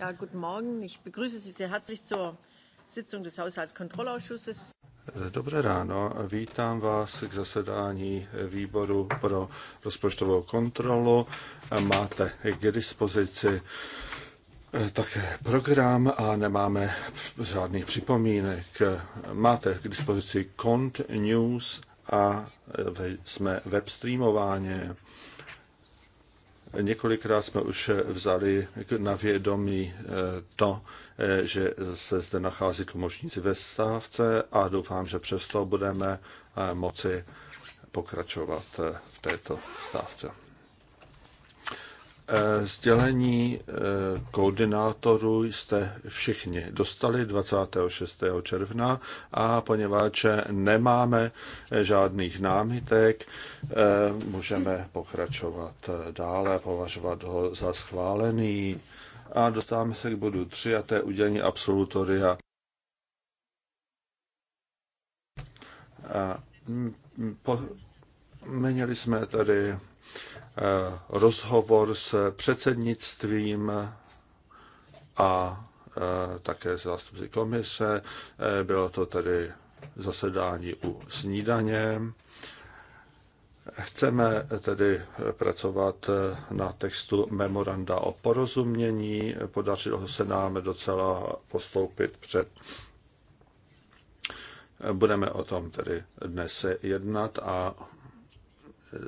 Ja, guten Morgen. Ich begrüße Sie sehr herzlich zur Sitzung des Haushaltskontrollausschusses. Dobré ráno, vítám vás k zasedání výboru pro rozpočtovou kontrolu. Máte k dispozici eh, také program a nemáme žádných připomínek. Máte k dispozici Cont News a jsme webstreamováni. Několikrát jsme už vzali na vědomí eh, to, eh, že se zde nachází tlumočníci ve stávce a doufám, že přesto budeme eh, moci pokračovat v této stávce. Eh, sdělení eh, koordinátorů jste všichni dostali 26. června a poněvadž nemáme eh, žádných námitek, můžeme pokračovat dále, považovat ho za schválený a dostáváme se k bodu 3 a to je udělení absolutoria. měli jsme tady Eh, rozhovor s předsednictvím a eh, také zástupci komise. Eh, bylo to tedy zasedání u snídaně. Chceme tedy pracovat na textu memoranda o porozumění. Podařilo se nám docela postoupit před. Budeme o tom tedy dnes jednat a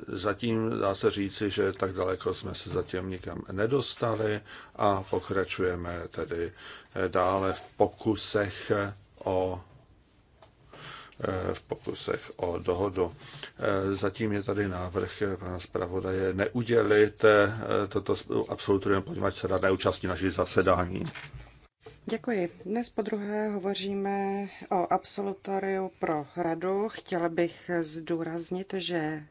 Zatím dá se říci, že tak daleko jsme se zatím nikam nedostali a pokračujeme tedy eh, dále v pokusech o eh, v pokusech o dohodu. Eh, zatím je tady návrh pana zpravodaje neudělit toto absolutorium, poněvadž se rada neúčastní naší zasedání. Děkuji. Dnes po druhé hovoříme o absolutoriu pro radu. Chtěla bych zdůraznit, že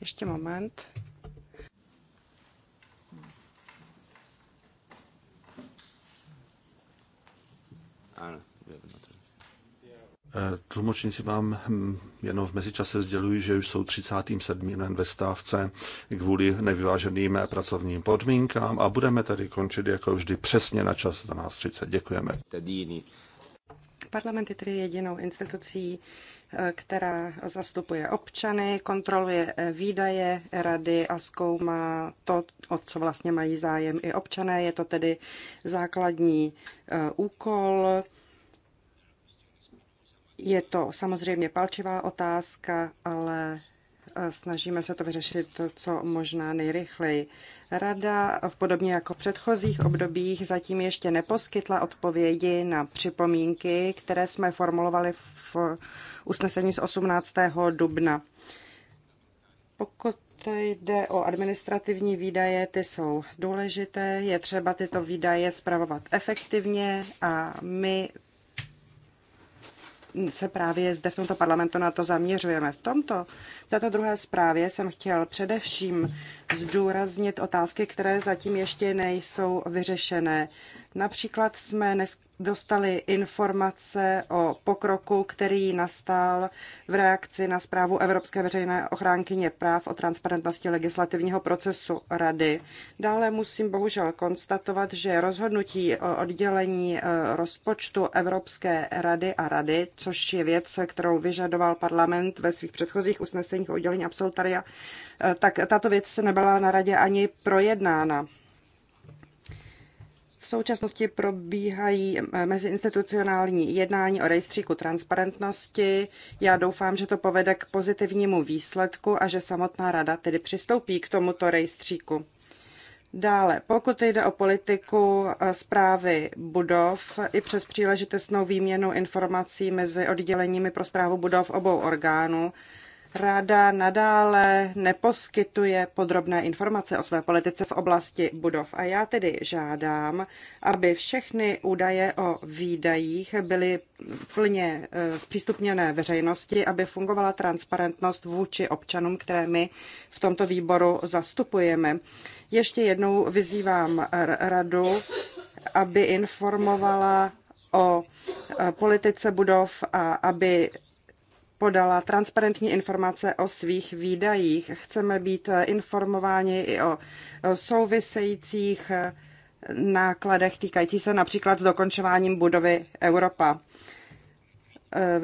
ještě moment. Eh, tlumočníci vám hm, jenom v mezičase sdělují, že už jsou 37. den ve stávce kvůli nevyváženým pracovním podmínkám a budeme tady končit jako vždy přesně na čas 12.30. Děkujeme. Parlament je tedy jedinou institucí, která zastupuje občany, kontroluje eh, výdaje rady a zkoumá to, o co vlastně mají zájem i občané. Je to tedy základní eh, úkol. Je to samozřejmě palčivá otázka, ale snažíme se to vyřešit co možná nejrychleji. Rada, podobně jako v předchozích obdobích, zatím ještě neposkytla odpovědi na připomínky, které jsme formulovali v usnesení z 18. dubna. Pokud jde o administrativní výdaje, ty jsou důležité, je třeba tyto výdaje zpravovat efektivně a my se právě zde v tomto parlamentu na to zaměřujeme. V tomto, v této druhé zprávě jsem chtěl především zdůraznit otázky, které zatím ještě nejsou vyřešené. Například jsme dostali informace o pokroku, který nastal v reakci na zprávu Evropské veřejné ochránkyně práv o transparentnosti legislativního procesu Rady. Dále musím bohužel konstatovat, že rozhodnutí o oddělení eh, rozpočtu Evropské rady a rady, což je věc, kterou vyžadoval parlament ve svých předchozích usneseních o oddělení absolutaria, eh, tak tato věc nebyla na radě ani projednána současnosti probíhají eh, meziinstitucionální jednání o rejstříku transparentnosti. Já doufám, že to povede k pozitivnímu výsledku a že samotná rada tedy přistoupí k tomuto rejstříku. Dále, pokud jde o politiku eh, zprávy budov i přes příležitostnou výměnu informací mezi odděleními pro zprávu budov obou orgánů, Rada nadále neposkytuje podrobné informace o své politice v oblasti budov a já tedy žádám, aby všechny údaje o výdajích byly plně eh, zpřístupněné veřejnosti, aby fungovala transparentnost vůči občanům, které my v tomto výboru zastupujeme. Ještě jednou vyzývám radu, aby informovala o eh, politice budov a aby podala transparentní informace o svých výdajích. Chceme být informováni i o souvisejících nákladech týkající se například s dokončováním budovy Europa.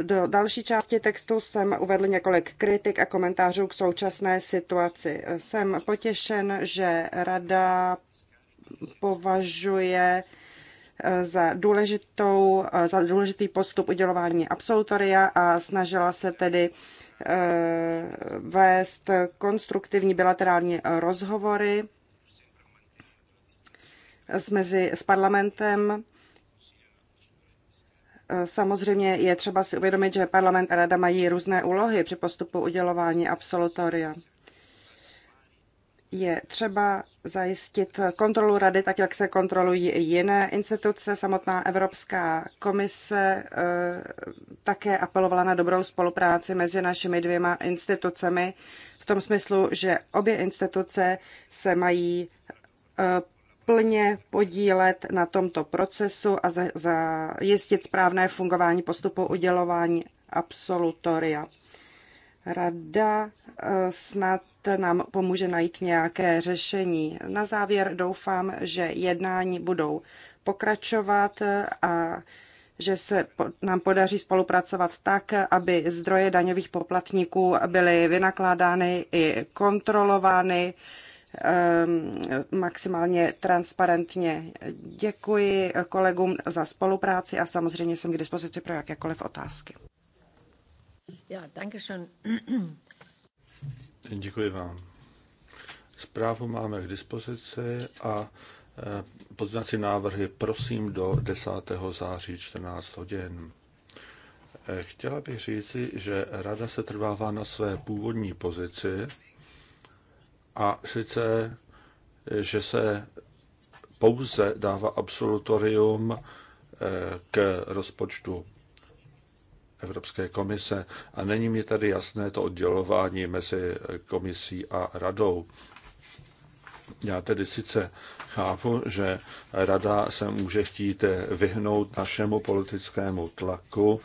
Do další části textu jsem uvedl několik kritik a komentářů k současné situaci. Jsem potěšen, že Rada považuje Eh, za, důležitou, eh, za důležitý postup udělování absolutoria a snažila se tedy eh, vést konstruktivní bilaterální rozhovory s, mezi, s parlamentem. Samozřejmě je třeba si uvědomit, že parlament a rada mají různé úlohy při postupu udělování absolutoria je třeba zajistit kontrolu rady, tak jak se kontrolují i jiné instituce. Samotná Evropská komise eh, také apelovala na dobrou spolupráci mezi našimi dvěma institucemi v tom smyslu, že obě instituce se mají eh, plně podílet na tomto procesu a zajistit správné fungování postupu udělování absolutoria. Rada eh, snad nám pomůže najít nějaké řešení. Na závěr doufám, že jednání budou pokračovat a že se nám podaří spolupracovat tak, aby zdroje daňových poplatníků byly vynakládány i kontrolovány ehm, maximálně transparentně. Děkuji kolegům za spolupráci a samozřejmě jsem k dispozici pro jakékoliv otázky. Ja, danke schön. Děkuji vám. Zprávu máme k dispozici a e, poznací návrhy prosím do 10. září 14 hodin. E, chtěla bych říci, že rada se trvává na své původní pozici a sice, e, že se pouze dává absolutorium k rozpočtu Evropské komise a není mi tady jasné to oddělování mezi komisí a radou. Já tedy sice chápu, že rada se může chtít vyhnout našemu politickému tlaku,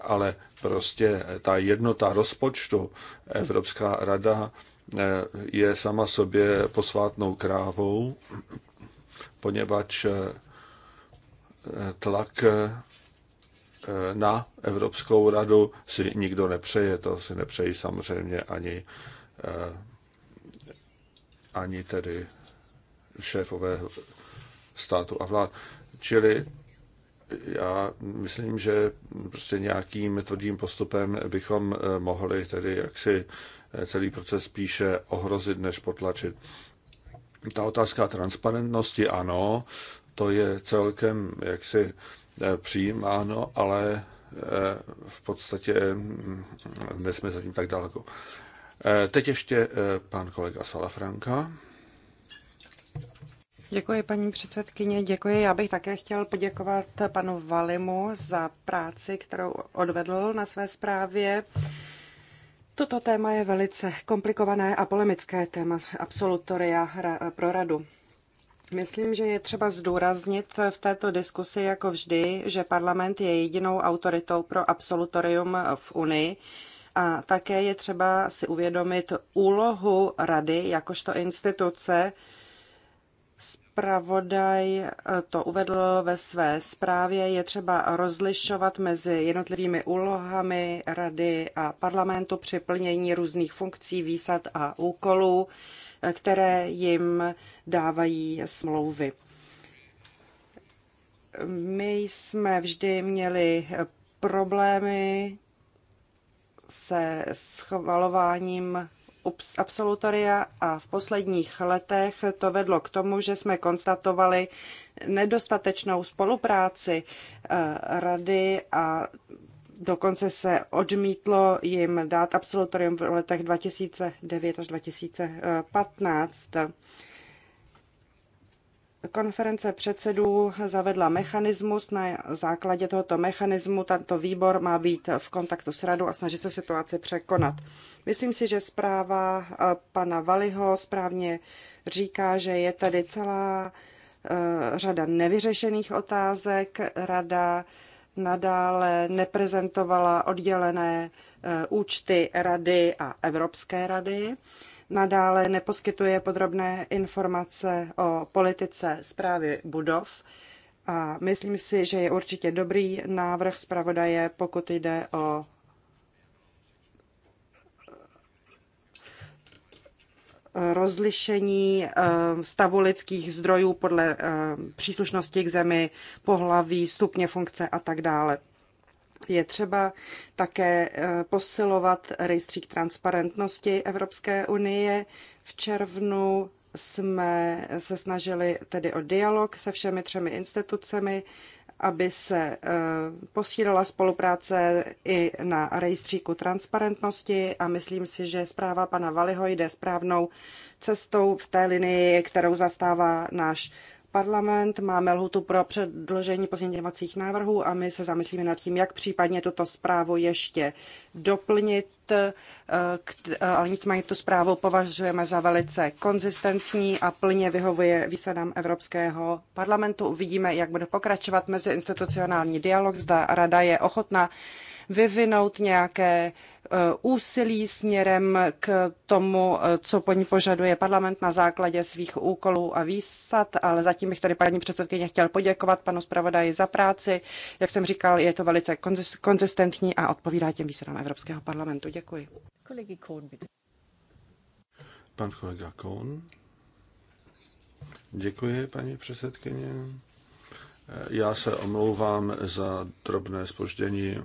ale prostě ta jednota rozpočtu Evropská rada eh, je sama sobě posvátnou krávou, poněvadž eh, tlak na Evropskou radu si nikdo nepřeje, to si nepřejí samozřejmě ani, eh, ani tedy šéfové státu a vlád. Čili já myslím, že prostě nějakým tvrdým postupem bychom eh, mohli tedy jaksi eh, celý proces spíše ohrozit, než potlačit. Ta otázka transparentnosti, ano, to je celkem jaksi Eh, přijímáno, ale eh, v podstatě hm, nejsme zatím tak daleko. Eh, teď ještě pan kolega Salafranka. Děkuji, paní předsedkyně. Děkuji. Já bych také chtěl poděkovat panu Valimu za práci, kterou odvedl na své zprávě. Toto téma je velice komplikované a polemické téma absolutoria pro radu. Myslím, že je třeba zdůraznit v této diskusi jako vždy, že parlament je jedinou autoritou pro absolutorium v Unii a také je třeba si uvědomit úlohu rady jakožto instituce. Spravodaj to uvedl ve své zprávě. Je třeba rozlišovat mezi jednotlivými úlohami rady a parlamentu při plnění různých funkcí, výsad a úkolů které jim dávají smlouvy. My jsme vždy měli problémy se schvalováním absolutoria a v posledních letech to vedlo k tomu, že jsme konstatovali nedostatečnou spolupráci eh, rady a Dokonce se odmítlo jim dát absolutorium v letech 2009 až 2015. Konference předsedů zavedla mechanismus. Na základě tohoto mechanismu tento výbor má být v kontaktu s radou a snažit se situaci překonat. Myslím si, že zpráva eh, pana Valiho správně říká, že je tady celá eh, řada nevyřešených otázek. Rada nadále neprezentovala oddělené eh, účty Rady a Evropské rady. Nadále neposkytuje podrobné informace o politice zprávy budov. A myslím si, že je určitě dobrý návrh zpravodaje, pokud jde o rozlišení eh, stavu lidských zdrojů podle eh, příslušnosti k zemi, pohlaví, stupně funkce a tak dále. Je třeba také eh, posilovat rejstřík transparentnosti Evropské unie. V červnu jsme se snažili tedy o dialog se všemi třemi institucemi aby se eh, posílila spolupráce i na rejstříku transparentnosti a myslím si, že zpráva pana Valiho jde správnou cestou v té linii, kterou zastává náš parlament, máme lhutu pro předložení pozměňovacích návrhů a my se zamyslíme nad tím, jak případně tuto zprávu ještě doplnit, eh, eh, ale nicméně tu zprávu považujeme za velice konzistentní a plně vyhovuje výsadám Evropského parlamentu. Uvidíme, jak bude pokračovat meziinstitucionální dialog, zda rada je ochotná vyvinout nějaké e, úsilí směrem k tomu, e, co po ní požaduje parlament na základě svých úkolů a výsad, ale zatím bych tady paní předsedkyně chtěl poděkovat panu zpravodaji za práci. Jak jsem říkal, je to velice konzistentní a odpovídá těm výsadám Evropského parlamentu. Děkuji. Pan kolega Kohn. Děkuji, paní předsedkyně. Já se omlouvám za drobné spoždění.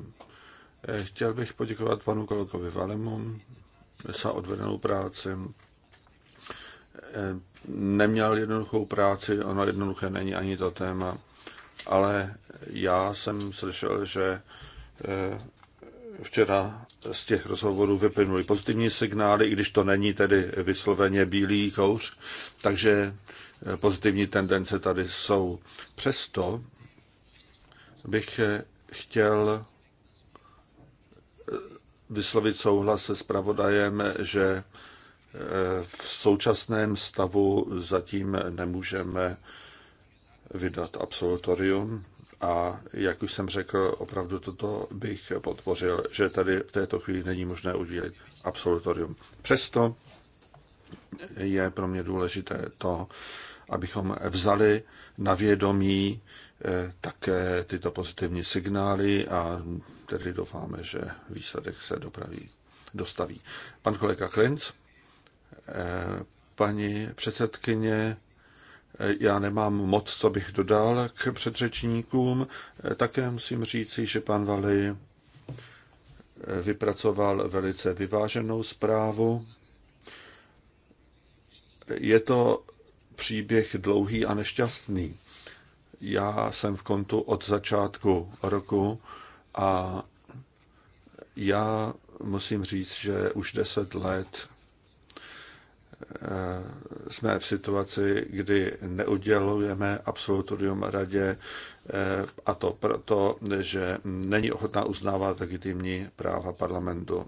Eh, chtěl bych poděkovat panu kolegovi Valemu za odvedenou práci. Eh, neměl jednoduchou práci, ono jednoduché není ani to téma, ale já jsem slyšel, že eh, včera z těch rozhovorů vyplynuly pozitivní signály, i když to není tedy vysloveně bílý kouř, takže pozitivní tendence tady jsou. Přesto bych chtěl vyslovit souhlas se zpravodajem, že eh, v současném stavu zatím nemůžeme vydat absolutorium a jak už jsem řekl, opravdu toto bych podpořil, že tady v této chvíli není možné udělit absolutorium. Přesto je pro mě důležité to, abychom vzali na vědomí eh, také tyto pozitivní signály a tedy doufáme, že výsledek se dopraví, dostaví. Pan kolega Krenc, eh, paní předsedkyně, eh, já nemám moc, co bych dodal k předřečníkům. Eh, také musím říci, že pan Vali vypracoval velice vyváženou zprávu. Je to příběh dlouhý a nešťastný. Já jsem v kontu od začátku roku a já musím říct, že už deset let eh, jsme v situaci, kdy neudělujeme absolutorium radě eh, a to proto, že není ochotná uznávat legitimní práva parlamentu.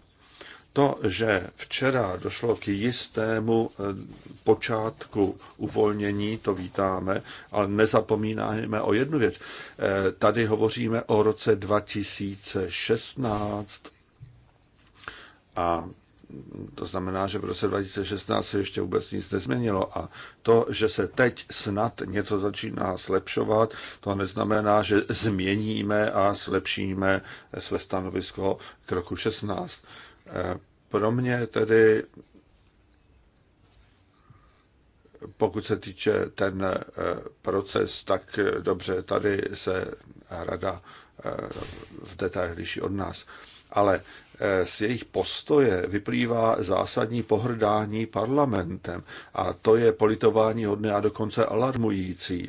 To, že včera došlo k jistému eh, počátku uvolnění, to vítáme, ale nezapomínáme o jednu věc. Eh, tady hovoříme o roce 2016 a to znamená, že v roce 2016 se ještě vůbec nic nezměnilo a to, že se teď snad něco začíná zlepšovat, to neznamená, že změníme a zlepšíme své stanovisko k roku 16. Pro mě tedy, pokud se týče ten eh, proces, tak dobře, tady se rada eh, v detailech liší od nás. Ale eh, z jejich postoje vyplývá zásadní pohrdání parlamentem a to je politování hodné a dokonce alarmující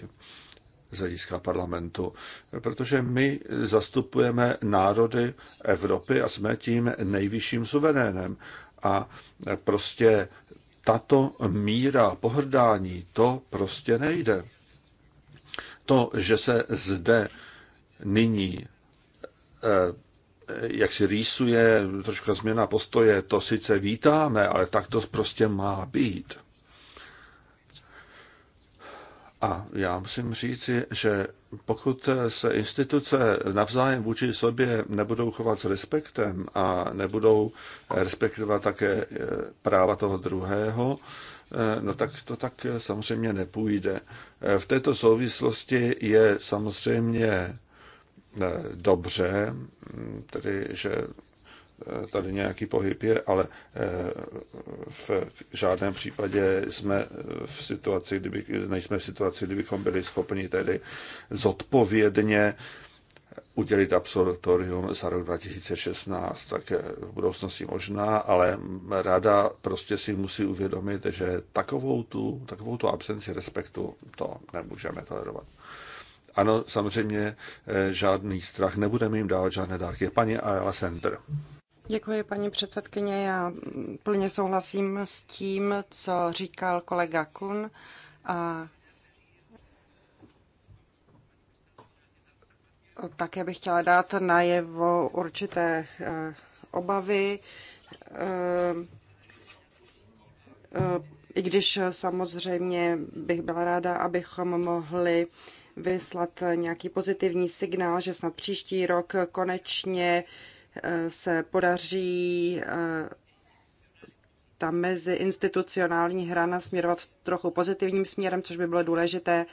z hlediska parlamentu, protože my zastupujeme národy Evropy a jsme tím nejvyšším suverénem. A prostě tato míra pohrdání, to prostě nejde. To, že se zde nyní eh, jak si rýsuje trošku změna postoje, to sice vítáme, ale tak to prostě má být. A já musím říci, že pokud se instituce navzájem vůči sobě nebudou chovat s respektem a nebudou respektovat také eh, práva toho druhého, eh, no tak to tak samozřejmě nepůjde. Eh, v této souvislosti je samozřejmě dobře, tedy že Eh, tady nějaký pohyb je, ale eh, v žádném případě jsme v situaci, kdyby, nejsme v situaci, kdybychom byli schopni tedy zodpovědně udělit absolutorium za rok 2016, tak je v budoucnosti možná, ale rada prostě si musí uvědomit, že takovou tu, takovou tu absenci respektu to nemůžeme tolerovat. Ano, samozřejmě eh, žádný strach, nebudeme jim dávat žádné dárky. Paní Ayala Center. Děkuji, paní předsedkyně. Já plně souhlasím s tím, co říkal kolega Kun. A také bych chtěla dát najevo určité eh, obavy. Eh, eh, I když samozřejmě bych byla ráda, abychom mohli vyslat nějaký pozitivní signál, že snad příští rok konečně se podaří eh, ta meziinstitucionální hrana směrovat trochu pozitivním směrem, což by bylo důležité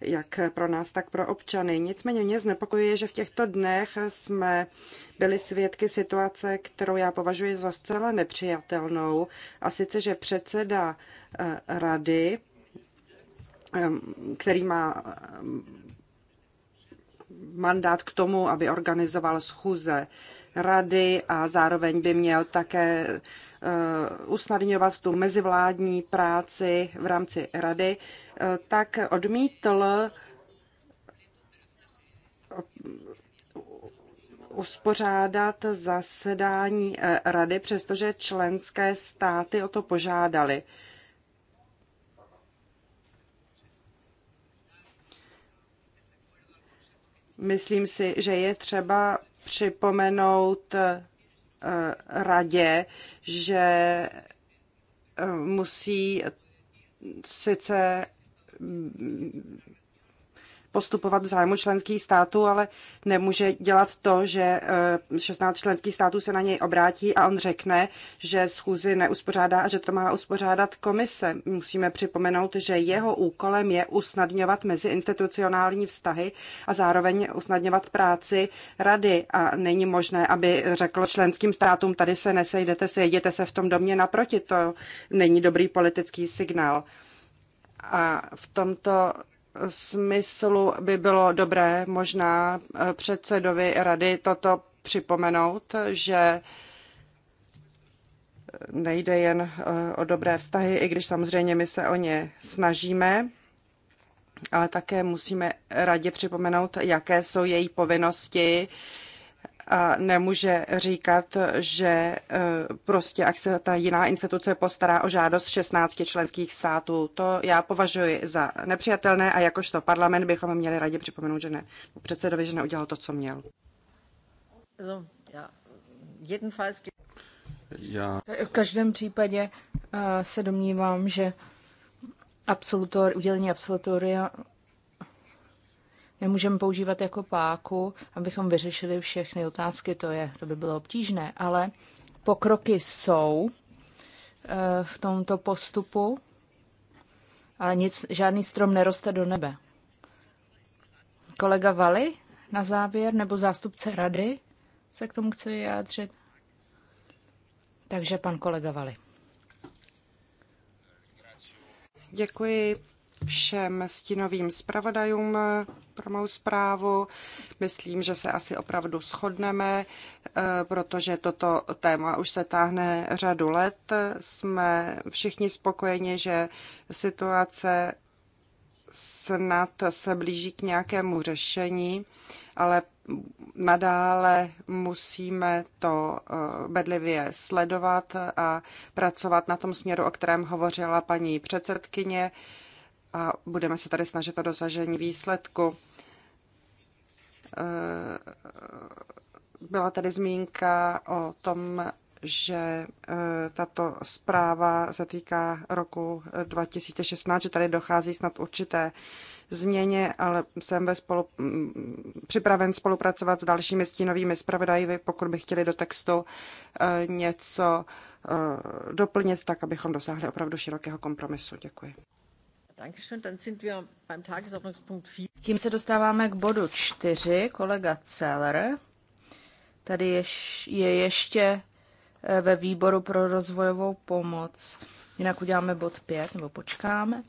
jak pro nás, tak pro občany. Nicméně mě znepokojuje, že v těchto dnech jsme byli svědky situace, kterou já považuji za zcela nepřijatelnou, a sice, že předseda eh, rady, eh, který má mandát k tomu, aby organizoval schůze rady a zároveň by měl také eh, usnadňovat tu mezivládní práci v rámci rady, eh, tak odmítl eh, uspořádat zasedání rady, přestože členské státy o to požádali. Myslím si, že je třeba připomenout eh, radě, že eh, musí sice postupovat v zájmu členských států, ale nemůže dělat to, že 16 eh, členských států se na něj obrátí a on řekne, že schůzi neuspořádá a že to má uspořádat komise. Musíme připomenout, že jeho úkolem je usnadňovat meziinstitucionální vztahy a zároveň usnadňovat práci rady a není možné, aby řekl členským státům, tady se nesejdete, sejděte se v tom domě naproti, to není dobrý politický signál. A v tomto smyslu by bylo dobré možná eh, předsedovi rady toto připomenout, že eh, nejde jen eh, o dobré vztahy, i když samozřejmě my se o ně snažíme, ale také musíme radě připomenout, jaké jsou její povinnosti, a nemůže říkat, že e, prostě ať se ta jiná instituce postará o žádost 16 členských států. To já považuji za nepřijatelné a jakožto parlament bychom měli rádi připomenout, že ne, předsedovi, že neudělal to, co měl. Já. V každém případě e, se domnívám, že absolutor, udělení absolutoria nemůžeme používat jako páku, abychom vyřešili všechny otázky, to, je, to by bylo obtížné, ale pokroky jsou eh, v tomto postupu, ale nic, žádný strom neroste do nebe. Kolega Vali na závěr, nebo zástupce rady se k tomu chce vyjádřit. Takže pan kolega Vali. Děkuji všem stinovým zpravodajům, pro mou zprávu. Myslím, že se asi opravdu shodneme, eh, protože toto téma už se táhne řadu let. Jsme všichni spokojeni, že situace snad se blíží k nějakému řešení, ale nadále musíme to eh, bedlivě sledovat a pracovat na tom směru, o kterém hovořila paní předsedkyně a budeme se tady snažit o dosažení výsledku. Eh, byla tady zmínka o tom, že eh, tato zpráva se týká roku 2016, že tady dochází snad určité změně, ale jsem ve spolu, mm, připraven spolupracovat s dalšími stínovými zpravodaji, pokud by chtěli do textu eh, něco doplnit, tak abychom dosáhli opravdu širokého kompromisu. Děkuji. Tím se dostáváme k bodu čtyři. Kolega Celer tady je, je ještě eh, ve výboru pro rozvojovou pomoc. Jinak uděláme bod pět, nebo počkáme.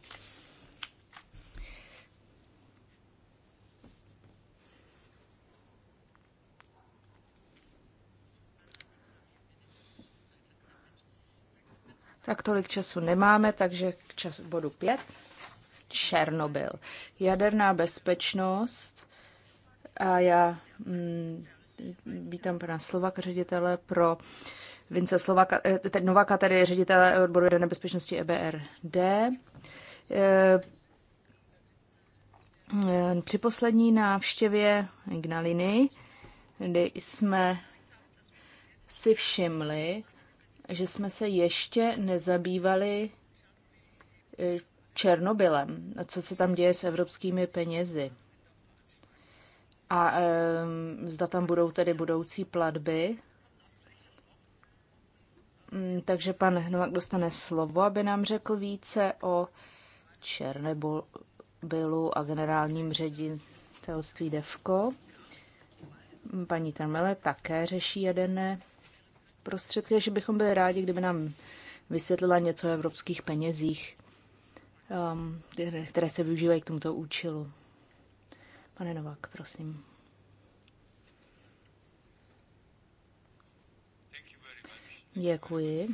Tak tolik času nemáme, takže k času bodu 5. Černobyl. Jaderná bezpečnost a já mm, vítám pana Slovak, ředitele pro Vince Slovaka, eh, teď Novaka, tedy ředitele odboru jaderné bezpečnosti EBRD. E, eh, eh, při poslední návštěvě Ignaliny, kdy jsme si všimli, že jsme se ještě nezabývali Černobylem, co se tam děje s evropskými penězi. A zda tam budou tedy budoucí platby. Mm, takže pan Hnovak dostane slovo, aby nám řekl více o Černobylu a generálním ředitelství DEVKO. Paní Tamele také řeší jaderné prostředky, že bychom byli rádi, kdyby nám vysvětlila něco o evropských penězích Um, které se využívají k tomuto účelu. Pane Novak, prosím. Děkuji.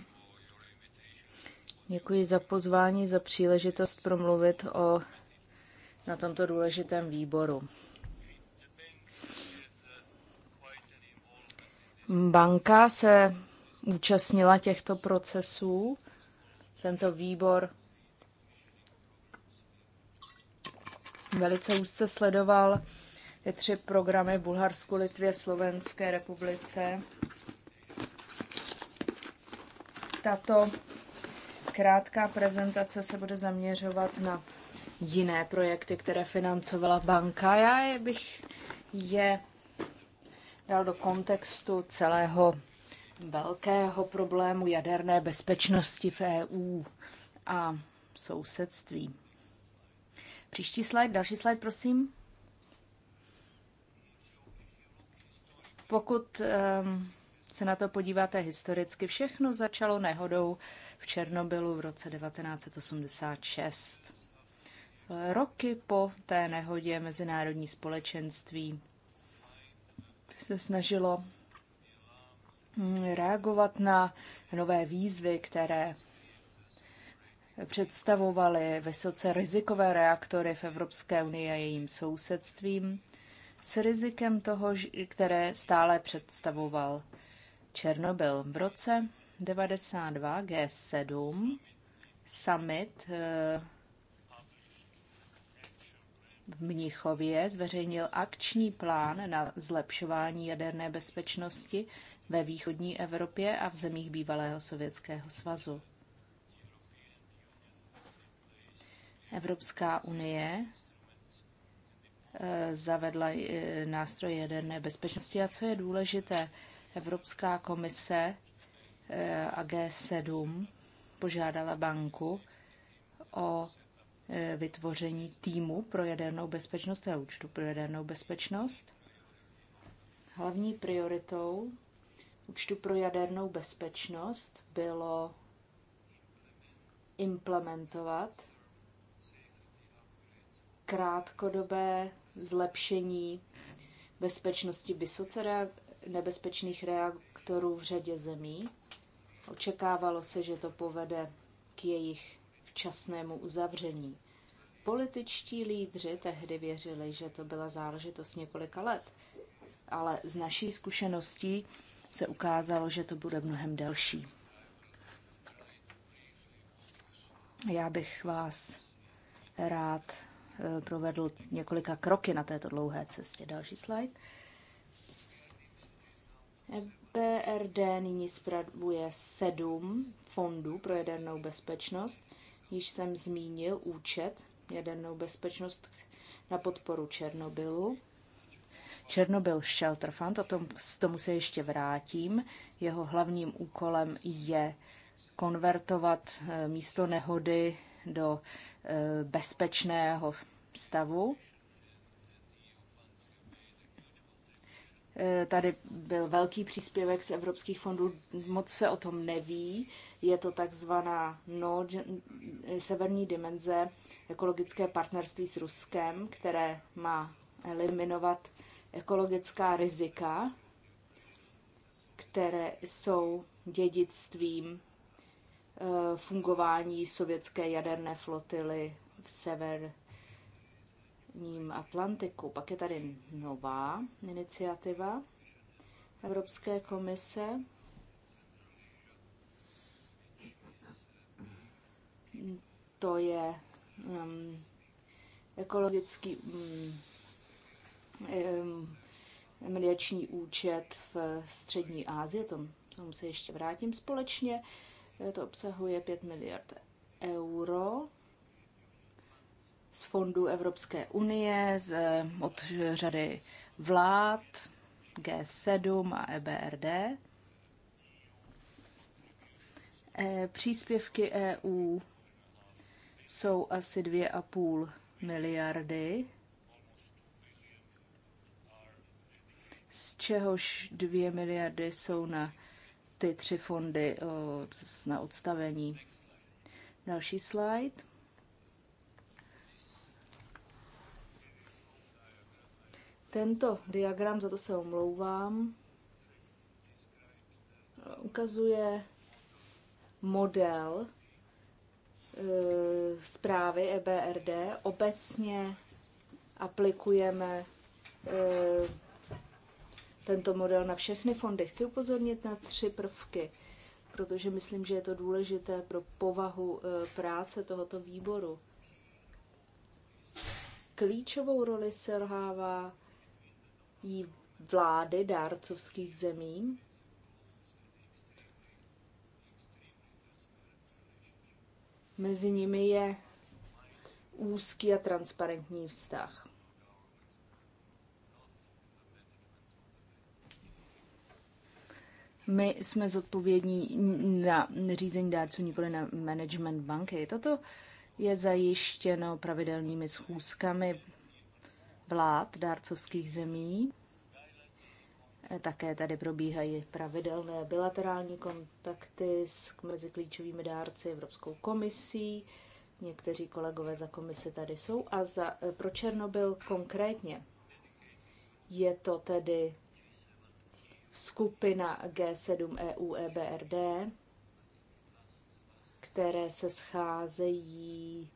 Děkuji za pozvání, za příležitost promluvit o, na tomto důležitém výboru. Banka se účastnila těchto procesů. Tento výbor velice úzce sledoval ty tři programy v Bulharsku, Litvě, Slovenské republice. Tato krátká prezentace se bude zaměřovat na jiné projekty, které financovala banka. Já bych je dal do kontextu celého velkého problému jaderné bezpečnosti v EU a sousedství. Příští slide, další slide, prosím. Pokud um, se na to podíváte historicky, všechno začalo nehodou v Černobylu v roce 1986. Roky po té nehodě mezinárodní společenství se snažilo hm, reagovat na nové výzvy, které představovaly vysoce rizikové reaktory v Evropské unii a jejím sousedstvím s rizikem toho, které stále představoval Černobyl. V roce 92 G7 summit eh, v Mnichově zveřejnil akční plán na zlepšování jaderné bezpečnosti ve východní Evropě a v zemích bývalého Sovětského svazu. Evropská unie eh, zavedla eh, nástroj jaderné bezpečnosti a co je důležité, Evropská komise eh, a G7 požádala banku o vytvoření týmu pro jadernou bezpečnost a účtu pro jadernou bezpečnost. Hlavní prioritou účtu pro jadernou bezpečnost bylo implementovat krátkodobé zlepšení bezpečnosti vysoce nebezpečných reaktorů v řadě zemí. Očekávalo se, že to povede k jejich včasnému uzavření. Političtí lídři tehdy věřili, že to byla záležitost několika let, ale z naší zkušeností se ukázalo, že to bude mnohem delší. Já bych vás rád Eh, provedl několika kroky na této dlouhé cestě. Další slide. E BRD nyní spravuje sedm fondů pro jadernou bezpečnost. Již jsem zmínil účet jadernou bezpečnost na podporu Černobylu. Černobyl Shelter Fund, o tom, s tomu se ještě vrátím. Jeho hlavním úkolem je konvertovat eh, místo nehody do eh, bezpečného stavu. Eh, tady byl velký příspěvek z evropských fondů, moc se o tom neví. Je to takzvaná no, severní dimenze ekologické partnerství s Ruskem, které má eliminovat ekologická rizika, které jsou dědictvím Eh, fungování sovětské jaderné flotily v severním Atlantiku. Pak je tady nová iniciativa Evropské komise. To je um, ekologický um, um, mediační účet v střední Asii, o tom, tomu se ještě vrátím společně. Uh, to obsahuje 5 miliard euro z fondů Evropské unie, z, od řady vlád, G7 a EBRD. E, příspěvky EU jsou asi 2,5 miliardy, z čehož 2 miliardy jsou na ty tři fondy eh, na odstavení. Další slide. Tento diagram, za to se omlouvám, eh, ukazuje model eh, zprávy EBRD. Obecně aplikujeme tento model na všechny fondy. Chci upozornit na tři prvky, protože myslím, že je to důležité pro povahu eh, práce tohoto výboru. Klíčovou roli selhává jí vlády dárcovských zemí, Mezi nimi je úzký a transparentní vztah. My jsme zodpovědní na řízení dárců, nikoli na management banky. Toto je zajištěno pravidelnými schůzkami vlád dárcovských zemí. Také tady probíhají pravidelné bilaterální kontakty s mezi klíčovými dárci Evropskou komisí. Někteří kolegové za komisi tady jsou. A za, pro Černobyl konkrétně je to tedy skupina G7 EU EBRD, které se scházejí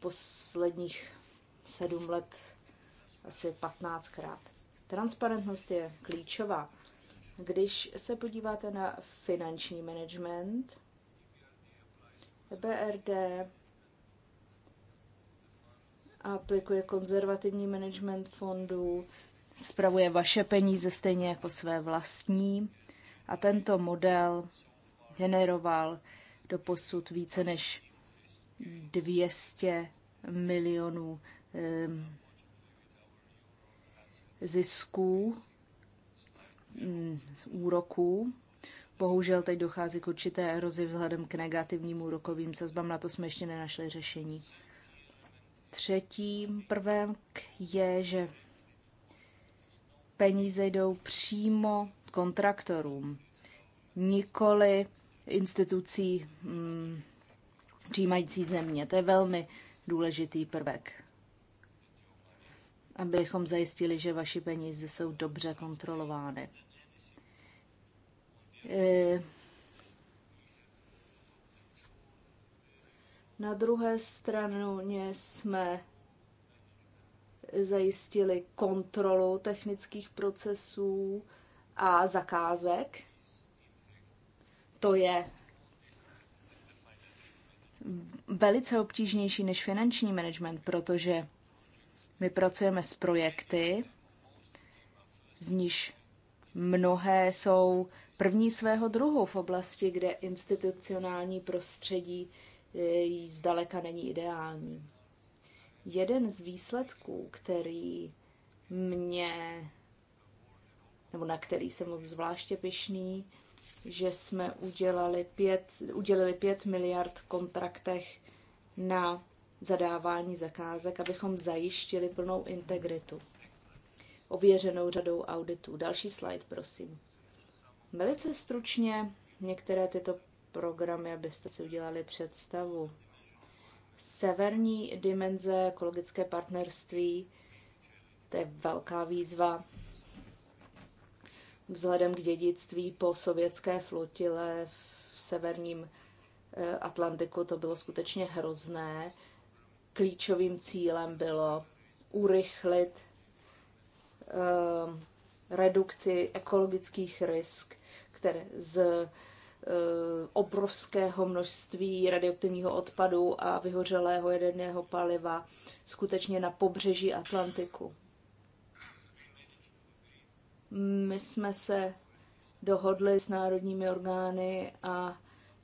posledních sedm let asi 15krát. Transparentnost je klíčová. Když se podíváte na finanční management, e BRD aplikuje konzervativní management fondů, spravuje vaše peníze stejně jako své vlastní. A tento model generoval do posud více než 200 milionů zisků mm, z úroků. Bohužel teď dochází k určité erozi vzhledem k negativním úrokovým sazbám, na to jsme ještě nenašli řešení. Třetím prvek je, že peníze jdou přímo kontraktorům, nikoli institucí hmm, přijímající země. To je velmi důležitý prvek, abychom zajistili, že vaši peníze jsou dobře kontrolovány. E, na druhé straně jsme zajistili kontrolu technických procesů a zakázek. To je velice obtížnější než finanční management, protože my pracujeme s projekty, z níž mnohé jsou první svého druhu v oblasti, kde institucionální prostředí eh, zdaleka není ideální. Jeden z výsledků, který mě, nebo na který jsem zvláště pišný, že jsme udělali pět, udělili pět miliard v kontraktech na zadávání zakázek, abychom zajištili plnou integritu, ověřenou řadou auditů. Další slide, prosím. Velice stručně některé tyto programy, abyste si udělali představu. Severní dimenze, ekologické partnerství, to je velká vzhledem k dědictví po sovětské flotile v severním eh, Atlantiku to bylo skutečně hrozné. Klíčovým cílem bylo urychlit eh, redukci ekologických risk, které z Eh, obrovského množství radioaktivního odpadu a vyhořelého jaderného paliva skutečně na pobřeží Atlantiku. My jsme se dohodli s národními orgány a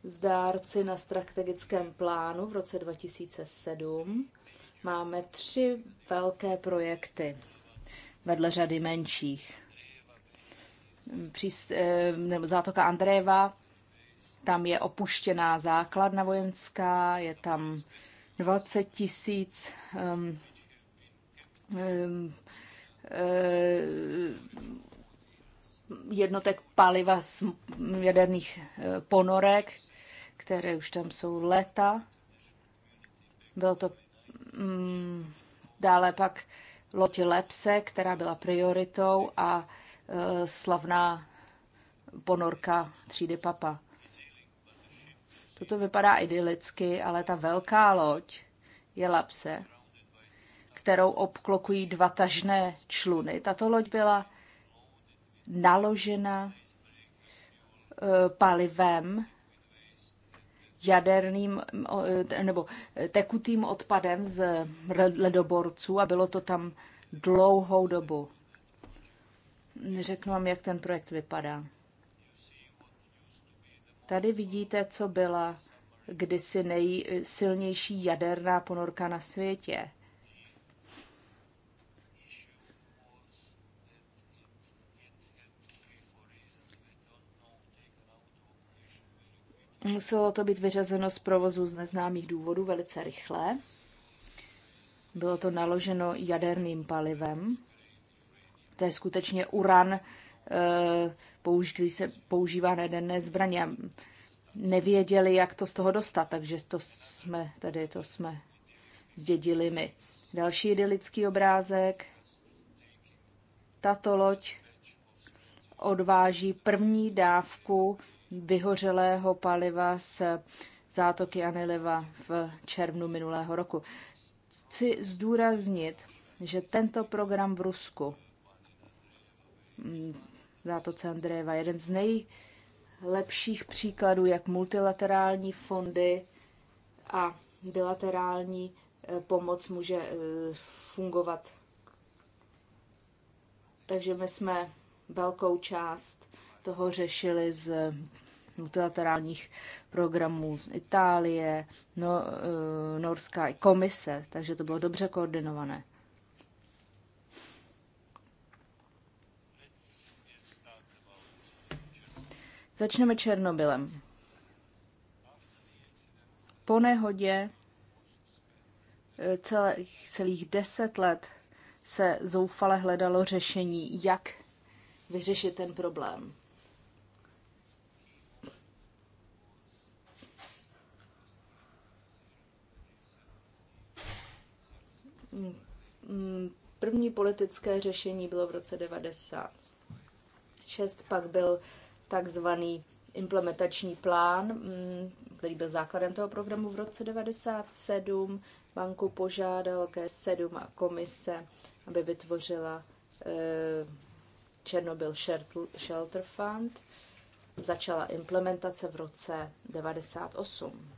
s dárci na strategickém plánu v roce 2007. Máme tři velké projekty vedle řady menších. Příst, eh, zátoka Andrejeva, tam je opuštěná základna vojenská, je tam 20 tisíc um, um, um, jednotek paliva z jaderných eh, ponorek, které už tam jsou leta. Bylo to mm, dále pak loď Lepse, která byla prioritou a e, slavná ponorka třídy Papa. Toto vypadá idylicky, ale ta velká loď je Lapse, kterou obklokují dva tažné čluny. Tato loď byla naložena e, palivem, jaderným e, nebo e, tekutým odpadem z ledoborců a bylo to tam dlouhou dobu. Řeknu vám, jak ten projekt vypadá. Tady vidíte, co byla kdysi nejsilnější jaderná ponorka na světě. Muselo to být vyřazeno z provozu z neznámých důvodů velice rychle. Bylo to naloženo jaderným palivem. To je skutečně uran když se používá jedné zbraně. Nevěděli, jak to z toho dostat, takže to jsme tady, to jsme zdědili my. Další idylický obrázek. Tato loď odváží první dávku vyhořelého paliva z zátoky Anileva v červnu minulého roku. Chci zdůraznit, že tento program v Rusku zátoce Andrejeva. Jeden z nejlepších příkladů, jak multilaterální fondy a bilaterální eh, pomoc může eh, fungovat. Takže my jsme velkou část toho řešili z multilaterálních programů Itálie, no, eh, Norska komise, takže to bylo dobře koordinované. Začneme Černobylem. Po nehodě eh, celých, celých deset let se zoufale hledalo řešení, jak vyřešit ten problém. První politické řešení bylo v roce 90. pak byl takzvaný implementační plán, mm, který byl základem toho programu v roce 1997. Banku požádal G7 a komise, aby vytvořila eh, Černobyl Shelter Fund. Začala implementace v roce 1998.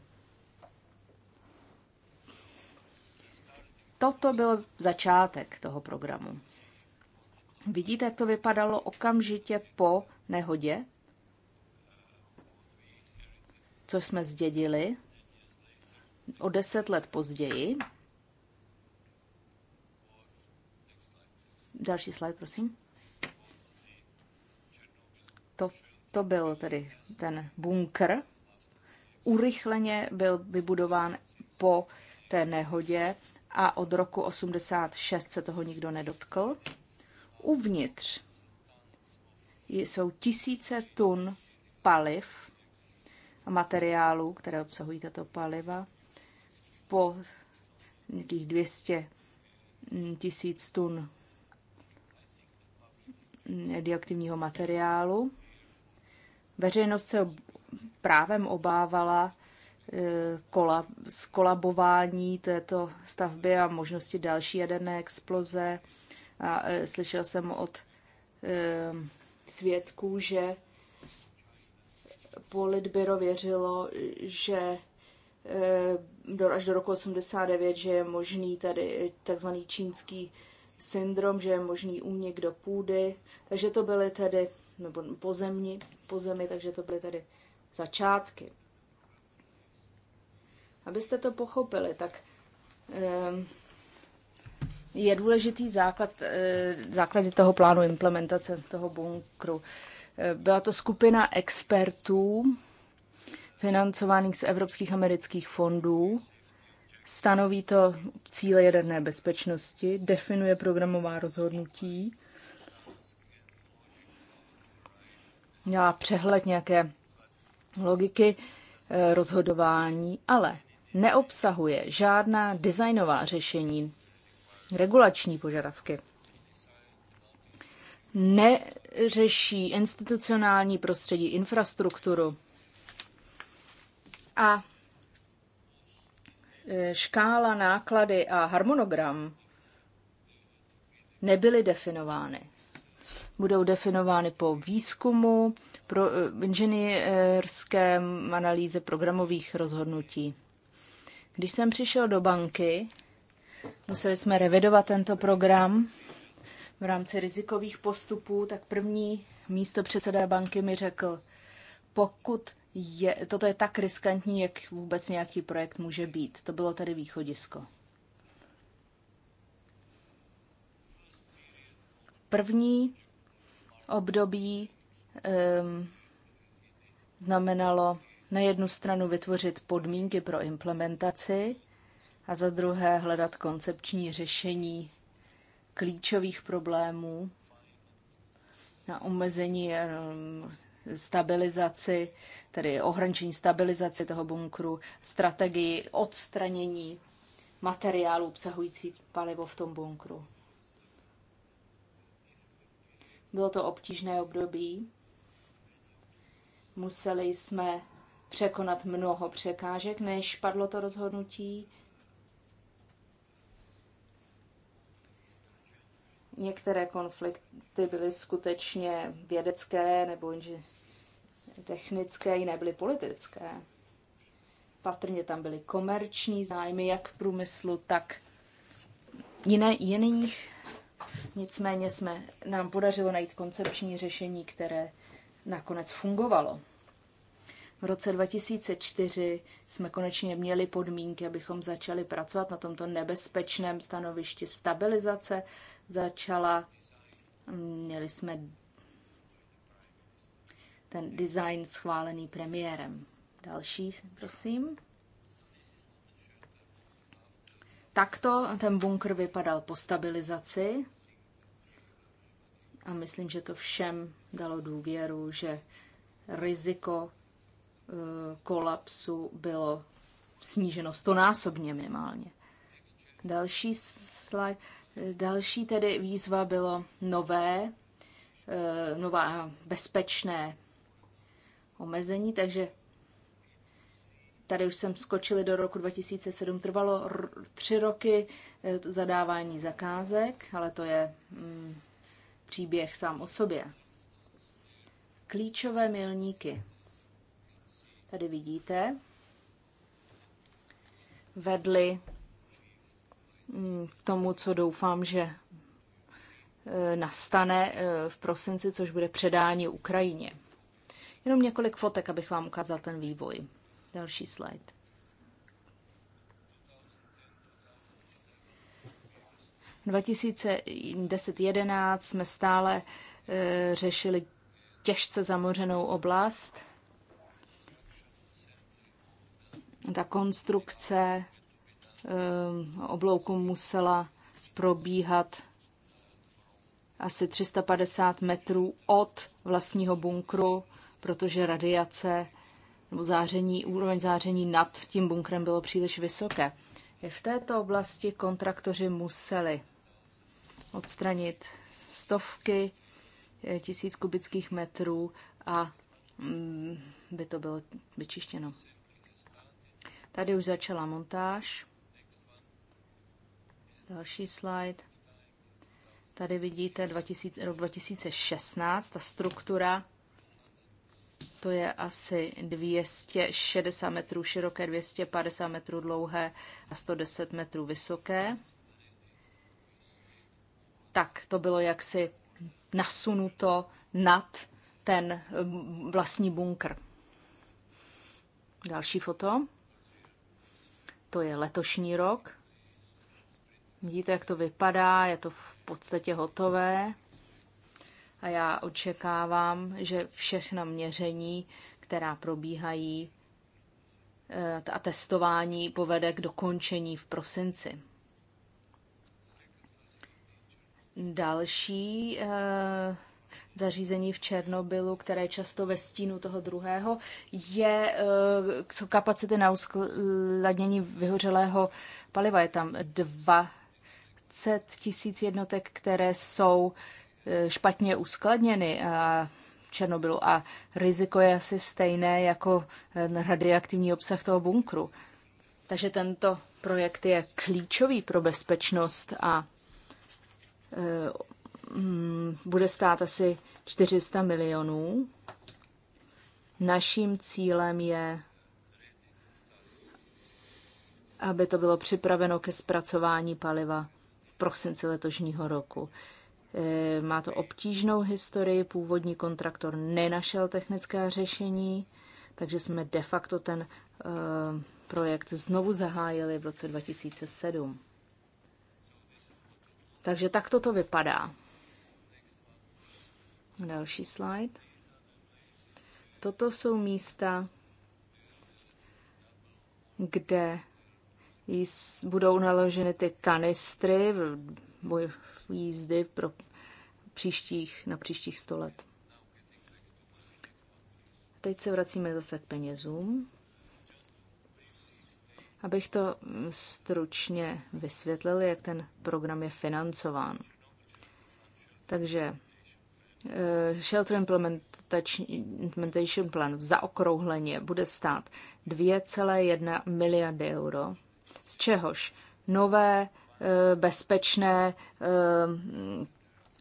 Toto byl začátek toho programu. Vidíte, jak to vypadalo okamžitě po nehodě? Co jsme zdědili o deset let později. Další slide, prosím. To, to byl tedy ten bunkr. Urychleně byl vybudován po té nehodě a od roku 86 se toho nikdo nedotkl. Uvnitř jsou tisíce tun paliv materiálů, které obsahují tato paliva. Po nějakých 200 tisíc tun radioaktivního materiálu. Veřejnost se právem obávala eh, skolabování této stavby a možnosti další jaderné exploze. A eh, slyšel jsem od eh, svědků, že politbyro věřilo, že eh, do, až do roku 89, že je možný tady eh, takzvaný čínský syndrom, že je možný únik do půdy, takže to byly tedy, nebo pozemní, pozemi, takže to byly tedy začátky. Abyste to pochopili, tak eh, je důležitý základ, základy toho plánu implementace toho bunkru. Eh, byla to skupina expertů financovaných z evropských amerických fondů. Stanoví to cíle jaderné bezpečnosti, definuje programová rozhodnutí, měla přehled nějaké logiky eh, rozhodování, ale neobsahuje žádná designová řešení, regulační požadavky neřeší institucionální prostředí, infrastrukturu a e, škála náklady a harmonogram nebyly definovány. Budou definovány po výzkumu, pro e, inženýrské analýze programových rozhodnutí. Když jsem přišel do banky, museli jsme revidovat tento program v rámci rizikových postupů, tak první místo předseda banky mi řekl, pokud je, toto je tak riskantní, jak vůbec nějaký projekt může být. To bylo tedy východisko. První období um, znamenalo na jednu stranu vytvořit podmínky pro implementaci a za druhé hledat koncepční řešení klíčových problémů, na omezení eh, stabilizaci, tedy ohrančení stabilizaci toho bunkru, strategii odstranění materiálu obsahující palivo v tom bunkru. Bylo to obtížné období. Museli jsme překonat mnoho překážek, než padlo to rozhodnutí. Některé konflikty byly skutečně vědecké nebo technické, jiné byly politické. Patrně tam byly komerční zájmy, jak průmyslu, tak jiné, jiných. Nicméně jsme, nám podařilo najít koncepční řešení, které nakonec fungovalo. V roce 2004 jsme konečně měli podmínky, abychom začali pracovat na tomto nebezpečném stanovišti stabilizace začala. Měli jsme ten design schválený premiérem. Další, prosím. Takto ten bunkr vypadal po stabilizaci a myslím, že to všem dalo důvěru, že riziko eh, kolapsu bylo sníženo stonásobně minimálně. Další slide. Další tedy výzva bylo nové, e, nová bezpečné omezení, takže tady už jsem skočili do roku 2007, trvalo tři roky e, zadávání zakázek, ale to je mm, příběh sám o sobě. Klíčové milníky. Tady vidíte, vedli k tomu, co doufám, že e, nastane e, v prosinci, což bude předání Ukrajině. Jenom několik fotek, abych vám ukázal ten vývoj. Další slide. V 2010-2011 jsme stále e, řešili těžce zamořenou oblast. Ta konstrukce Eh, oblouku musela probíhat asi 350 metrů od vlastního bunkru, protože radiace nebo záření, úroveň záření nad tím bunkrem bylo příliš vysoké. I v této oblasti kontraktoři museli odstranit stovky eh, tisíc kubických metrů a mm, by to bylo vyčištěno. Tady už začala montáž. Další slide. Tady vidíte 2000, rok 2016, ta struktura, to je asi 260 metrů široké, 250 metrů dlouhé a 110 metrů vysoké. Tak to bylo jaksi nasunuto nad ten vlastní bunkr. Další foto. To je letošní rok. Vidíte, jak to vypadá, je to v podstatě hotové a já očekávám, že všechna měření, která probíhají eh, a testování povede k dokončení v prosinci. Další eh, zařízení v Černobylu, které je často ve stínu toho druhého, je, eh, jsou kapacity na uskladnění vyhořelého paliva. Je tam dva tisíc jednotek, které jsou e, špatně uskladněny a v Černobylu a riziko je asi stejné jako e, radioaktivní obsah toho bunkru. Takže tento projekt je klíčový pro bezpečnost a e, mm, bude stát asi 400 milionů. Naším cílem je, aby to bylo připraveno ke zpracování paliva prosinci letošního roku. E, má to obtížnou historii, původní kontraktor nenašel technická řešení, takže jsme de facto ten e, projekt znovu zahájili v roce 2007. Takže tak to vypadá. Další slide. Toto jsou místa, kde budou naloženy ty kanistry jízdy pro příštích, na příštích 100 let. Teď se vracíme zase k penězům. Abych to stručně vysvětlil, jak ten program je financován. Takže eh, Shelter Implementation Plan v zaokrouhleně bude stát 2,1 miliardy euro z čehož? Nové, eh, bezpečné,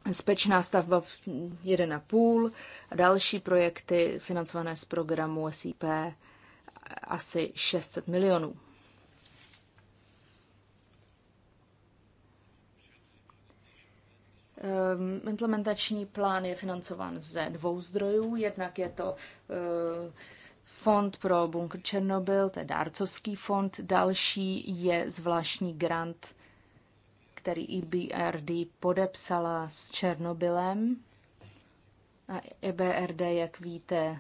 bezpečná eh, stavba 1,5 a další projekty financované z programu SIP asi 600 milionů. Ehm, implementační plán je financován ze dvou zdrojů. Jednak je to eh, fond pro bunkr Černobyl, to je dárcovský fond, další je zvláštní grant, který IBRD e podepsala s Černobylem. A EBRD, jak víte,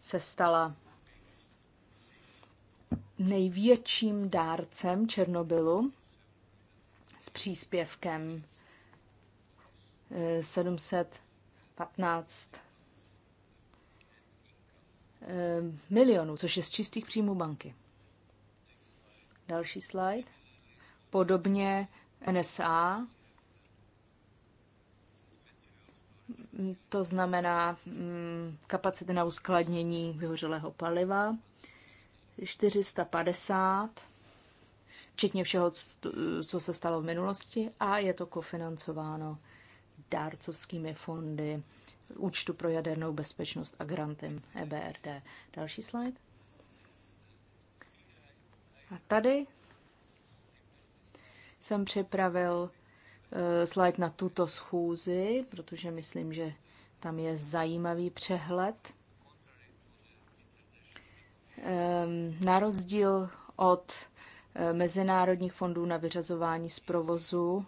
se stala největším dárcem Černobylu s příspěvkem 715 eh, Eh, milionů, což je z čistých příjmů banky. Další slide. Podobně NSA. To znamená mm, kapacity na uskladnění vyhořelého paliva. 450, včetně všeho, co se stalo v minulosti, a je to kofinancováno dárcovskými fondy účtu pro jadernou bezpečnost a grantem EBRD. Další slide. A tady jsem připravil eh, slide na tuto schůzi, protože myslím, že tam je zajímavý přehled. Ehm, na rozdíl od eh, mezinárodních fondů na vyřazování z provozu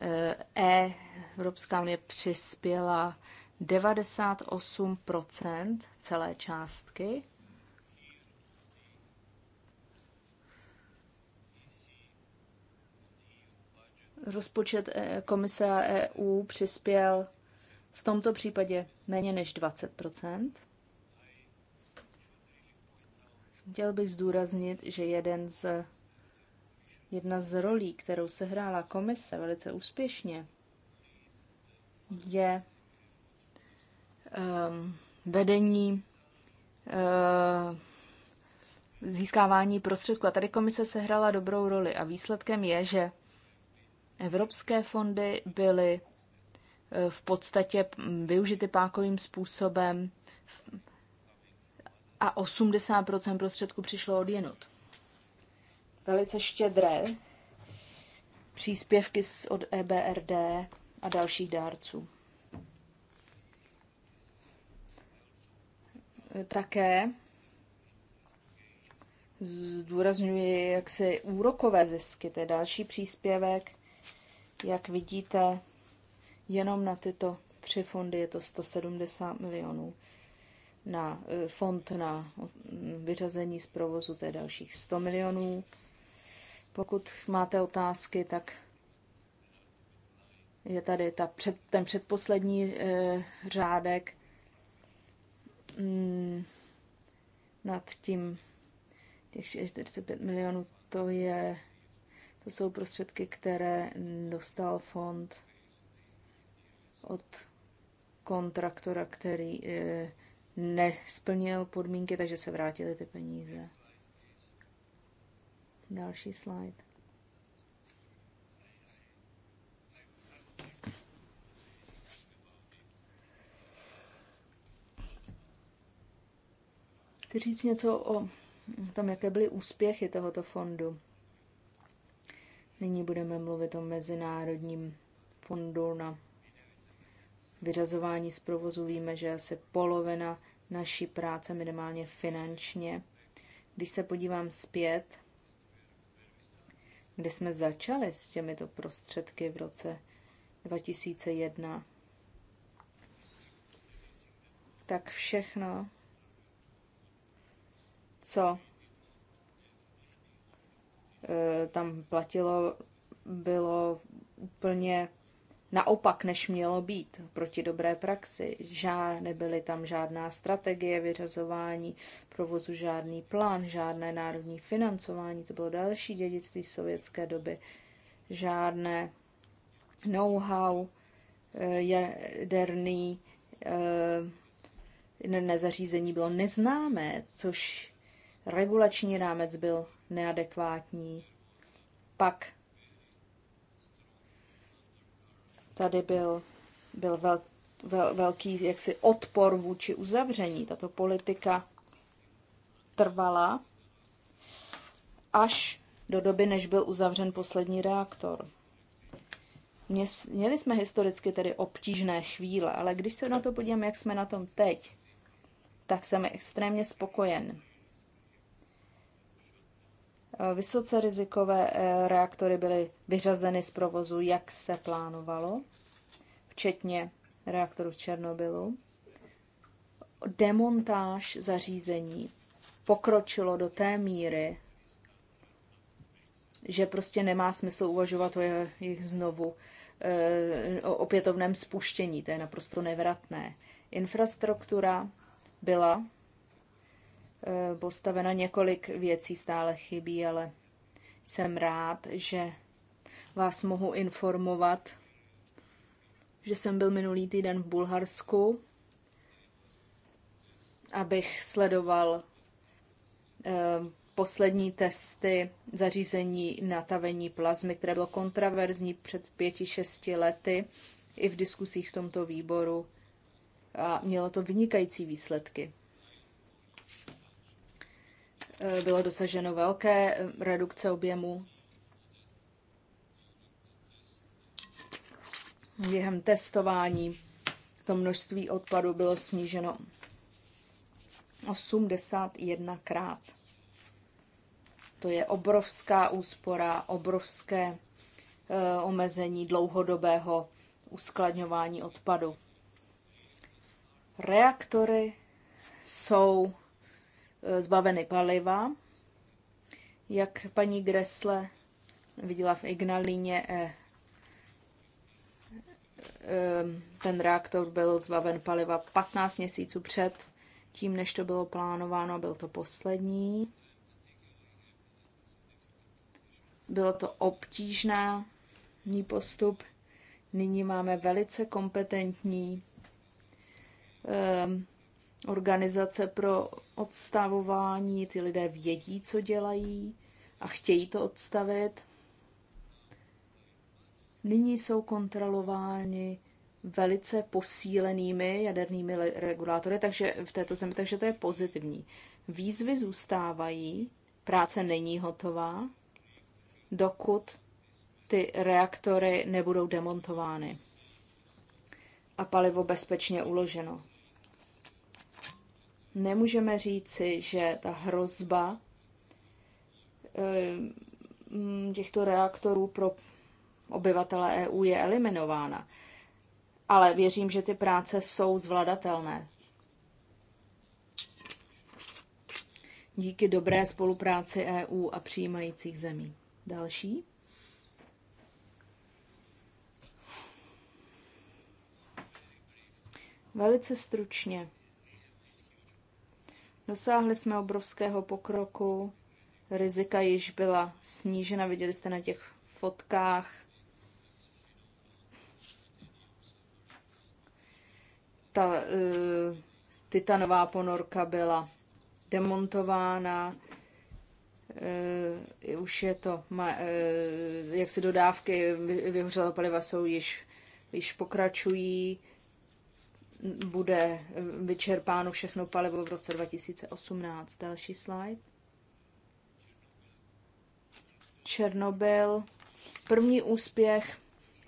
Eh, e, Evropská unie přispěla 98 celé částky. Rozpočet eh, komise a EU přispěl v tomto případě méně než 20 Chtěl bych zdůraznit, že jeden z Jedna z rolí, kterou sehrála komise velice úspěšně, je um, vedení uh, získávání prostředků. A tady komise sehrála dobrou roli. A výsledkem je, že evropské fondy byly eh, v podstatě hm, využity pákovým způsobem a 80% prostředků přišlo od jinut velice štědré příspěvky od EBRD a dalších dárců. Také zdůrazňuji jaksi úrokové zisky, to je další příspěvek. Jak vidíte, jenom na tyto tři fondy je to 170 milionů. Na eh, fond na vyřazení z provozu, to je dalších 100 milionů pokud máte otázky, tak je tady ta před, ten předposlední e, řádek mm, nad tím těch 45 milionů, to je to jsou prostředky, které dostal fond od kontraktora, který e, nesplnil podmínky, takže se vrátily ty peníze. Další slide. Chci říct něco o tom, jaké byly úspěchy tohoto fondu. Nyní budeme mluvit o Mezinárodním fondu na vyřazování z provozu. Víme, že asi polovina naší práce minimálně finančně. Když se podívám zpět, kdy jsme začali s těmito prostředky v roce 2001, tak všechno, co eh, tam platilo, bylo úplně naopak, než mělo být proti dobré praxi. žádné nebyly tam žádná strategie vyřazování provozu, žádný plán, žádné národní financování, to bylo další dědictví sovětské doby, žádné know-how eh, jaderný eh, nezařízení bylo neznámé, což regulační rámec byl neadekvátní. Pak Tady byl, byl vel, vel, velký jaksi odpor vůči uzavření. Tato politika trvala až do doby, než byl uzavřen poslední reaktor. Měli jsme historicky tedy obtížné chvíle, ale když se na to podívám, jak jsme na tom teď, tak jsem extrémně spokojen. Eh, vysoce rizikové eh, reaktory byly vyřazeny z provozu, jak se plánovalo, včetně reaktoru v Černobylu. Demontáž zařízení pokročilo do té míry, že prostě nemá smysl uvažovat o jejich znovu, eh, o opětovném spuštění, to je naprosto nevratné. Infrastruktura byla Eh, postavena. Několik věcí stále chybí, ale jsem rád, že vás mohu informovat, že jsem byl minulý týden v Bulharsku, abych sledoval eh, poslední testy zařízení natavení plazmy, které bylo kontraverzní před pěti, šesti lety i v diskusích v tomto výboru a mělo to vynikající výsledky. Eh, bylo dosaženo velké eh, redukce objemu. Během testování to množství odpadu bylo sníženo 81 krát. To je obrovská úspora, obrovské e, omezení dlouhodobého uskladňování odpadu. Reaktory jsou Eh, zbaveny paliva. Jak paní Gresle viděla v Ignalíně, eh, eh, ten reaktor byl zbaven paliva 15 měsíců před tím, než to bylo plánováno, byl to poslední. Bylo to obtížná postup. Nyní máme velice kompetentní organizace pro odstavování, ty lidé vědí, co dělají a chtějí to odstavit. Nyní jsou kontrolováni velice posílenými jadernými regulátory, takže v této zemi, takže to je pozitivní. Výzvy zůstávají, práce není hotová, dokud ty reaktory nebudou demontovány a palivo bezpečně uloženo. Nemůžeme říci, že ta hrozba eh, těchto reaktorů pro obyvatele EU je eliminována. Ale věřím, že ty práce jsou zvladatelné. Díky dobré spolupráci EU a přijímajících zemí. Další. Velice stručně. Dosáhli jsme obrovského pokroku, rizika již byla snížena, viděli jste na těch fotkách. Ta uh, titanová ponorka byla demontována, uh, už je to, uh, e, jak si dodávky vyhořelého paliva jsou již, již pokračují. Uh, bude eh, vyčerpáno všechno palivo v roce 2018. Další slide. Černobyl. První úspěch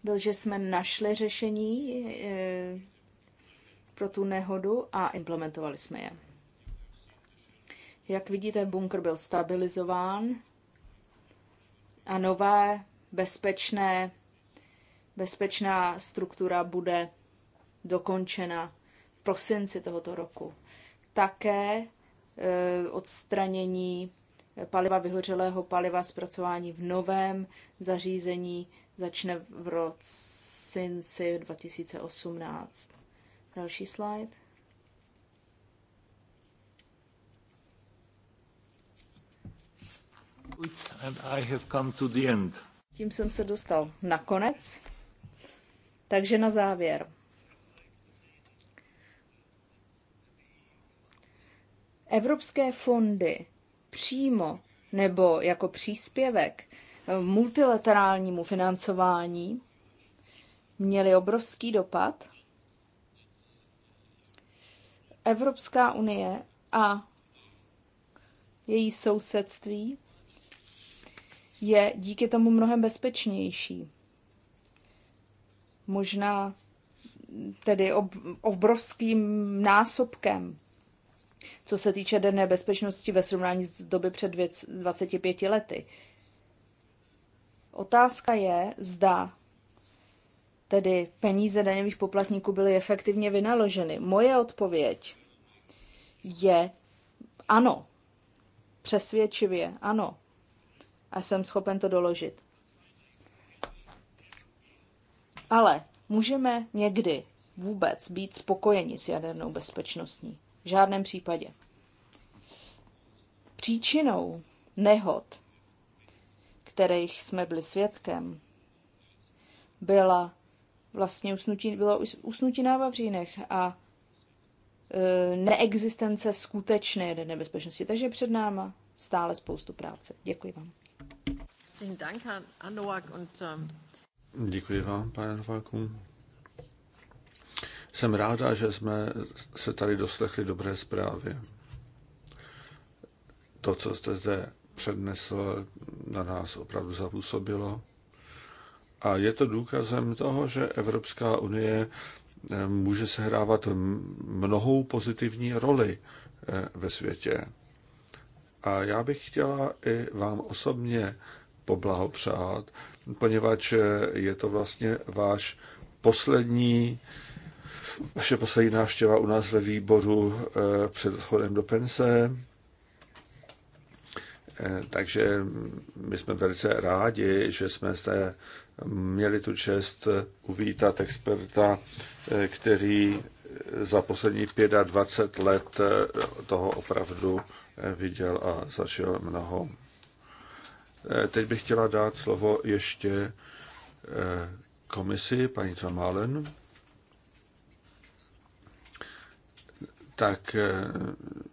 byl, že jsme našli řešení eh, pro tu nehodu a implementovali jsme je. Jak vidíte, bunkr byl stabilizován a nové bezpečné, bezpečná struktura bude dokončena v prosinci tohoto roku. Také e, odstranění paliva vyhořelého paliva zpracování v novém zařízení začne v roce 2018. Další slide. And I have come to the end. Tím jsem se dostal na konec. Takže na závěr. Evropské fondy přímo nebo jako příspěvek eh, multilaterálnímu financování měly obrovský dopad. Evropská unie a její sousedství je díky tomu mnohem bezpečnější. Možná tedy ob, obrovským násobkem co se týče jaderné bezpečnosti ve srovnání s doby před 25 lety. Otázka je, zda tedy peníze daňových poplatníků byly efektivně vynaloženy. Moje odpověď je ano, přesvědčivě ano. A jsem schopen to doložit. Ale můžeme někdy vůbec být spokojeni s jadernou bezpečností. V žádném případě. Příčinou nehod, kterých jsme byli svědkem, byla vlastně usnutí, bylo usnutí na Vavřínech a e, neexistence skutečné jedné nebezpečnosti. Takže před náma stále spoustu práce. Děkuji vám. Ähm, Děkuji vám, pane Novákům. Jsem ráda, že jsme se tady doslechli dobré zprávy. To, co jste zde přednesl, na nás opravdu zapůsobilo. A je to důkazem toho, že Evropská unie eh, může sehrávat mnohou pozitivní roli eh, ve světě. A já bych chtěla i vám osobně poblahopřát, poněvadž eh, je to vlastně váš poslední vaše poslední návštěva u nás ve výboru eh, před odchodem do penze. Eh, takže my jsme velice rádi, že jsme zde měli tu čest uvítat experta, eh, který za poslední 25 let toho opravdu viděl a zažil mnoho. Teď bych chtěla dát slovo ještě komisi, paní Tramalen. tak eh,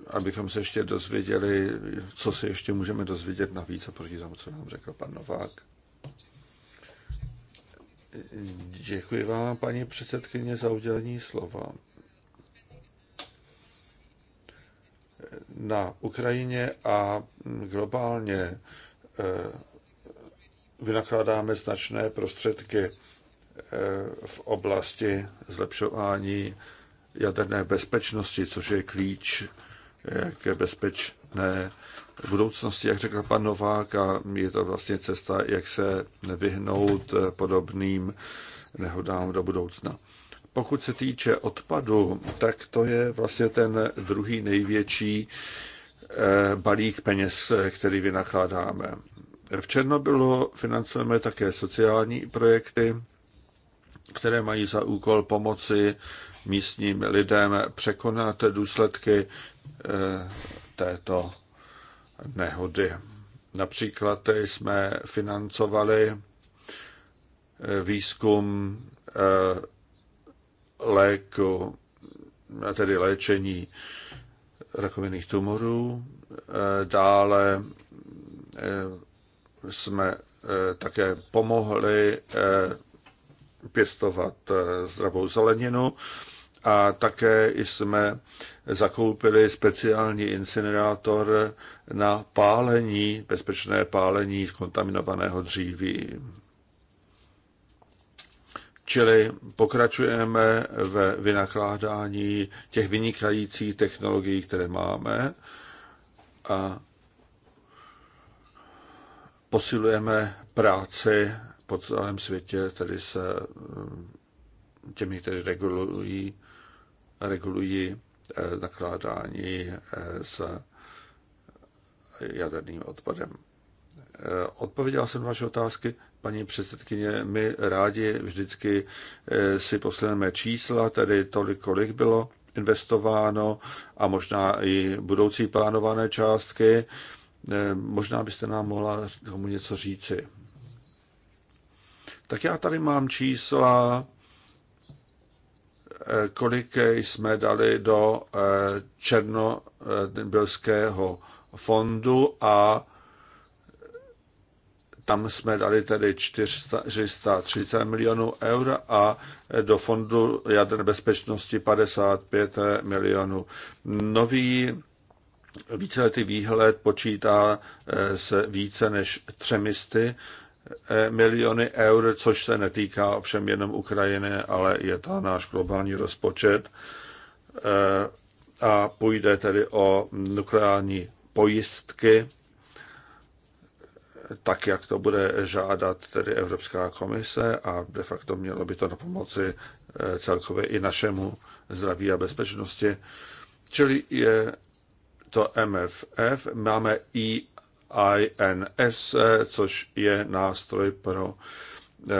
abychom se ještě dozvěděli, co se ještě můžeme dozvědět navíc oproti tomu, co nám řekl pan Novák. Děkuji vám, paní předsedkyně, za udělení slova. Na Ukrajině a globálně eh, vynakládáme značné prostředky eh, v oblasti zlepšování jaderné bezpečnosti, což je klíč k bezpečné budoucnosti, jak řekl pan Novák, a je to vlastně cesta, jak se vyhnout podobným nehodám do budoucna. Pokud se týče odpadu, tak to je vlastně ten druhý největší eh, balík peněz, který vynakládáme. V Černobylu financujeme také sociální projekty, které mají za úkol pomoci místním lidem překonat důsledky eh, této nehody. Například jsme financovali eh, výzkum eh, léku, tedy léčení rakovinných tumorů. Dále jsme také pomohli pěstovat zdravou zeleninu a také jsme zakoupili speciální incinerátor na pálení, bezpečné pálení kontaminovaného dříví. Čili pokračujeme ve vynakládání těch vynikajících technologií, které máme a posilujeme práci po celém světě, tedy se těmi, kteří regulují regulují eh, nakládání eh, s jaderným odpadem. Eh, odpověděla jsem na vaše otázky, paní předsedkyně. My rádi vždycky si posledneme čísla, tedy tolik, kolik bylo investováno a možná i budoucí plánované částky. Možná byste nám mohla tomu něco říci. Tak já tady mám čísla kolik jsme dali do eh, Černobylského eh, fondu a tam jsme dali tedy 430 milionů eur a eh, do fondu jaderné bezpečnosti 55 milionů. Nový víceletý výhled počítá se více než třemisty Eh, miliony eur, což se netýká ovšem jenom Ukrajiny, ale je to náš globální rozpočet. Eh, a půjde tedy o nukleární pojistky, tak, jak to bude žádat tedy Evropská komise a de facto mělo by to na pomoci eh, celkově i našemu zdraví a bezpečnosti. Čili je to MFF, máme i INS, což je nástroj pro eh,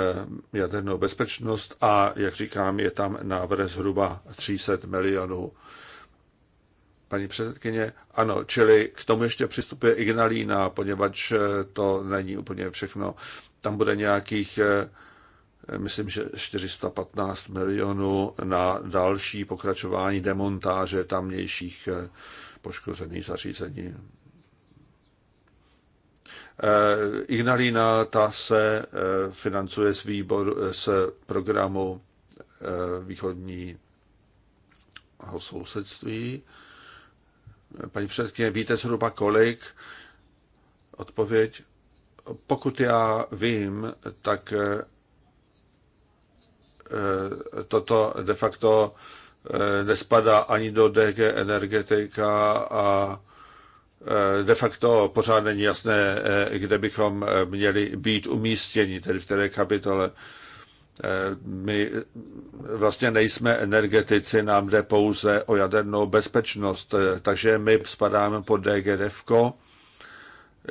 jadernou bezpečnost a, jak říkám, je tam návrh zhruba 300 milionů. Paní předsedkyně, ano, čili k tomu ještě přistupuje Ignalína, poněvadž eh, to není úplně všechno. Tam bude nějakých, eh, myslím, že 415 milionů na další pokračování demontáže tamnějších poškozených zařízení. Eh, Ignalina ta se eh, financuje z, výboru, eh, z programu východního sousedství. Paní předkyně, víte zhruba kolik? Odpověď. Pokud já vím, tak toto de facto nespadá ani do DG energetika a Eh, de facto pořád není jasné, eh, kde bychom eh, měli být umístěni, tedy v které kapitole. My vlastně nejsme energetici, nám jde pouze o jadernou bezpečnost, takže my spadáme pod DGDF,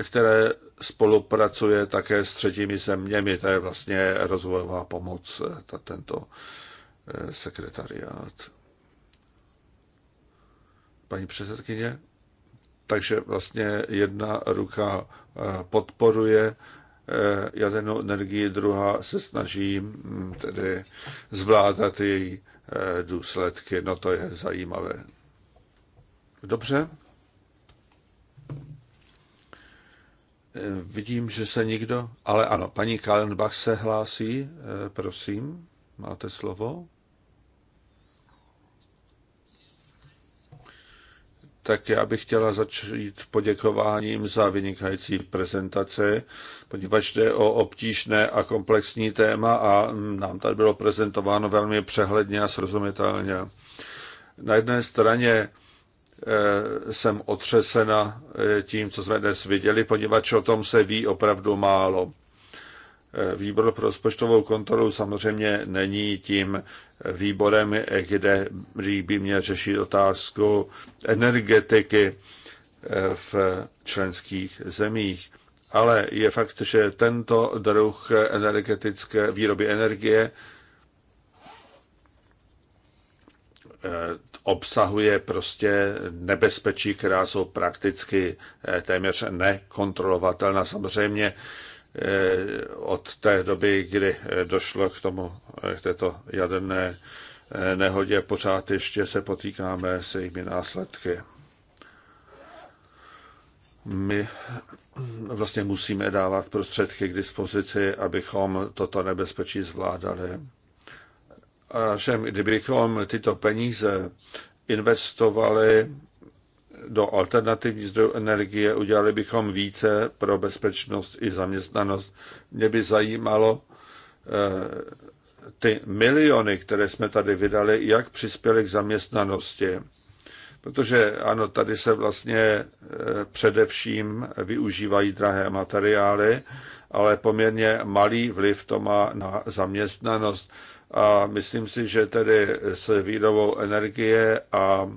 které spolupracuje také s třetími zeměmi, to je vlastně rozvojová pomoc, ta, tento sekretariát. Paní předsedkyně? Takže vlastně jedna ruka eh, podporuje eh, jadernou energii, druhá se snaží mm, tedy zvládat její eh, důsledky. No to je zajímavé. Dobře. Vidím, že se nikdo... Ale ano, paní Kalenbach se hlásí. Prosím, máte slovo. tak já bych chtěla začít poděkováním za vynikající prezentace, poněvadž jde o obtížné a komplexní téma a nám tady bylo prezentováno velmi přehledně a srozumitelně. Na jedné straně eh, jsem otřesena eh, tím, co jsme dnes viděli, poněvadž o tom se ví opravdu málo. Výbor pro rozpočtovou kontrolu samozřejmě není tím výborem, kde by měl řešit otázku energetiky eh, v členských zemích. Ale je fakt, že tento druh energetické výroby energie eh, obsahuje prostě nebezpečí, která jsou prakticky eh, téměř nekontrolovatelná. Samozřejmě od té doby, kdy došlo k tomu, k této jaderné eh, nehodě, pořád ještě se potýkáme s jejími následky. My vlastně musíme dávat prostředky k dispozici, abychom toto nebezpečí zvládali. A že kdybychom tyto peníze investovali do alternativních zdrojů energie, udělali bychom více pro bezpečnost i zaměstnanost. Mě by zajímalo eh, ty miliony, které jsme tady vydali, jak přispěly k zaměstnanosti. Protože ano, tady se vlastně eh, především využívají drahé materiály, ale poměrně malý vliv to má na zaměstnanost. A myslím si, že tedy s výrobou energie a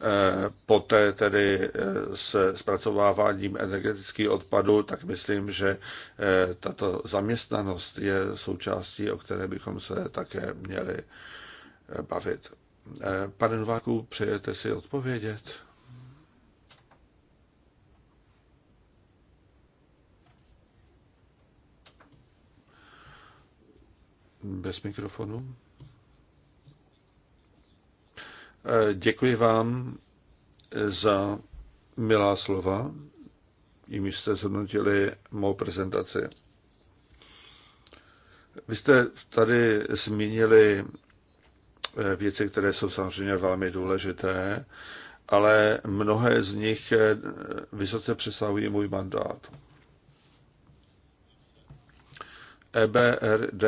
Eh, poté tedy eh, se zpracováváním energetického odpadu, tak myslím, že eh, tato zaměstnanost je součástí, o které bychom se také měli bavit. Pane Nováku, přejete si odpovědět? Bez mikrofonu. Eh, děkuji vám eh, za milá slova, jim jste zhodnotili mou prezentaci. Vy jste tady zmínili eh, věci, které jsou samozřejmě velmi důležité, ale mnohé z nich vysoce přesahují můj mandát. EBRD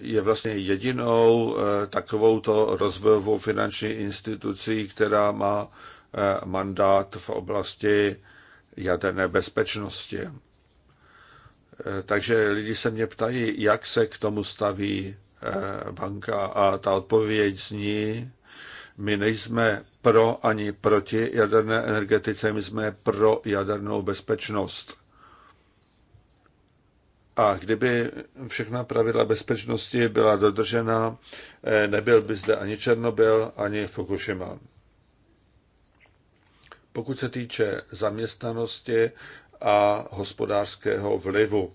je vlastně jedinou eh, takovouto rozvojovou finanční institucí, která má eh, mandát v oblasti jaderné bezpečnosti. Eh, takže lidi se mě ptají, jak se k tomu staví banka a ta odpověď zní, my nejsme pro ani proti jaderné energetice, my jsme pro jadernou bezpečnost. A kdyby všechna pravidla bezpečnosti byla dodržena, eh, nebyl by zde ani Černobyl, ani Fukushima. Pokud se týče zaměstnanosti a hospodářského vlivu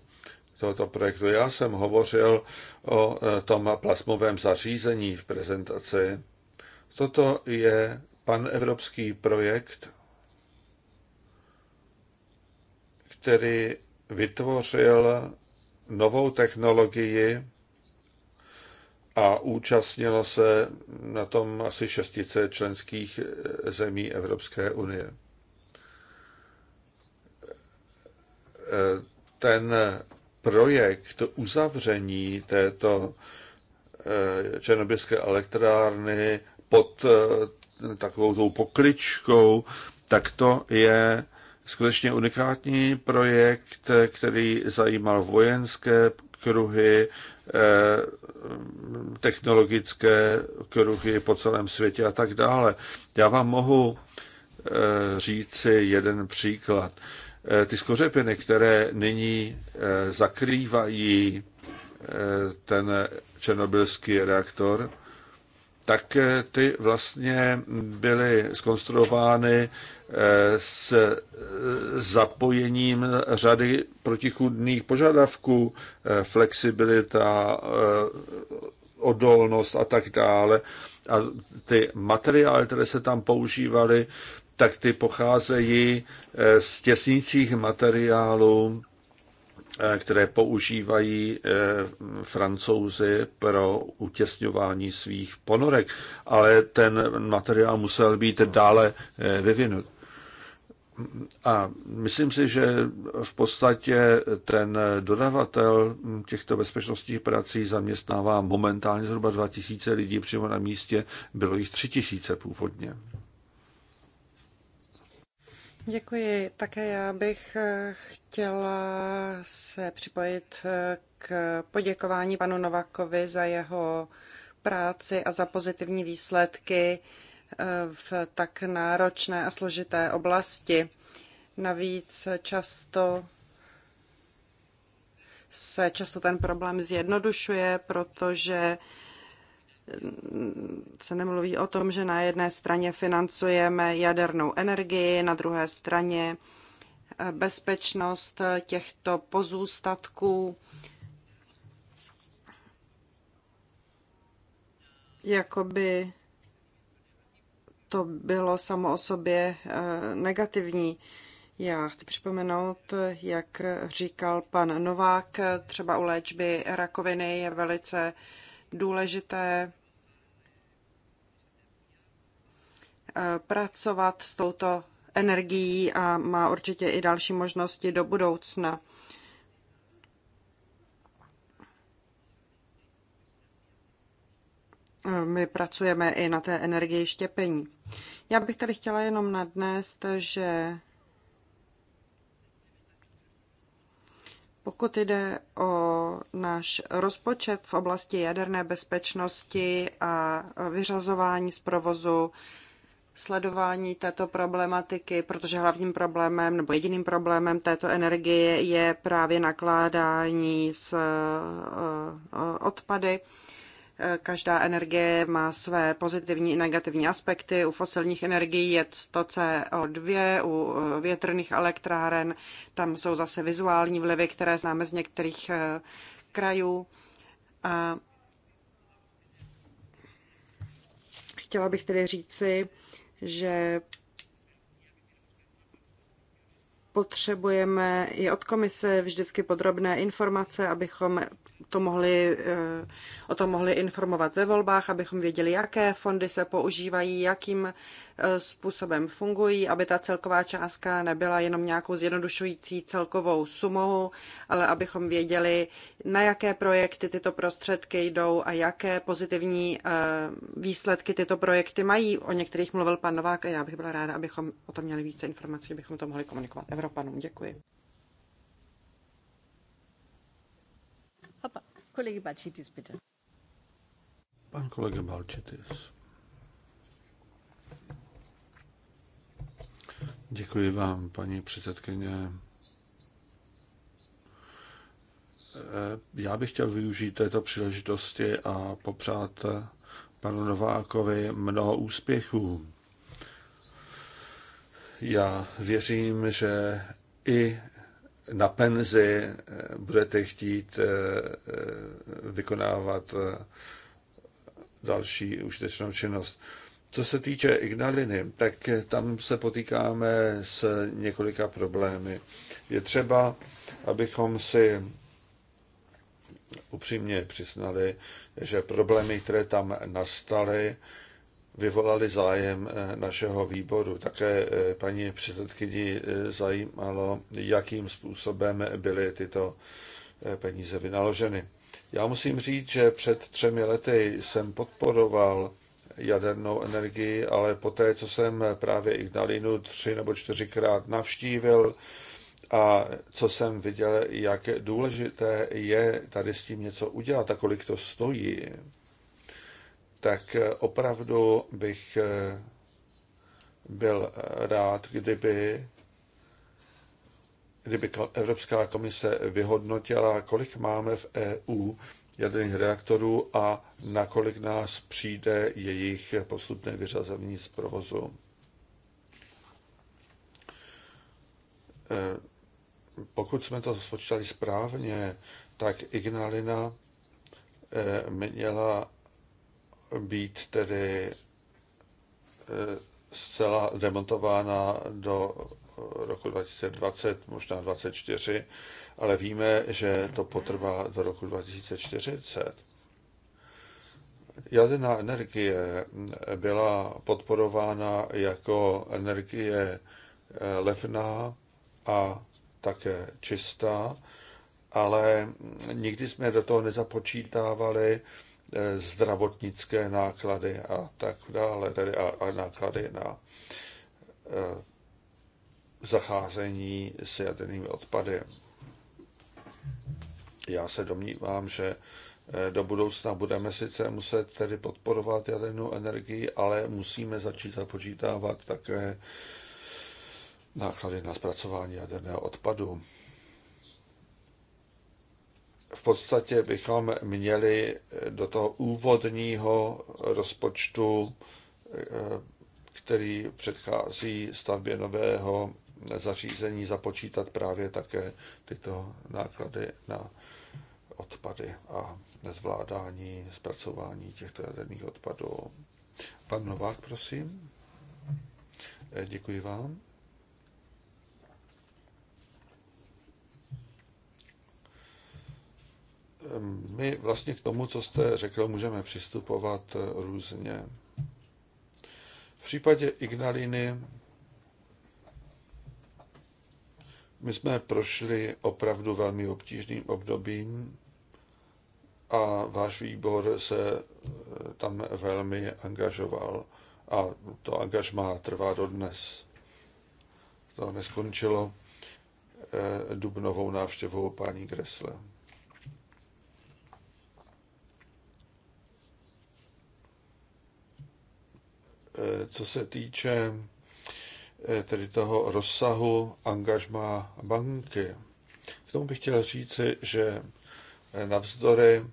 tohoto projektu, já jsem hovořil o eh, tom plasmovém zařízení v prezentaci. Toto je panevropský projekt, který vytvořil novou technologii a účastnilo se na tom asi šestice členských eh, zemí Evropské unie. Eh, ten projekt uzavření této eh, černobylské elektrárny pod takovou tou pokličkou, tak to je skutečně unikátní projekt, který zajímal vojenské kruhy, eh, technologické kruhy po celém světě a tak dále. Já vám mohu eh, říci jeden příklad. Eh, ty skořepiny, které nyní zakrývají ten černobylský reaktor, tak ty vlastně byly skonstruovány eh, s eh, zapojením řady protichudných požadavků, eh, flexibilita, odolnost a tak dále. A ty materiály, které se tam používaly, tak ty pocházejí z těsnících materiálů, Eh, které používají eh, francouzi pro utěsňování svých ponorek, ale ten materiál musel být dále eh, vyvinut. A myslím si, že v podstatě ten dodavatel těchto bezpečnostních prací zaměstnává momentálně zhruba 2000 lidí přímo na místě, bylo jich 3000 původně. Děkuji. Také já bych eh, chtěla se připojit eh, k poděkování panu Novakovi za jeho práci a za pozitivní výsledky eh, v tak náročné a složité oblasti. Navíc často se často ten problém zjednodušuje, protože se nemluví o tom, že na jedné straně financujeme jadernou energii, na druhé straně eh, bezpečnost těchto pozůstatků, jakoby to bylo samo o sobě eh, negativní. Já chci připomenout, jak říkal pan Novák, eh, třeba u léčby rakoviny je velice uh, důležité eh, pracovat s touto energií a má určitě i další možnosti do budoucna. Eh, my pracujeme i na té energii štěpení. Já bych tady chtěla jenom nadnést, že Pokud jde o náš rozpočet v oblasti jaderné bezpečnosti a vyřazování z provozu, sledování této problematiky, protože hlavním problémem nebo jediným problémem této energie je právě nakládání s eh, odpady. Každá energie má své pozitivní i negativní aspekty. U fosilních energií je to CO2, u eh, větrných elektráren tam jsou zase vizuální vlivy, které známe z některých eh, krajů. A chtěla bych tedy říci, že potřebujeme i od komise vždycky podrobné informace, abychom to mohli, eh, o tom mohli informovat ve volbách, abychom věděli, jaké fondy se používají, jakým eh, způsobem fungují, aby ta celková částka nebyla jenom nějakou zjednodušující celkovou sumou, ale abychom věděli, na jaké projekty tyto prostředky jdou a jaké pozitivní eh, výsledky tyto projekty mají. O některých mluvil pan Novák a já bych byla ráda, abychom o tom měli více informací, abychom to mohli komunikovat Evropanům. Děkuji. Kolega Balčitis, bitte. Pan kolega Balčitis. Děkuji vám, paní předsedkyně. Eh, já bych chtěl využít této příležitosti a popřát eh, panu Novákovi mnoho úspěchů. Já věřím, že i na penzi eh, budete chtít eh, eh, vykonávat další užitečnou činnost. Co se týče Ignaliny, tak tam se potýkáme s několika problémy. Je třeba, abychom si upřímně přiznali, že problémy, které tam nastaly, vyvolali zájem eh, našeho výboru. Také eh, paní předsedkyni eh, zajímalo, jakým způsobem byly tyto peníze vynaloženy. Já musím říct, že před třemi lety jsem podporoval jadernou energii, ale poté, co jsem právě Ignalinu tři nebo čtyřikrát navštívil a co jsem viděl, jak důležité je tady s tím něco udělat a kolik to stojí, tak eh, opravdu bych eh, byl rád, kdyby, kdyby Evropská komise vyhodnotila, kolik máme v EU jaderných reaktorů a nakolik nás přijde jejich postupné vyřazení z provozu. Eh, pokud jsme to spočítali správně, tak Ignalina měla být tedy eh, zcela demontována do roku 2020, možná 2024, ale víme, že to potrvá do roku 2040. Jaderná energie byla podporována jako energie eh, levná a také čistá, ale nikdy jsme do toho nezapočítávali Eh, zdravotnické náklady a tak dále, tedy a, a náklady na eh, zacházení s jadernými odpady. Já se domnívám, že eh, do budoucna budeme sice muset tedy podporovat jadernou energii, ale musíme začít započítávat také náklady na zpracování jaderného odpadu v podstatě bychom měli do toho úvodního rozpočtu, eh, který předchází stavbě nového zařízení, započítat právě také tyto náklady na odpady a zvládání, zpracování těchto jaderných odpadů. Pan Novák, prosím. Eh, děkuji vám. Ehm, my vlastně k tomu, co jste řekl, můžeme přistupovat eh, různě. V případě Ignaliny my jsme prošli opravdu velmi obtížným obdobím a váš výbor se eh, tam velmi angažoval. A to angažmá trvá do dnes. To neskončilo eh, dubnovou návštěvou paní Kresle. Eh, co se týče eh, tedy toho rozsahu angažma banky. K tomu bych chtěl říci, že eh, navzdory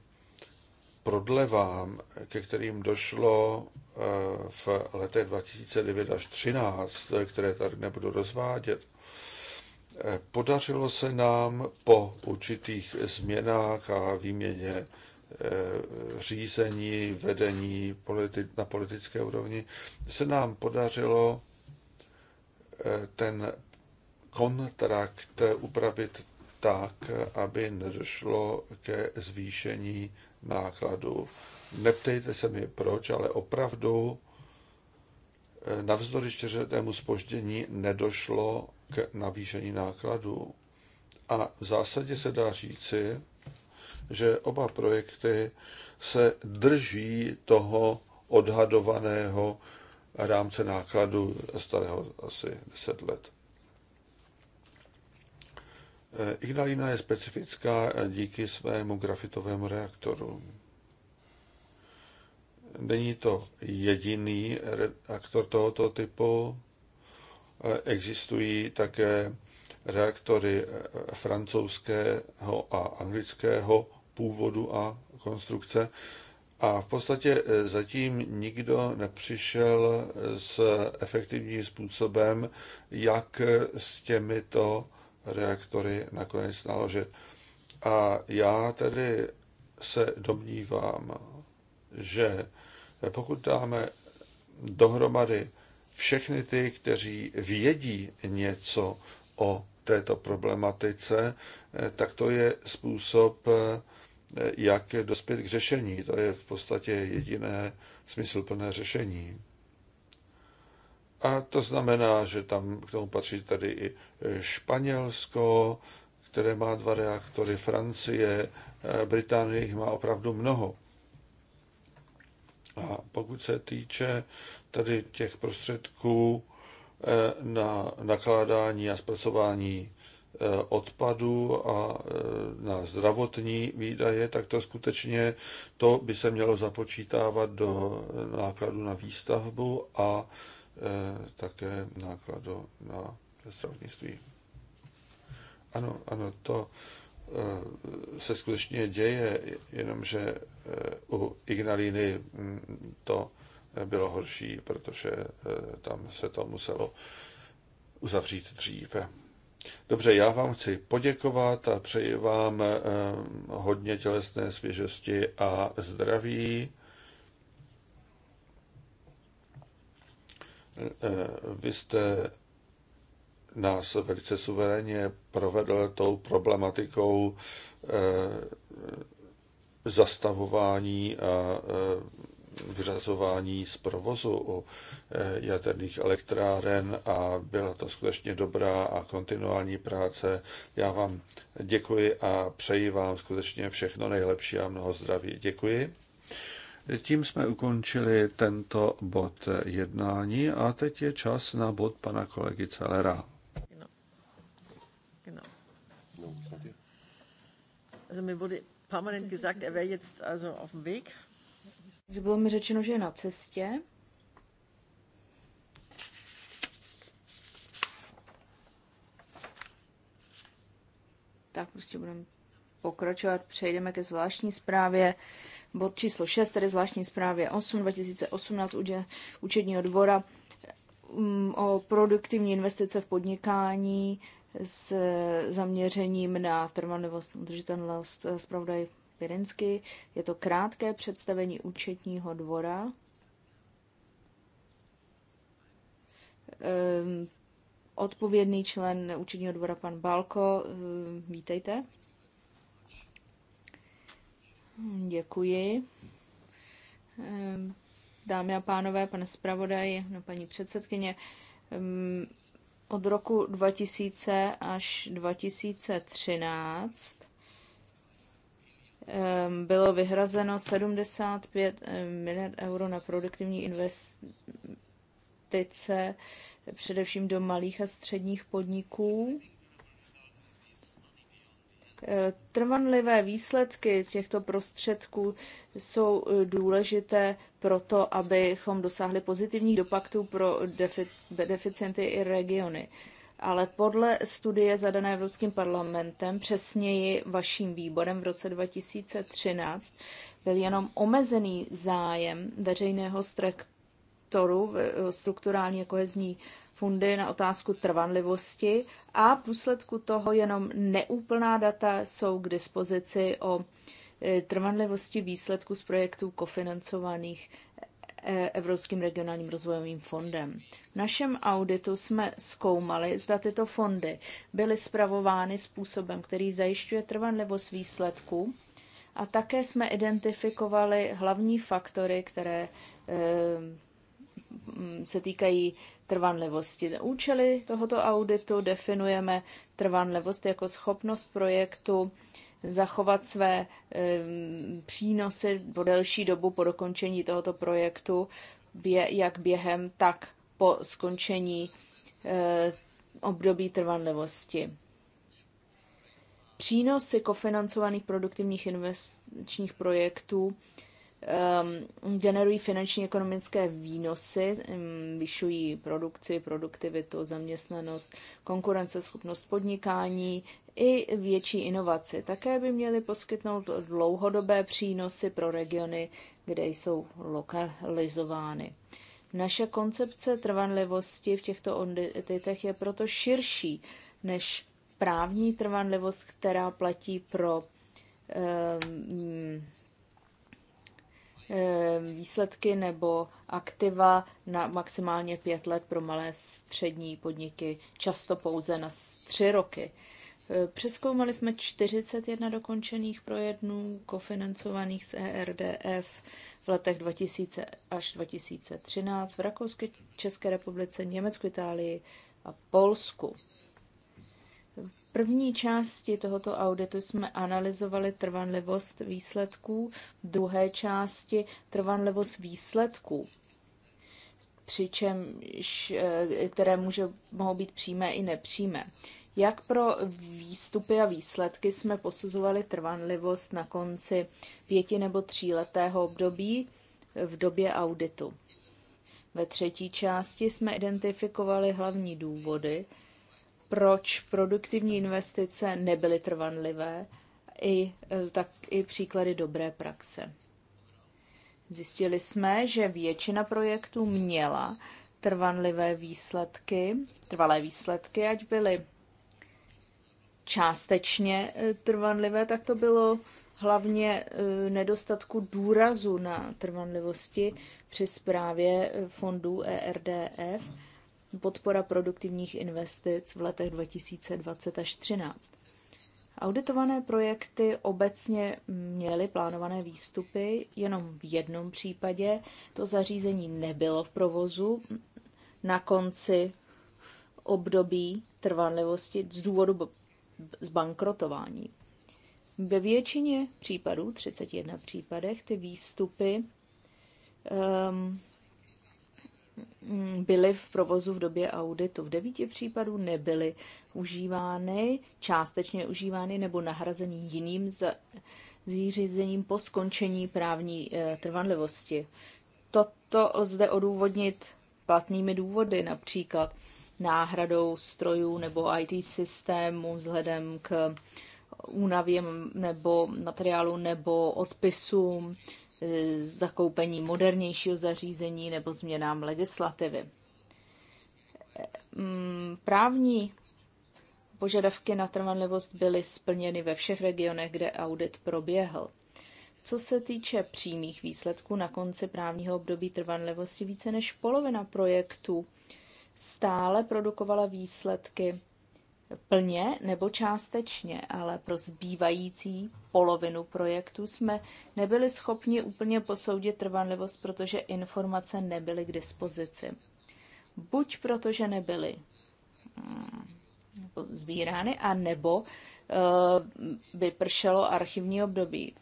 prodlevám, ke kterým došlo v letech 2009 až 2013, které tady nebudu rozvádět, podařilo se nám po určitých změnách a výměně Eh, řízení, vedení politi- na politické úrovni, se nám podařilo eh, ten kontrakt upravit tak, aby nedošlo ke zvýšení nákladů. Neptejte se mi proč, ale opravdu eh, navzdory čtyřetému spoždění nedošlo k navýšení nákladů. A v zásadě se dá říci, že oba projekty se drží toho odhadovaného rámce nákladu starého asi 10 let. E, Ignalina je specifická díky svému grafitovému reaktoru. Není to jediný reaktor tohoto typu. E, existují také reaktory e, francouzského a anglického původu a konstrukce. A v podstatě e, zatím nikdo nepřišel s efektivním způsobem, jak s těmito reaktory nakonec naložit. A já tedy se domnívám, že pokud dáme dohromady všechny ty, kteří vědí něco o této problematice, e, tak to je způsob, e, Eh, jak dospět k řešení. To je v podstatě jediné smysluplné řešení. A to znamená, že tam k tomu patří tady i eh, Španělsko, které má dva reaktory, Francie, eh, Británie jich má opravdu mnoho. A pokud se týče tady těch prostředků na nakládání a zpracování Eh, odpadu a eh, na zdravotní výdaje, tak to skutečně to by se mělo započítávat do nákladu na výstavbu a eh, také nákladu na zdravotnictví. Ano, ano, to se skutečně děje, jenomže u Ignalíny hm, to bylo horší, protože tam se to muselo uzavřít dříve. Dobře, já vám chci poděkovat a přeji vám eh, hodně tělesné svěžesti a zdraví. Eh, eh, vy jste nás velice suverénně provedl tou problematikou zastavování a vyřazování z provozu u eh, jaderných elektráren a byla to skutečně dobrá a kontinuální práce. Já vám děkuji a přeji vám skutečně všechno nejlepší a mnoho zdraví. Děkuji. Tím jsme ukončili tento bod jednání a teď je čas na bod pana kolegy Celera. Also mir wurde permanent gesagt, er wäre jetzt also auf dem Weg. Že bylo mi řečeno, že je na cestě. Tak prostě budeme pokračovat. Přejdeme ke zvláštní zprávě. Bod číslo 6, tedy zvláštní zprávě 8 2018 účetního dvora mm, o produktivní investice v podnikání s zaměřením na trvanlivost, udržitelnost. Zpravodaj Pirinsky. Je to krátké představení účetního dvora. Ehm, odpovědný člen účetního dvora, pan Balko, ehm, vítejte. Děkuji. Ehm, dámy a pánové, pane zpravodaj, no paní předsedkyně, od roku 2000 až 2013 bylo vyhrazeno 75 miliard euro na produktivní investice, především do malých a středních podniků. E, trvanlivé výsledky z těchto prostředků jsou e, důležité pro to, abychom dosáhli pozitivních dopadů pro deficienty i regiony ale podle studie zadané Evropským parlamentem, přesněji vaším výborem v roce 2013, byl jenom omezený zájem veřejného strukturu strukturální kohezní jako fundy na otázku trvanlivosti a v důsledku toho jenom neúplná data jsou k dispozici o e, trvanlivosti výsledků z projektů kofinancovaných E, Evropským regionálním rozvojovým fondem. V našem auditu jsme zkoumali, zda tyto fondy byly spravovány způsobem, který zajišťuje trvanlivost výsledků a také jsme identifikovali hlavní faktory, které e, se týkají trvanlivosti. účely tohoto auditu definujeme trvanlivost jako schopnost projektu zachovat své přínosy po delší dobu po dokončení tohoto projektu, jak během, tak po skončení eh, období trvanlivosti. Přínosy kofinancovaných produktivních investičních projektů um, generují finanční ekonomické výnosy, um, vyšují produkci, produktivitu, zaměstnanost, konkurenceschopnost podnikání i větší inovaci. Také by měly poskytnout dlouhodobé přínosy pro regiony, kde jsou lokalizovány. Naše koncepce trvanlivosti v těchto auditech je proto širší než právní trvanlivost, která platí pro um, Eh, výsledky nebo aktiva na maximálně pět let pro malé střední podniky, často pouze na tři roky. Eh, přeskoumali jsme 41 dokončených projednů kofinancovaných z ERDF v letech 2000 až 2013 v Rakousku, České republice, Německu, Itálii a Polsku první části tohoto auditu jsme analyzovali trvanlivost výsledků, v druhé části trvanlivost výsledků, přičemž, eh, které může, mohou být přímé i nepřímé. Jak pro výstupy a výsledky jsme posuzovali trvanlivost na konci pěti nebo tříletého období v době auditu. Ve třetí části jsme identifikovali hlavní důvody, proč produktivní investice nebyly trvanlivé, i, eh, tak i příklady dobré praxe. Zjistili jsme, že většina projektů měla trvanlivé výsledky, trvalé výsledky, ať byly částečně eh, trvanlivé, tak to bylo hlavně eh, nedostatku důrazu na trvanlivosti při zprávě fondů ERDF podpora produktivních investic v letech 2020 až 2013. Auditované projekty obecně měly plánované výstupy, jenom v jednom případě to zařízení nebylo v provozu na konci období trvanlivosti z důvodu zbankrotování. Ve většině případů, 31 případech, ty výstupy um, Mm, byly v provozu v době auditu. V devíti případů nebyly užívány, částečně užívány nebo nahrazeny jiným zřízením po skončení právní eh, trvanlivosti. Toto lze odůvodnit platnými důvody, například náhradou strojů nebo IT systému vzhledem k únavě nebo materiálu nebo odpisům zakoupení modernějšího zařízení nebo změnám legislativy. Mm, právní požadavky na trvanlivost byly splněny ve všech regionech, kde audit proběhl. Co se týče přímých výsledků na konci právního období trvanlivosti, více než polovina projektů stále produkovala výsledky plně nebo částečně, ale pro zbývající polovinu projektu jsme nebyli schopni úplně posoudit trvanlivost, protože informace nebyly k dispozici. Buď protože nebyly mm, sbírány, a nebo eh, vypršelo archivní období.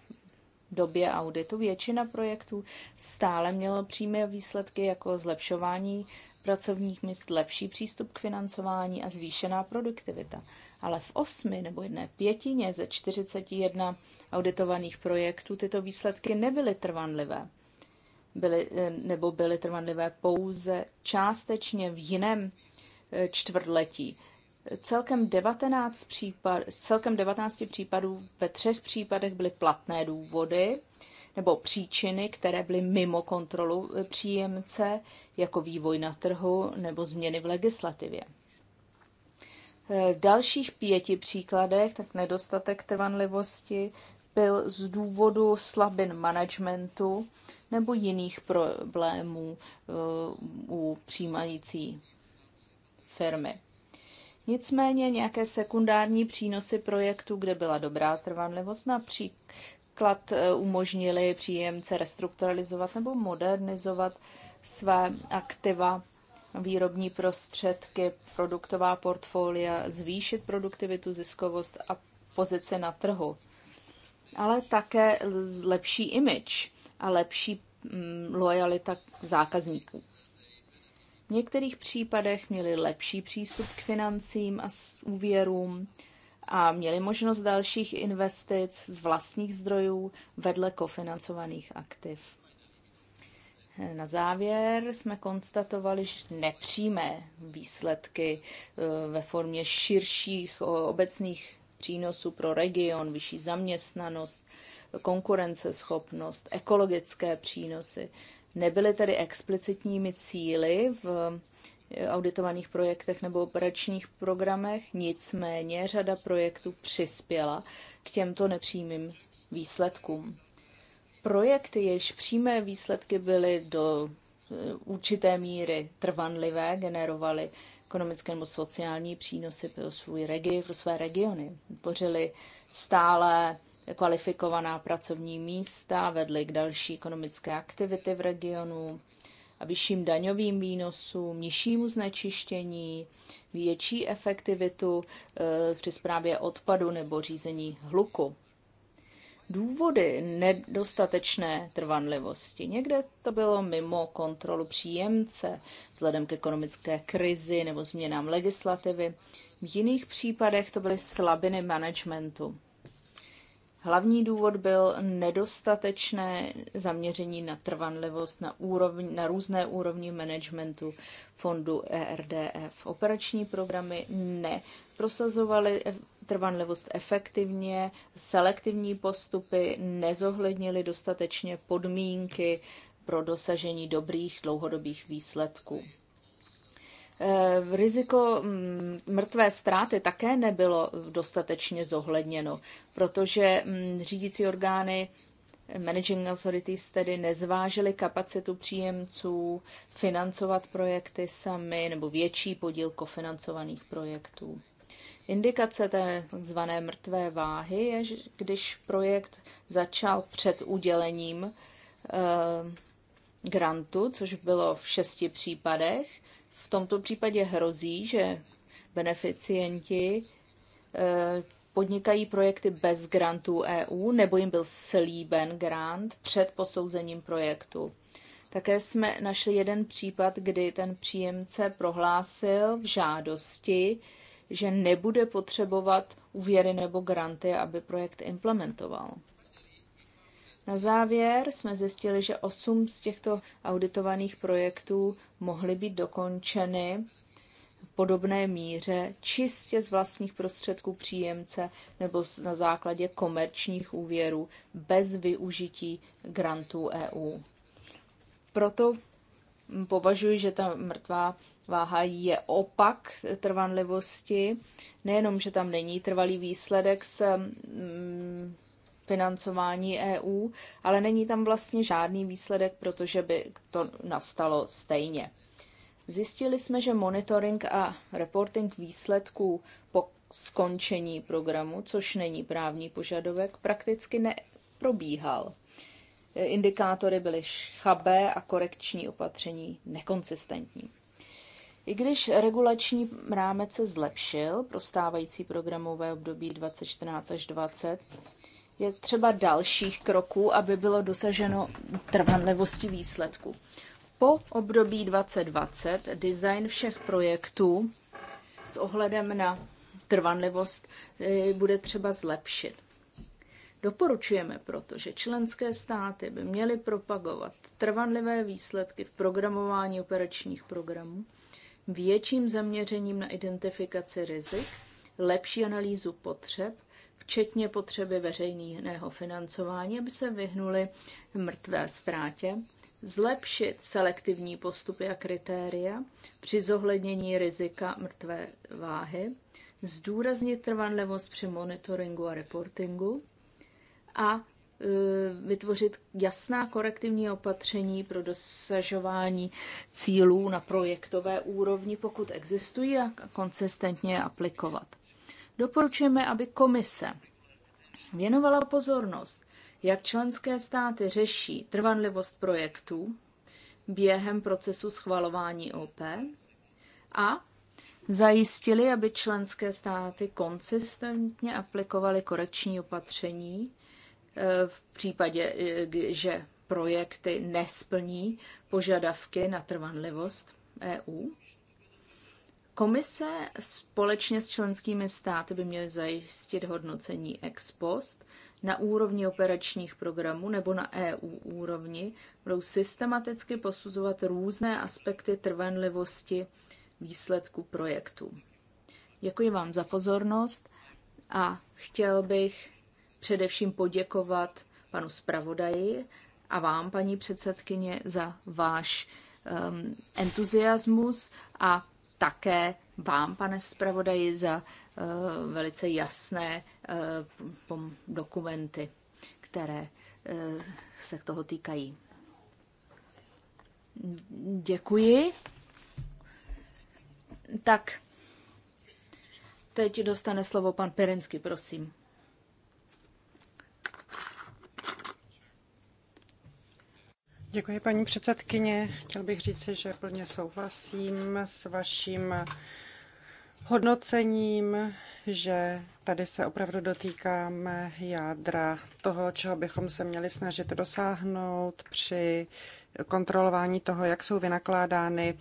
V době auditu většina projektů stále mělo přímé výsledky jako zlepšování pracovních míst, lepší přístup k financování a zvýšená produktivita. Ale v osmi nebo jedné pětině ze 41 auditovaných projektů tyto výsledky nebyly trvanlivé. Byly, eh, nebo byly trvanlivé pouze částečně v jiném eh, čtvrtletí. Celkem 19, případ, celkem 19 případů ve třech případech byly platné důvody, nebo příčiny, které byly mimo kontrolu eh, příjemce, jako vývoj na trhu nebo změny v legislativě. Eh, v dalších pěti příkladech, tak nedostatek trvanlivosti byl z důvodu slabin managementu nebo jiných problémů eh, u přijímající firmy. Nicméně nějaké sekundární přínosy projektu, kde byla dobrá trvanlivost, například například eh, umožnili příjemce restrukturalizovat nebo modernizovat své aktiva, výrobní prostředky, produktová portfolia, zvýšit produktivitu, ziskovost a pozici na trhu. Ale také lepší image a lepší mm, lojalita zákazníků. V některých případech měli lepší přístup k financím a úvěrům, a měli možnost dalších investic z vlastních zdrojů vedle kofinancovaných aktiv. Na závěr jsme konstatovali že nepřímé výsledky eh, ve formě širších obecných přínosů pro region, vyšší zaměstnanost, konkurenceschopnost, ekologické přínosy. Nebyly tedy explicitními cíly v auditovaných projektech nebo operačních programech, nicméně řada projektů přispěla k těmto nepřímým výsledkům. Projekty, jejichž přímé výsledky byly do eh, určité míry trvanlivé, generovaly ekonomické nebo sociální přínosy pro, svůj regi, pro své regiony. Tvořili stále kvalifikovaná pracovní místa, vedly k další ekonomické aktivity v regionu, a vyšším daňovým výnosům, nižšímu znečištění, větší efektivitu eh, při zprávě odpadu nebo řízení hluku. Důvody nedostatečné trvanlivosti. Někde to bylo mimo kontrolu příjemce, vzhledem k ekonomické krizi nebo změnám legislativy. V jiných případech to byly slabiny managementu Hlavní důvod byl nedostatečné zaměření na trvanlivost na, úrovni, na různé úrovni managementu fondu ERDF. Operační programy neprosazovaly trvanlivost efektivně, selektivní postupy nezohlednily dostatečně podmínky pro dosažení dobrých dlouhodobých výsledků. Eh, riziko mm, mrtvé ztráty také nebylo dostatečně zohledněno, protože mm, řídící orgány eh, managing authorities tedy nezvážily kapacitu příjemců financovat projekty sami nebo větší podíl kofinancovaných projektů. Indikace té tzv. mrtvé váhy je, když projekt začal před udělením eh, grantu, což bylo v šesti případech, v tomto případě hrozí, že beneficienti eh, podnikají projekty bez grantů EU nebo jim byl slíben grant před posouzením projektu. Také jsme našli jeden případ, kdy ten příjemce prohlásil v žádosti, že nebude potřebovat úvěry nebo granty, aby projekt implementoval. Na závěr jsme zjistili, že 8 z těchto auditovaných projektů mohly být dokončeny v podobné míře čistě z vlastních prostředků příjemce nebo na základě komerčních úvěrů bez využití grantů EU. Proto považuji, že ta mrtvá váha je opak trvanlivosti. Nejenom, že tam není trvalý výsledek s mm, financování EU, ale není tam vlastně žádný výsledek, protože by to nastalo stejně. Zjistili jsme, že monitoring a reporting výsledků po skončení programu, což není právní požadovek, prakticky neprobíhal. Indikátory byly chabé a korekční opatření nekonsistentní. I když regulační rámec se zlepšil pro stávající programové období 2014 až 2020, je třeba dalších kroků, aby bylo dosaženo trvanlivosti výsledku. Po období 2020 design všech projektů s ohledem na trvanlivost eh, bude třeba zlepšit. Doporučujeme proto, že členské státy by měly propagovat trvanlivé výsledky v programování operačních programů, větším zaměřením na identifikaci rizik, lepší analýzu potřeb včetně potřeby veřejného financování, aby se vyhnuli mrtvé ztrátě, zlepšit selektivní postupy a kritéria při zohlednění rizika mrtvé váhy, zdůraznit trvanlivost při monitoringu a reportingu a e, vytvořit jasná korektivní opatření pro dosažování cílů na projektové úrovni, pokud existují, a konsistentně aplikovat. Doporučujeme, aby komise věnovala pozornost, jak členské státy řeší trvanlivost projektů během procesu schvalování OP a zajistili, aby členské státy konsistentně aplikovaly korekční opatření eh, v případě, eh, že projekty nesplní požadavky na trvanlivost EU Komise společně s členskými státy by měly zajistit hodnocení ex post na úrovni operačních programů nebo na EU úrovni, budou systematicky posuzovat různé aspekty trvanlivosti výsledku projektu. Děkuji vám za pozornost a chtěl bych především poděkovat panu zpravodaji a vám, paní předsedkyně, za váš um, entuziasmus a také vám, pane zpravodaji, za eh, velice jasné eh, dokumenty, které eh, se k toho týkají. Děkuji. Tak, teď dostane slovo pan Perinsky, prosím. Děkuji, paní předsedkyně. Chtěl bych říci, že plně souhlasím s vaším hodnocením, že tady se opravdu dotýkáme jádra toho, čeho bychom se měli snažit dosáhnout při kontrolování toho, jak jsou vynakládány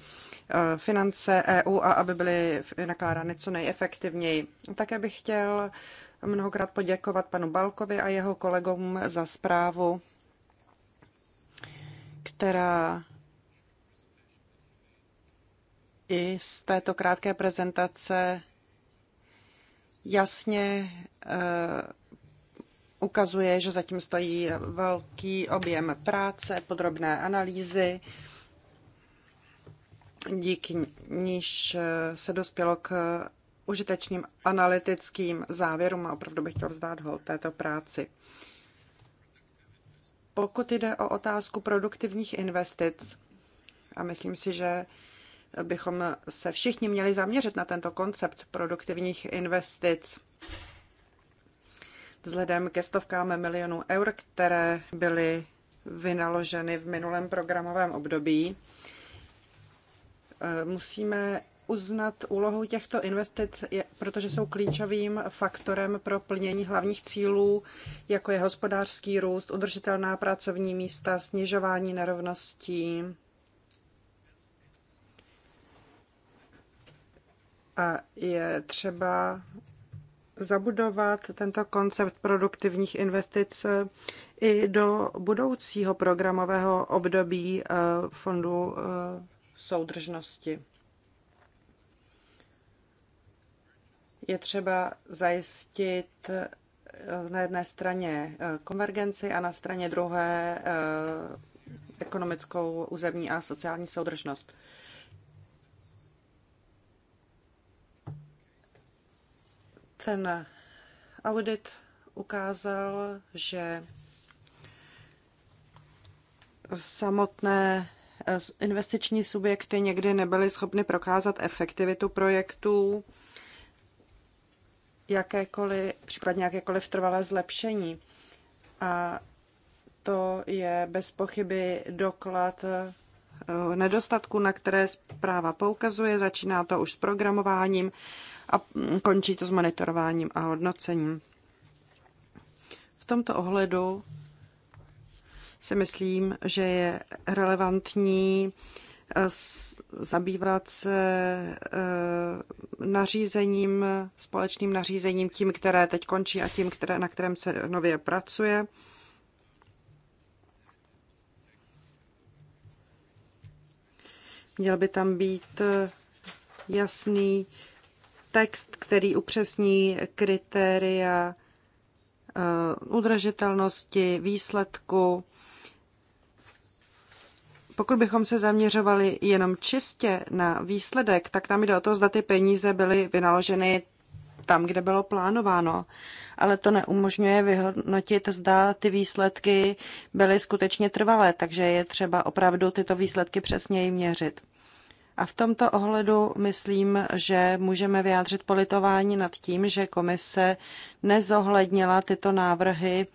eh, finance EU a aby byly vynakládány co nejefektivněji. Také bych chtěl mnohokrát poděkovat panu Balkovi a jeho kolegům za zprávu která i z této krátké prezentace jasně eh, ukazuje, že zatím stojí velký objem práce, podrobné analýzy, díky níž eh, se dospělo k užitečným analytickým závěrům a opravdu bych chtěl vzdát hold této práci. Pokud jde o otázku produktivních investic, a myslím si, že bychom se všichni měli zaměřit na tento koncept produktivních investic, vzhledem ke stovkám milionů eur, které byly vynaloženy v minulém programovém období, musíme uznat úlohu těchto investic, protože jsou klíčovým faktorem pro plnění hlavních cílů, jako je hospodářský růst, udržitelná pracovní místa, snižování nerovností. A je třeba zabudovat tento koncept produktivních investic i do budoucího programového období eh, Fondu eh, soudržnosti. je třeba zajistit eh, na jedné straně eh, konvergenci a na straně druhé eh, ekonomickou, územní a sociální soudržnost. Ten audit ukázal, že samotné investiční subjekty někdy nebyly schopny prokázat efektivitu projektů jakékoliv, případně jakékoliv trvalé zlepšení. A to je bez pochyby doklad eh, nedostatku, na které zpráva poukazuje. Začíná to už s programováním a končí to s monitorováním a hodnocením. V tomto ohledu si myslím, že je relevantní zabývat se eh, nařízením, společným nařízením, tím, které teď končí a tím, které, na kterém se nově pracuje. Měl by tam být eh, jasný text, který upřesní kritéria eh, udržitelnosti, výsledku, pokud bychom se zaměřovali jenom čistě na výsledek, tak tam jde o to, zda ty peníze byly vynaloženy tam, kde bylo plánováno. Ale to neumožňuje vyhodnotit, zda ty výsledky byly skutečně trvalé, takže je třeba opravdu tyto výsledky přesněji měřit. A v tomto ohledu myslím, že můžeme vyjádřit politování nad tím, že komise nezohlednila tyto návrhy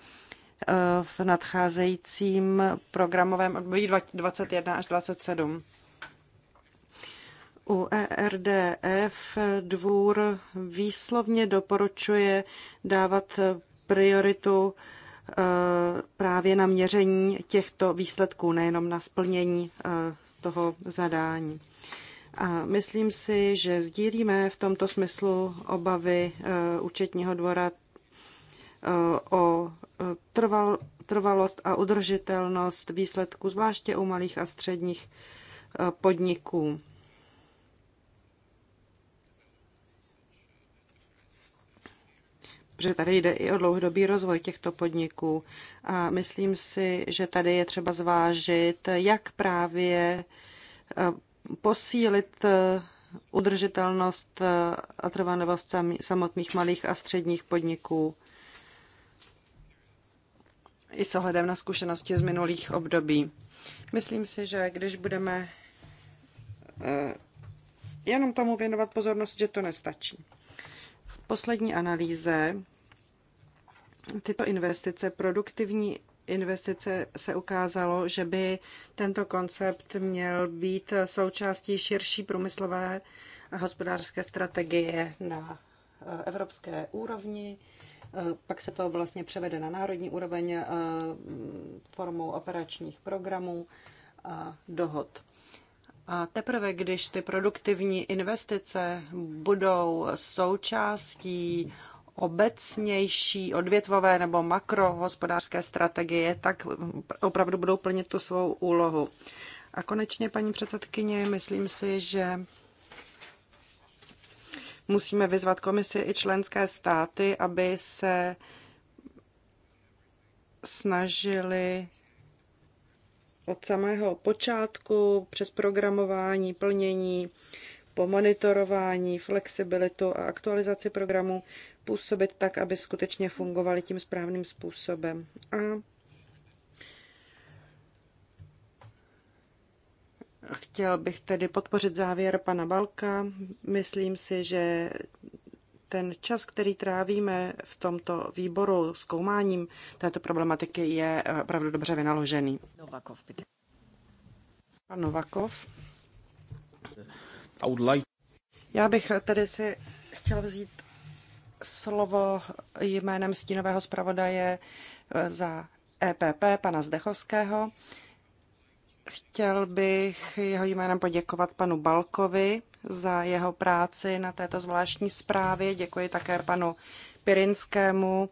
Eh, v nadcházejícím programovém období 21 až 27. U ERDF dvůr výslovně doporučuje dávat prioritu eh, právě na měření těchto výsledků, nejenom na splnění eh, toho zadání. A myslím si, že sdílíme v tomto smyslu obavy účetního dvora o trval, trvalost a udržitelnost výsledků, zvláště u malých a středních e, podniků. protože tady jde i o dlouhodobý rozvoj těchto podniků. A myslím si, že tady je třeba zvážit, jak právě e, posílit e, udržitelnost a trvanlivost samotných malých a středních podniků i s ohledem na zkušenosti z minulých období. Myslím si, že když budeme eh, jenom tomu věnovat pozornost, že to nestačí. V poslední analýze tyto investice, produktivní investice, se ukázalo, že by tento koncept měl být součástí širší průmyslové a hospodářské strategie na eh, evropské úrovni Eh, pak se to vlastně převede na národní úroveň eh, formou operačních programů a dohod. A teprve, když ty produktivní investice budou součástí obecnější odvětvové nebo makrohospodářské strategie, tak opravdu budou plnit tu svou úlohu. A konečně, paní předsedkyně, myslím si, že Musíme vyzvat komisi i členské státy, aby se snažili od samého počátku přes programování, plnění, po monitorování, flexibilitu a aktualizaci programu působit tak, aby skutečně fungovaly tím správným způsobem. A Chtěl bych tedy podpořit závěr pana Balka. Myslím si, že ten čas, který trávíme v tomto výboru zkoumáním této problematiky, je eh, opravdu dobře vynaložený. Novakov, Pan Novakov. Já bych tedy si chtěl vzít slovo jménem stínového zpravodaje eh, za EPP, pana Zdechovského. Chtěl bych jeho jménem poděkovat panu Balkovi za jeho práci na této zvláštní zprávě. Děkuji také panu Pirinskému,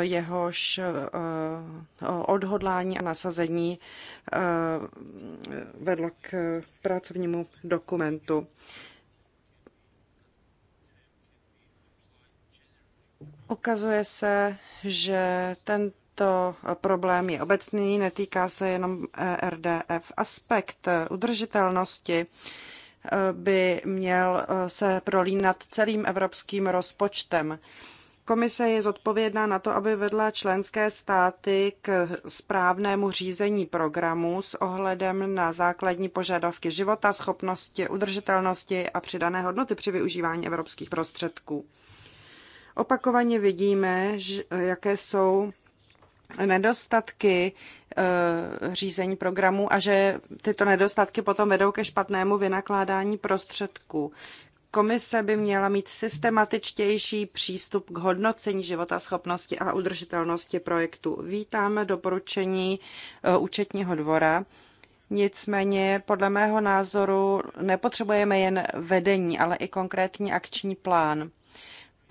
jehož eh, odhodlání a nasazení eh, vedlo k pracovnímu dokumentu. Ukazuje se, že ten tento problém je obecný, netýká se jenom eh, RDF. Aspekt udržitelnosti eh, by měl eh, se prolínat celým evropským rozpočtem. Komise je zodpovědná na to, aby vedla členské státy k správnému řízení programu s ohledem na základní požadavky života, schopnosti, udržitelnosti a přidané hodnoty při využívání evropských prostředků. Opakovaně vidíme, jaké jsou nedostatky eh, řízení programu a že tyto nedostatky potom vedou ke špatnému vynakládání prostředků. Komise by měla mít systematičtější přístup k hodnocení života schopnosti a udržitelnosti projektu. Vítáme doporučení eh, účetního dvora. Nicméně podle mého názoru nepotřebujeme jen vedení, ale i konkrétní akční plán.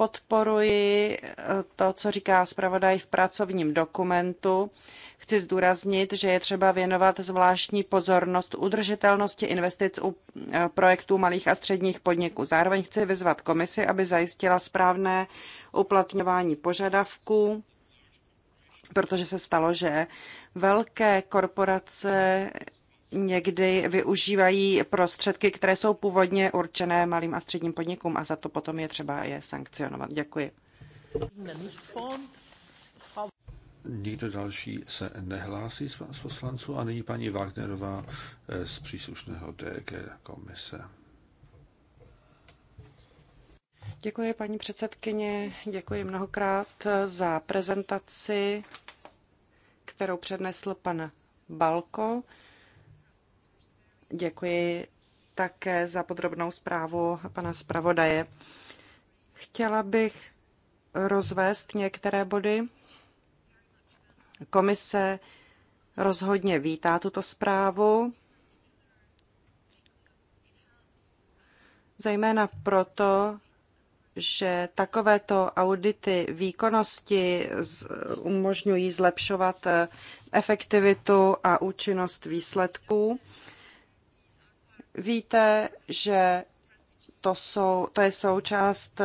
Podporuji eh, to, co říká zpravodaj v pracovním dokumentu. Chci zdůraznit, že je třeba věnovat zvláštní pozornost udržitelnosti investic u eh, projektů malých a středních podniků. Zároveň chci vyzvat komisi, aby zajistila správné uplatňování požadavků protože se stalo, že velké korporace někdy využívají prostředky, které jsou původně určené malým a středním podnikům a za to potom je třeba je sankcionovat. Děkuji. Nikdo další se nehlásí z poslanců a nyní paní Wagnerová eh, z příslušného DG komise. Děkuji, paní předsedkyně, děkuji mnohokrát eh, za prezentaci, kterou přednesl pan Balko. Děkuji také za podrobnou zprávu pana zpravodaje. Chtěla bych rozvést některé body. Komise rozhodně vítá tuto zprávu, zejména proto, že takovéto audity výkonnosti umožňují zlepšovat efektivitu a účinnost výsledků Víte, že to, jsou, to je součást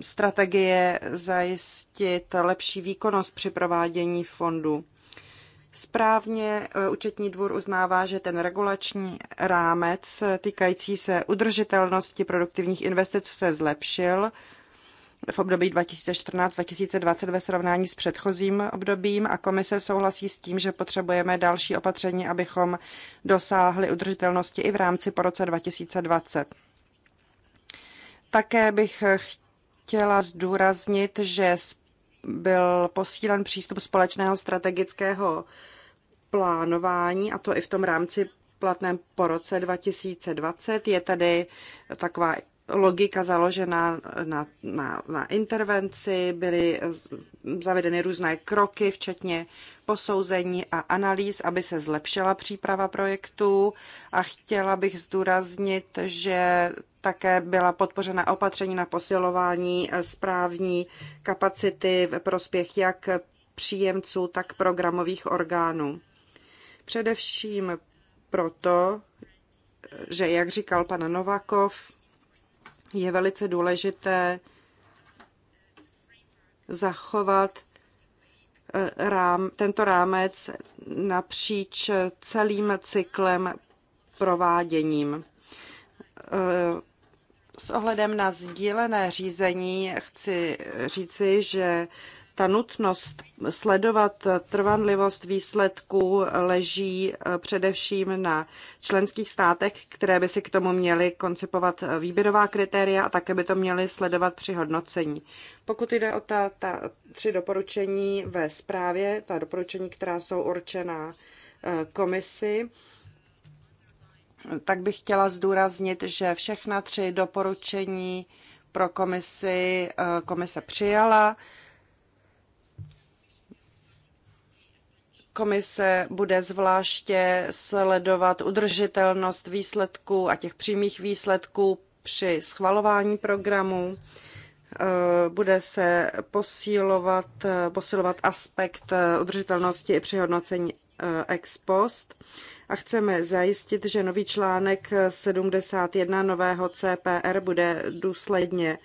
strategie zajistit lepší výkonnost při provádění fondu. Správně eh, účetní dvůr uznává, že ten regulační rámec eh, týkající se udržitelnosti produktivních investic se zlepšil v období 2014-2020 ve srovnání s předchozím obdobím a komise souhlasí s tím, že potřebujeme další opatření, abychom dosáhli udržitelnosti i v rámci po roce 2020. Také bych chtěla zdůraznit, že byl posílen přístup společného strategického plánování, a to i v tom rámci platném po roce 2020. Je tady taková logika založená na, na, na intervenci, byly zavedeny různé kroky, včetně posouzení a analýz, aby se zlepšila příprava projektů. A chtěla bych zdůraznit, že také byla podpořena opatření na posilování správní kapacity v prospěch jak příjemců, tak programových orgánů. Především proto, že, jak říkal pan Novakov, je velice důležité zachovat eh, rám, tento rámec napříč celým cyklem prováděním. Eh, s ohledem na sdílené řízení chci říci, že ta nutnost sledovat trvanlivost výsledků leží eh, především na členských státech, které by si k tomu měly koncipovat eh, výběrová kritéria a také by to měly sledovat při hodnocení. Pokud jde o ta, ta tři doporučení ve zprávě, ta doporučení, která jsou určená eh, komisi, tak bych chtěla zdůraznit, že všechna tři doporučení pro komisi komise přijala komise bude zvláště sledovat udržitelnost výsledků a těch přímých výsledků při schvalování programu. Eh, bude se posilovat, eh, posilovat aspekt eh, udržitelnosti i při hodnocení ex post a chceme zajistit, že nový článek 71 nového CPR bude důsledně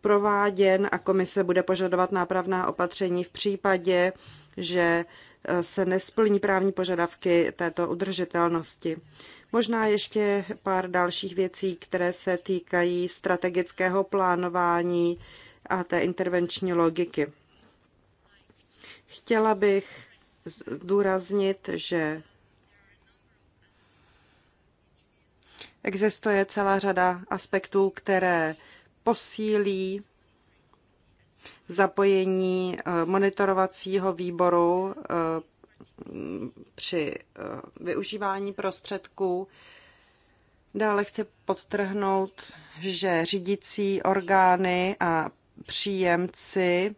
prováděn a komise bude požadovat nápravná opatření v případě, že eh, se nesplní právní požadavky této udržitelnosti. Možná ještě pár dalších věcí, které se týkají strategického plánování a té intervenční logiky. Chtěla bych zdůraznit, že existuje celá řada aspektů, které posílí zapojení eh, monitorovacího výboru eh, při eh, využívání prostředků. Dále chci podtrhnout, že řídící orgány a příjemci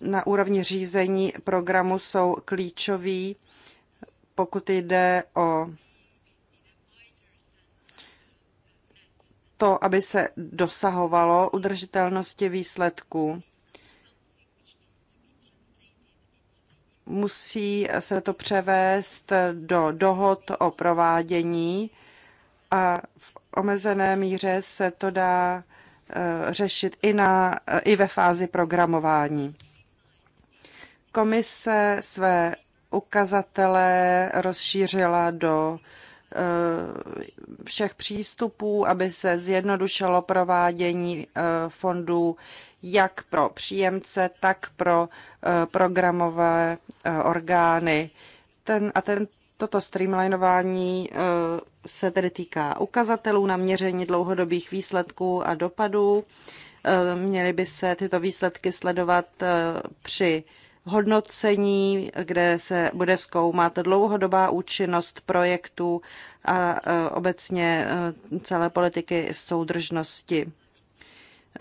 na úrovni řízení programu jsou klíčoví, pokud jde o to, aby se dosahovalo udržitelnosti výsledků. Musí se to převést do dohod o provádění a v omezené míře se to dá eh, řešit i, na, eh, i ve fázi programování. Komise své ukazatele rozšířila do Eh, všech přístupů, aby se zjednodušilo provádění eh, fondů jak pro příjemce, tak pro eh, programové orgány. Ten, a ten, toto streamlinování se tedy týká ukazatelů na měření dlouhodobých výsledků a dopadů. Měly by se tyto výsledky sledovat při hodnocení, kde se bude zkoumat dlouhodobá účinnost projektů a e, obecně e, celé politiky soudržnosti.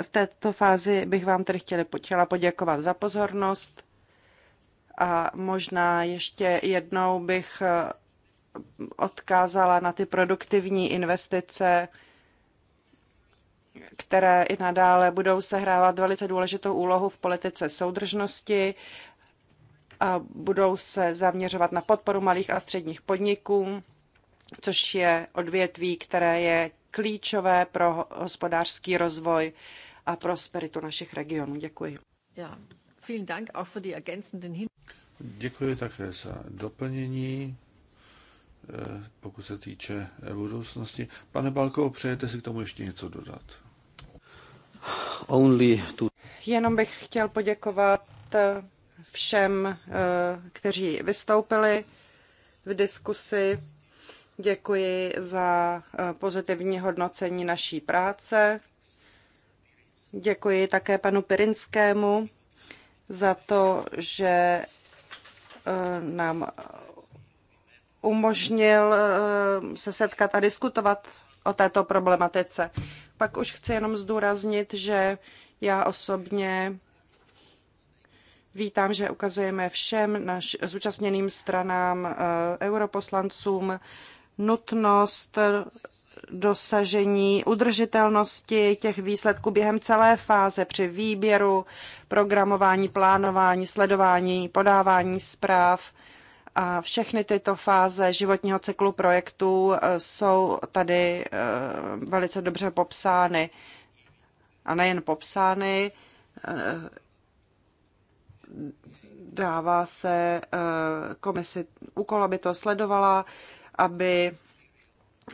V této fázi bych vám tedy chtěla, poděkovat za pozornost a možná ještě jednou bych e, odkázala na ty produktivní investice, které i nadále budou sehrávat velice důležitou úlohu v politice soudržnosti budou se zaměřovat na podporu malých a středních podniků, což je odvětví, které je klíčové pro hospodářský rozvoj a prosperitu našich regionů. Děkuji. Ja, vielen Dank auch für die ergänzenden Hin Děkuji také za doplnění, eh, pokud se týče eh, budoucnosti. Pane Balko, přejete si k tomu ještě něco dodat? Only to... Jenom bych chtěl poděkovat eh, všem, eh, kteří vystoupili v diskusi. Děkuji za eh, pozitivní hodnocení naší práce. Děkuji také panu Pirinskému za to, že eh, nám umožnil se setkat a diskutovat o této problematice. Pak už chci jenom zdůraznit, že já osobně Vítám, že ukazujeme všem naš, zúčastněným stranám, eh, europoslancům, nutnost dosažení udržitelnosti těch výsledků během celé fáze při výběru, programování, plánování, sledování, podávání zpráv. A všechny tyto fáze životního cyklu projektů eh, jsou tady eh, velice dobře popsány. A nejen popsány, dává se eh, komisi úkol, aby to sledovala, aby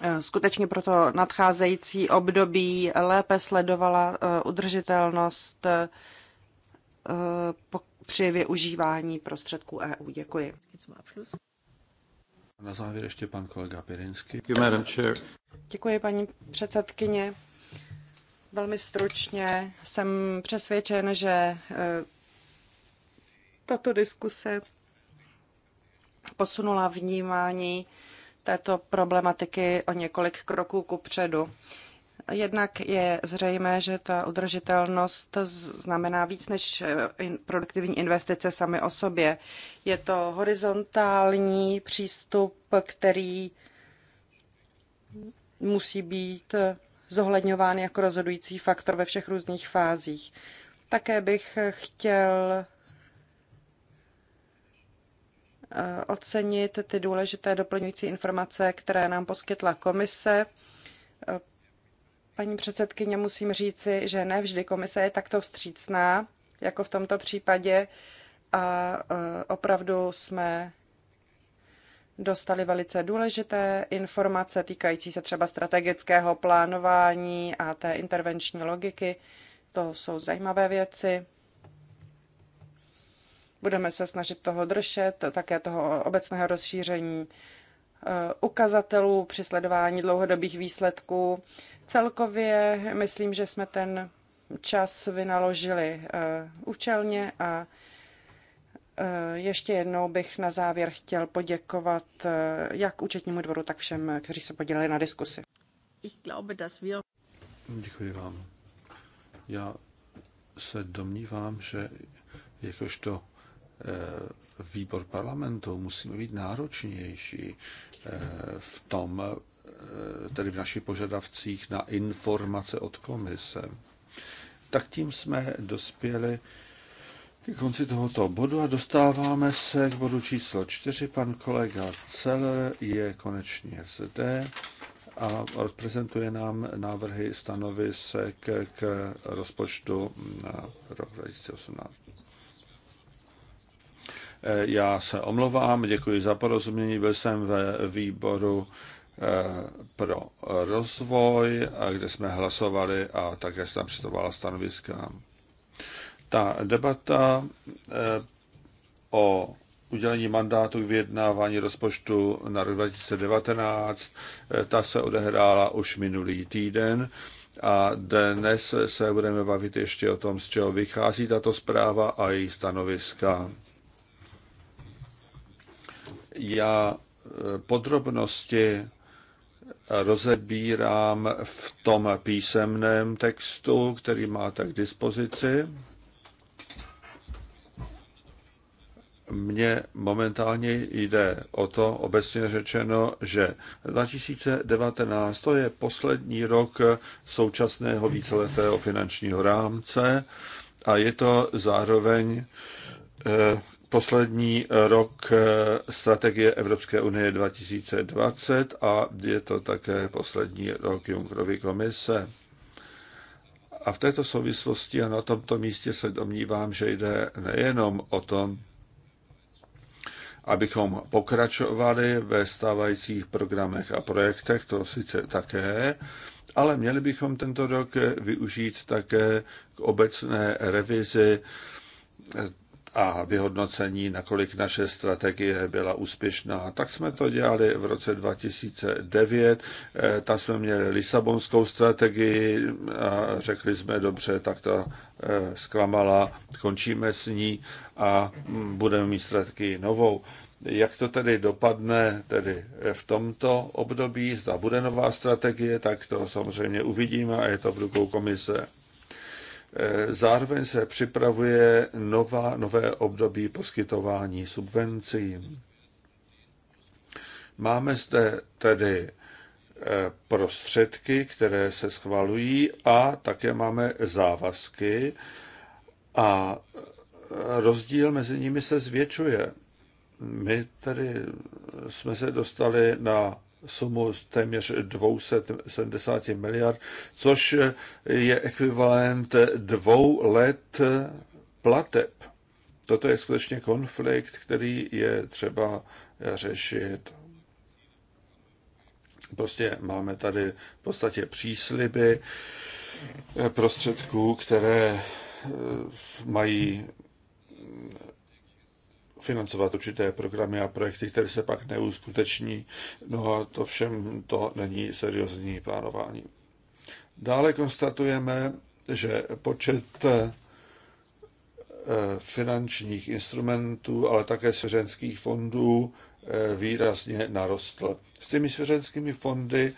eh, skutečně pro to nadcházející období lépe sledovala eh, udržitelnost při využívání prostředků EU. Děkuji. Na závěr ještě pan kolega Pirinsky. Děkuji, paní předsedkyně. Velmi stručně jsem přesvědčen, že tato diskuse posunula vnímání této problematiky o několik kroků kupředu. Jednak je zřejmé, že ta udržitelnost znamená víc než eh, produktivní investice sami o sobě. Je to horizontální přístup, který musí být zohledňován jako rozhodující faktor ve všech různých fázích. Také bych chtěl Eh, ocenit ty důležité doplňující informace, které nám poskytla komise. Eh, paní předsedkyně, musím říci, že ne vždy komise je takto vstřícná, jako v tomto případě, a eh, opravdu jsme dostali velice důležité informace týkající se třeba strategického plánování a té intervenční logiky. To jsou zajímavé věci. Budeme se snažit toho držet, také toho obecného rozšíření eh, ukazatelů při sledování dlouhodobých výsledků. Celkově myslím, že jsme ten čas vynaložili eh, účelně a eh, ještě jednou bych na závěr chtěl poděkovat jak účetnímu dvoru, tak všem, kteří se podělili na diskusi. Děkuji vám. Já se domnívám, že jakožto Eh, výbor parlamentu musíme být náročnější eh, v tom, eh, tedy v našich požadavcích na informace od komise. Tak tím jsme dospěli k konci tohoto bodu a dostáváme se k bodu číslo čtyři, Pan kolega Celé je konečně zde a reprezentuje nám návrhy stanovisek k rozpočtu na rok 2018. Eh, já se omlouvám, děkuji za porozumění, byl jsem ve výboru eh, pro rozvoj, kde jsme hlasovali a také se tam přitovala stanoviska. Ta debata eh, o udělení mandátu k vyjednávání rozpočtu na rok 2019, ta se odehrála už minulý týden a dnes se budeme bavit ještě o tom, z čeho vychází tato zpráva a její stanoviska já eh, podrobnosti rozebírám v tom písemném textu, který máte k dispozici. Mně momentálně jde o to, obecně řečeno, že 2019 to je poslední rok současného víceletého finančního rámce a je to zároveň eh, poslední eh, rok eh, strategie Evropské unie 2020 a je to také poslední rok Junckerovy komise. A v této souvislosti a na tomto místě se domnívám, že jde nejenom o tom, abychom pokračovali ve stávajících programech a projektech, to sice také, ale měli bychom tento rok využít také k obecné revizi a vyhodnocení, nakolik naše strategie byla úspěšná. Tak jsme to dělali v roce 2009. Eh, tam jsme měli Lisabonskou strategii a řekli jsme, dobře, tak to eh, zklamala, končíme s ní a mm, budeme mít strategii novou. Jak to tedy dopadne tedy v tomto období, zda bude nová strategie, tak to samozřejmě uvidíme a je to v rukou komise. Eh, zároveň se připravuje nová, nové období poskytování subvencí. Máme zde tedy eh, prostředky, které se schvalují a také máme závazky a eh, rozdíl mezi nimi se zvětšuje. My tedy jsme se dostali na sumu téměř 270 miliard, což je ekvivalent dvou let plateb. Toto je skutečně konflikt, který je třeba řešit. Prostě máme tady v podstatě přísliby eh, prostředků, které eh, mají financovat určité programy a projekty, které se pak neuskuteční. No a to všem to není seriózní plánování. Dále konstatujeme, že počet eh, finančních instrumentů, ale také svěřenských fondů eh, výrazně narostl. S těmi svěřenskými fondy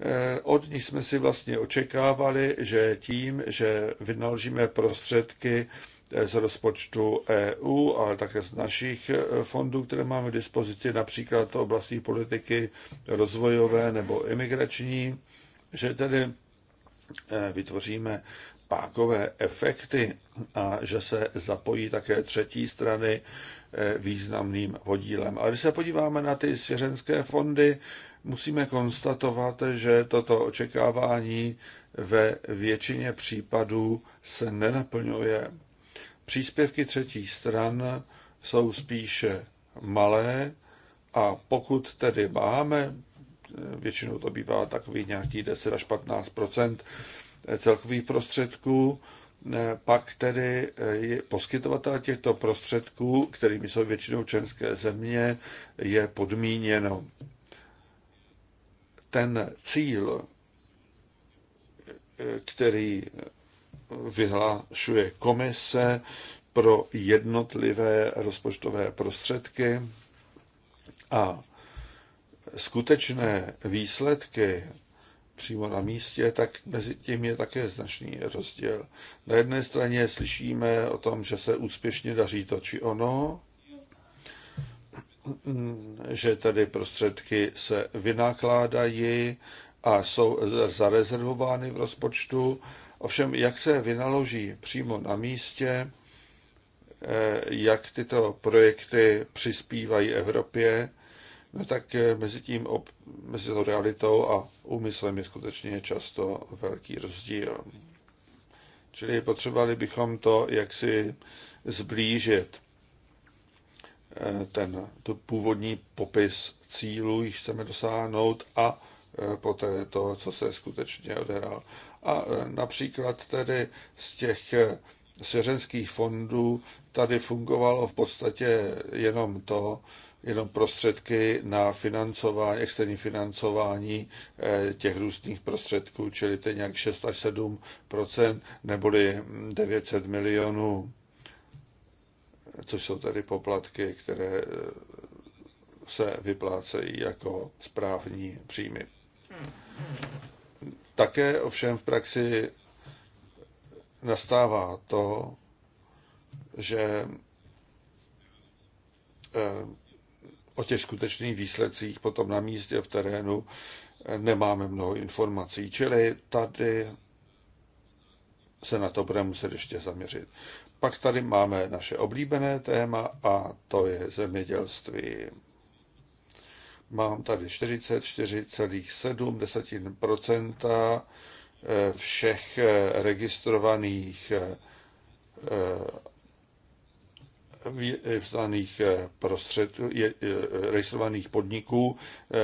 eh, od nich jsme si vlastně očekávali, že tím, že vynaložíme prostředky, z rozpočtu EU, ale také z našich e, fondů, které máme k dispozici, například oblastní politiky rozvojové nebo imigrační, že tedy e, vytvoříme pákové efekty a že se zapojí také třetí strany e, významným podílem. A když se podíváme na ty svěřenské fondy, musíme konstatovat, že toto očekávání ve většině případů se nenaplňuje. Příspěvky třetích stran jsou spíše malé a pokud tedy máme, většinou to bývá takový nějaký 10 až 15 celkových prostředků, pak tedy poskytovatel těchto prostředků, kterými jsou většinou členské země, je podmíněno. Ten cíl, který vyhlašuje komise pro jednotlivé rozpočtové prostředky a skutečné výsledky přímo na místě, tak mezi tím je také značný rozdíl. Na jedné straně slyšíme o tom, že se úspěšně daří to či ono, že tady prostředky se vynakládají a jsou zarezervovány v rozpočtu, Ovšem, jak se vynaloží přímo na místě, eh, jak tyto projekty přispívají Evropě, no tak eh, mezi tím, mezi tou realitou a úmyslem je skutečně často velký rozdíl. Čili potřebovali bychom to jaksi zblížit, eh, ten tu původní popis cílů, již chceme dosáhnout a poté to, co se skutečně odehrál. A například tedy z těch eh, svěřenských fondů tady fungovalo v podstatě jenom to, jenom prostředky na financování, externí financování eh, těch různých prostředků, čili to nějak 6 až 7 neboli 900 milionů, což jsou tedy poplatky, které eh, se vyplácejí jako správní příjmy. Také ovšem v praxi nastává to, že eh, o těch skutečných výsledcích potom na místě v terénu eh, nemáme mnoho informací. Čili tady se na to budeme muset ještě zaměřit. Pak tady máme naše oblíbené téma a to je zemědělství. Mám tady 44,7% eh, všech eh, registrovaných eh, vypsaných eh, prostřed, eh, registrovaných podniků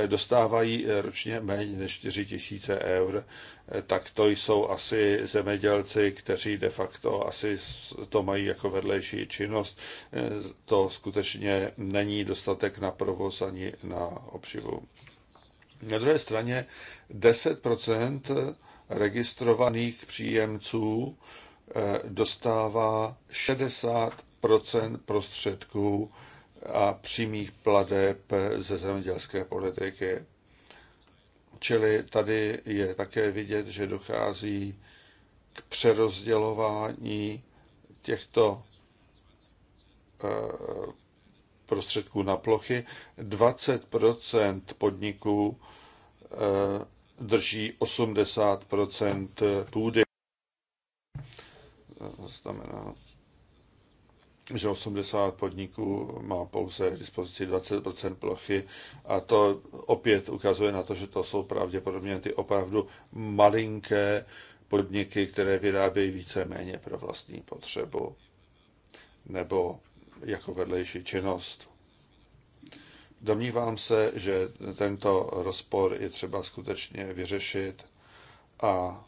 eh, dostávají ročně méně než 4 tisíce eur, tak to jsou asi zemědělci, kteří de facto asi to mají jako vedlejší činnost. To skutečně není dostatek na provoz ani na obživu. Na druhé straně 10 registrovaných příjemců dostává 60 procent prostředků a přímých pladeb ze zemědělské politiky. Čili tady je také vidět, že dochází k přerozdělování těchto eh, prostředků na plochy. 20 podniků eh, drží 80 půdy. To znamená, že 80 podniků má pouze k dispozici 20 plochy a to opět ukazuje na to, že to jsou pravděpodobně ty opravdu malinké podniky, které vyrábějí více-méně pro vlastní potřebu nebo jako vedlejší činnost. Domnívám se, že tento rozpor je třeba skutečně vyřešit a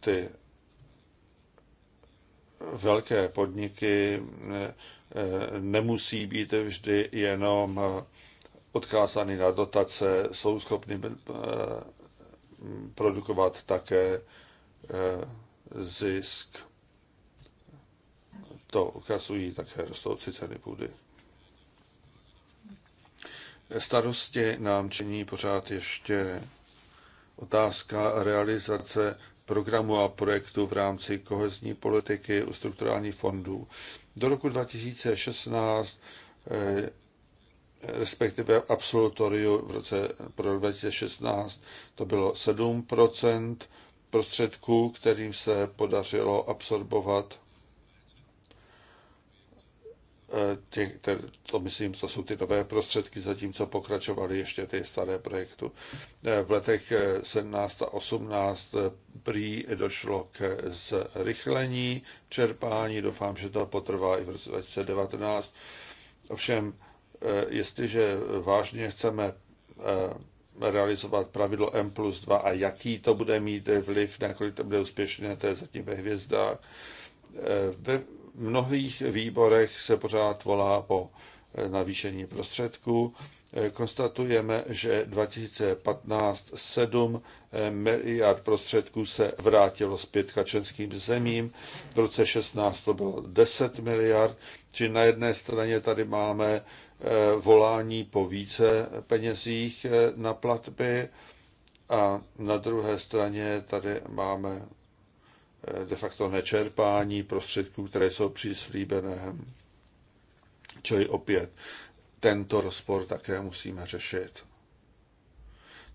ty velké podniky eh, nemusí být vždy jenom eh, odkázány na dotace, jsou schopny eh, produkovat také zisk. To ukazují také rostoucí ceny půdy. Starosti nám činí pořád ještě otázka realizace programů a projektů v rámci kohezní politiky u strukturálních fondů. Do roku 2016 eh, respektive absolutoriu v roce pro 2016 to bylo 7 prostředků, kterým se podařilo absorbovat těch, to myslím, to jsou ty nové prostředky, zatímco pokračovaly ještě ty staré projektu. V letech 17 a 18 prý došlo k zrychlení čerpání, doufám, že to potrvá i v roce 2019. Ovšem, jestliže vážně chceme eh, realizovat pravidlo M plus 2 a jaký to bude mít vliv, nakolik to bude úspěšné, to je zatím ve hvězdách. Eh, ve mnohých výborech se pořád volá po eh, navýšení prostředků. Eh, konstatujeme, že 2015 7 eh, miliard prostředků se vrátilo zpět k členským zemím, v roce 16 to bylo 10 miliard, či na jedné straně tady máme volání po více penězích na platby a na druhé straně tady máme de facto nečerpání prostředků, které jsou přislíbené. Čili opět tento rozpor také musíme řešit.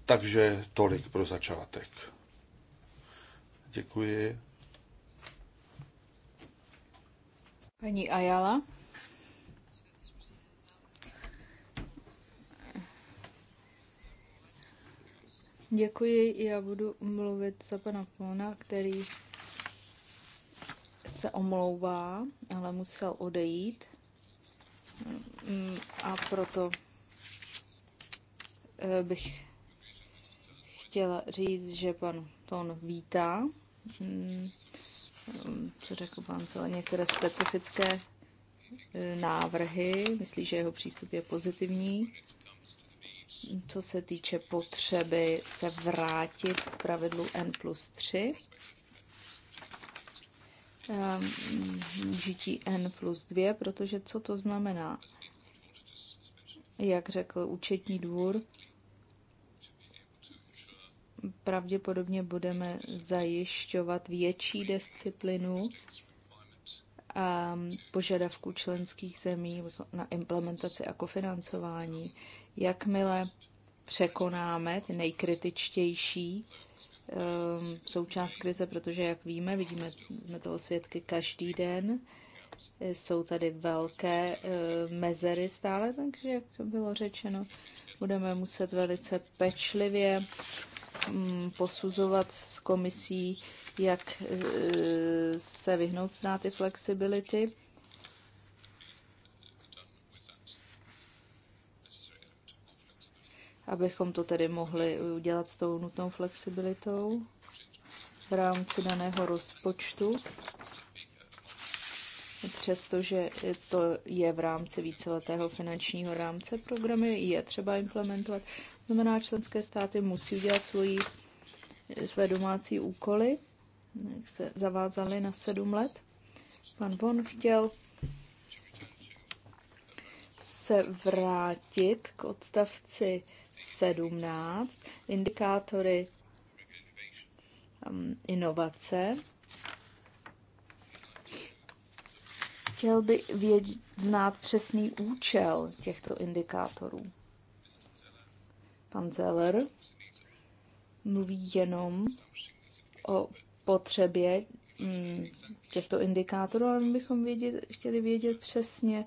Takže tolik pro začátek. Děkuji. Paní Ayala. Děkuji, já budu mluvit za pana Pona, který se omlouvá, ale musel odejít a proto eh, bych chtěla říct, že pan Ton vítá, hmm, co řekl pan Zele, některé specifické eh, návrhy. Myslí, že jeho přístup je pozitivní. Co se týče potřeby se vrátit k pravidlu N plus 3, Ehm, žití N plus 2, protože co to znamená? Jak řekl účetní dvůr, pravděpodobně budeme zajišťovat větší disciplinu a ehm, požadavků členských zemí na implementaci a kofinancování. Jakmile překonáme ty nejkritičtější Um, součást krize, protože, jak víme, vidíme jsme toho svědky každý den, jsou tady velké uh, mezery stále, takže, jak bylo řečeno, budeme muset velice pečlivě mm, posuzovat s komisí, jak uh, se vyhnout ztráty flexibility abychom to tedy mohli udělat eh, s tou nutnou flexibilitou v rámci daného rozpočtu, přestože to je v rámci víceletého finančního rámce programy, je třeba implementovat. Znamená, členské státy musí udělat svoji, eh, své domácí úkoly, jak se zavázali na sedm let. Pan Von chtěl se vrátit k odstavci 17, indikátory um, inovace. Chtěl by vědět, znát přesný účel těchto indikátorů. Pan Zeller mluví jenom o potřebě mm, těchto indikátorů, ale bychom vědět, chtěli vědět přesně,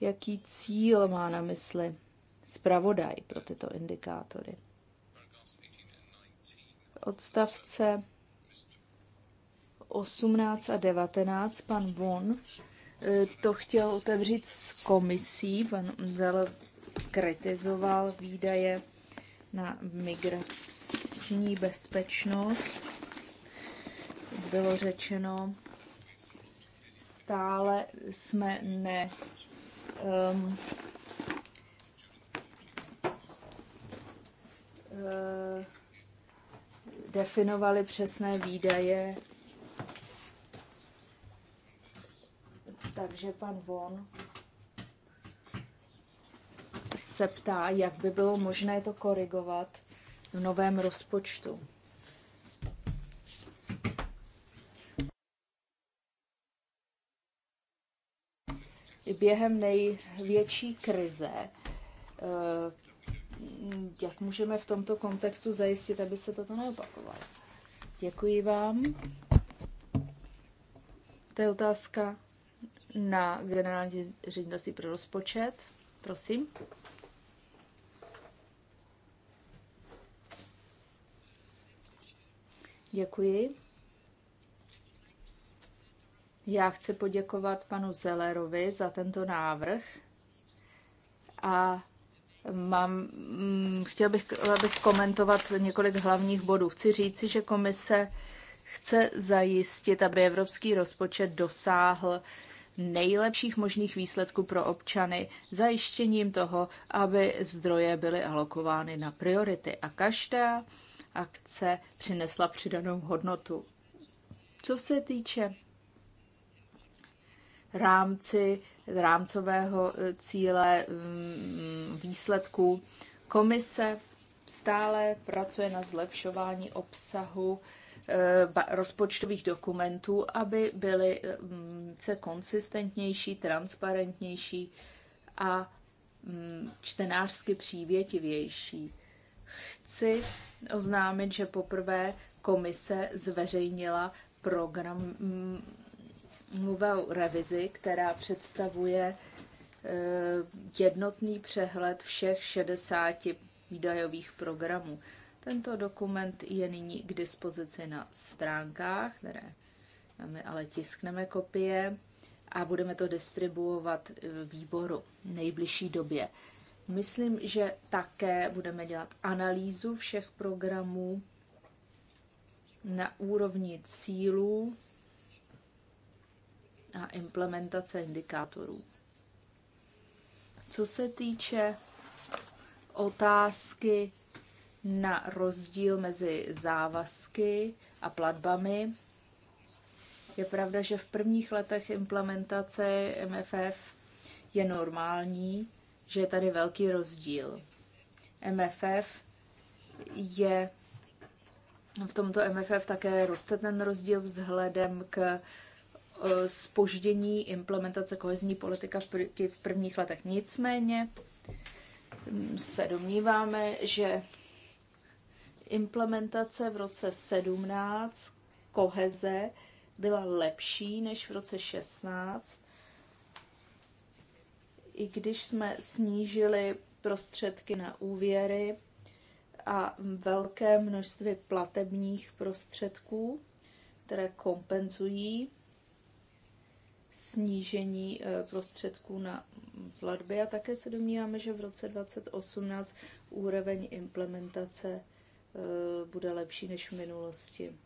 jaký cíl má na mysli zpravodaj pro tyto indikátory. Odstavce 18 a 19 pan Von eh, to chtěl otevřít s komisí, pan Zel kritizoval výdaje na migrační bezpečnost. Bylo řečeno, stále jsme ne, um, Eh, definovali přesné výdaje. Takže pan Von se ptá, jak by bylo možné to korigovat v novém rozpočtu. Během největší krize eh, jak můžeme v tomto kontextu zajistit, aby se toto neopakovalo. Děkuji vám. To je otázka na generální ředitelství pro rozpočet. Prosím. Děkuji. Já chci poděkovat panu Zellerovi za tento návrh a Mám, mm, chtěl bych, bych komentovat několik hlavních bodů. Chci říci, že komise chce zajistit, aby evropský rozpočet dosáhl nejlepších možných výsledků pro občany, zajištěním toho, aby zdroje byly alokovány na priority a každá akce přinesla přidanou hodnotu. Co se týče rámci rámcového eh, cíle, mm, výsledku. Komise stále pracuje na zlepšování obsahu eh, rozpočtových dokumentů, aby byly se mm, konsistentnější, transparentnější a mm, čtenářsky přívětivější. Chci oznámit, že poprvé komise zveřejnila program mluvil o revizi, která představuje e, jednotný přehled všech 60 výdajových programů. Tento dokument je nyní k dispozici na stránkách, které my ale tiskneme kopie a budeme to distribuovat e, výboru v nejbližší době. Myslím, že také budeme dělat analýzu všech programů na úrovni cílů a implementace indikátorů. Co se týče otázky na rozdíl mezi závazky a platbami, je pravda, že v prvních letech implementace MFF je normální, že je tady velký rozdíl. MFF je v tomto MFF také roste ten rozdíl vzhledem k spoždění eh, implementace kohezní politika v prvních letech. Nicméně mm, se domníváme, že implementace v roce 17 koheze byla lepší než v roce 16, i když jsme snížili prostředky na úvěry a velké množství platebních prostředků, které kompenzují snížení eh, prostředků na platby a také se domníváme, že v roce 2018 úroveň implementace eh, bude lepší než v minulosti.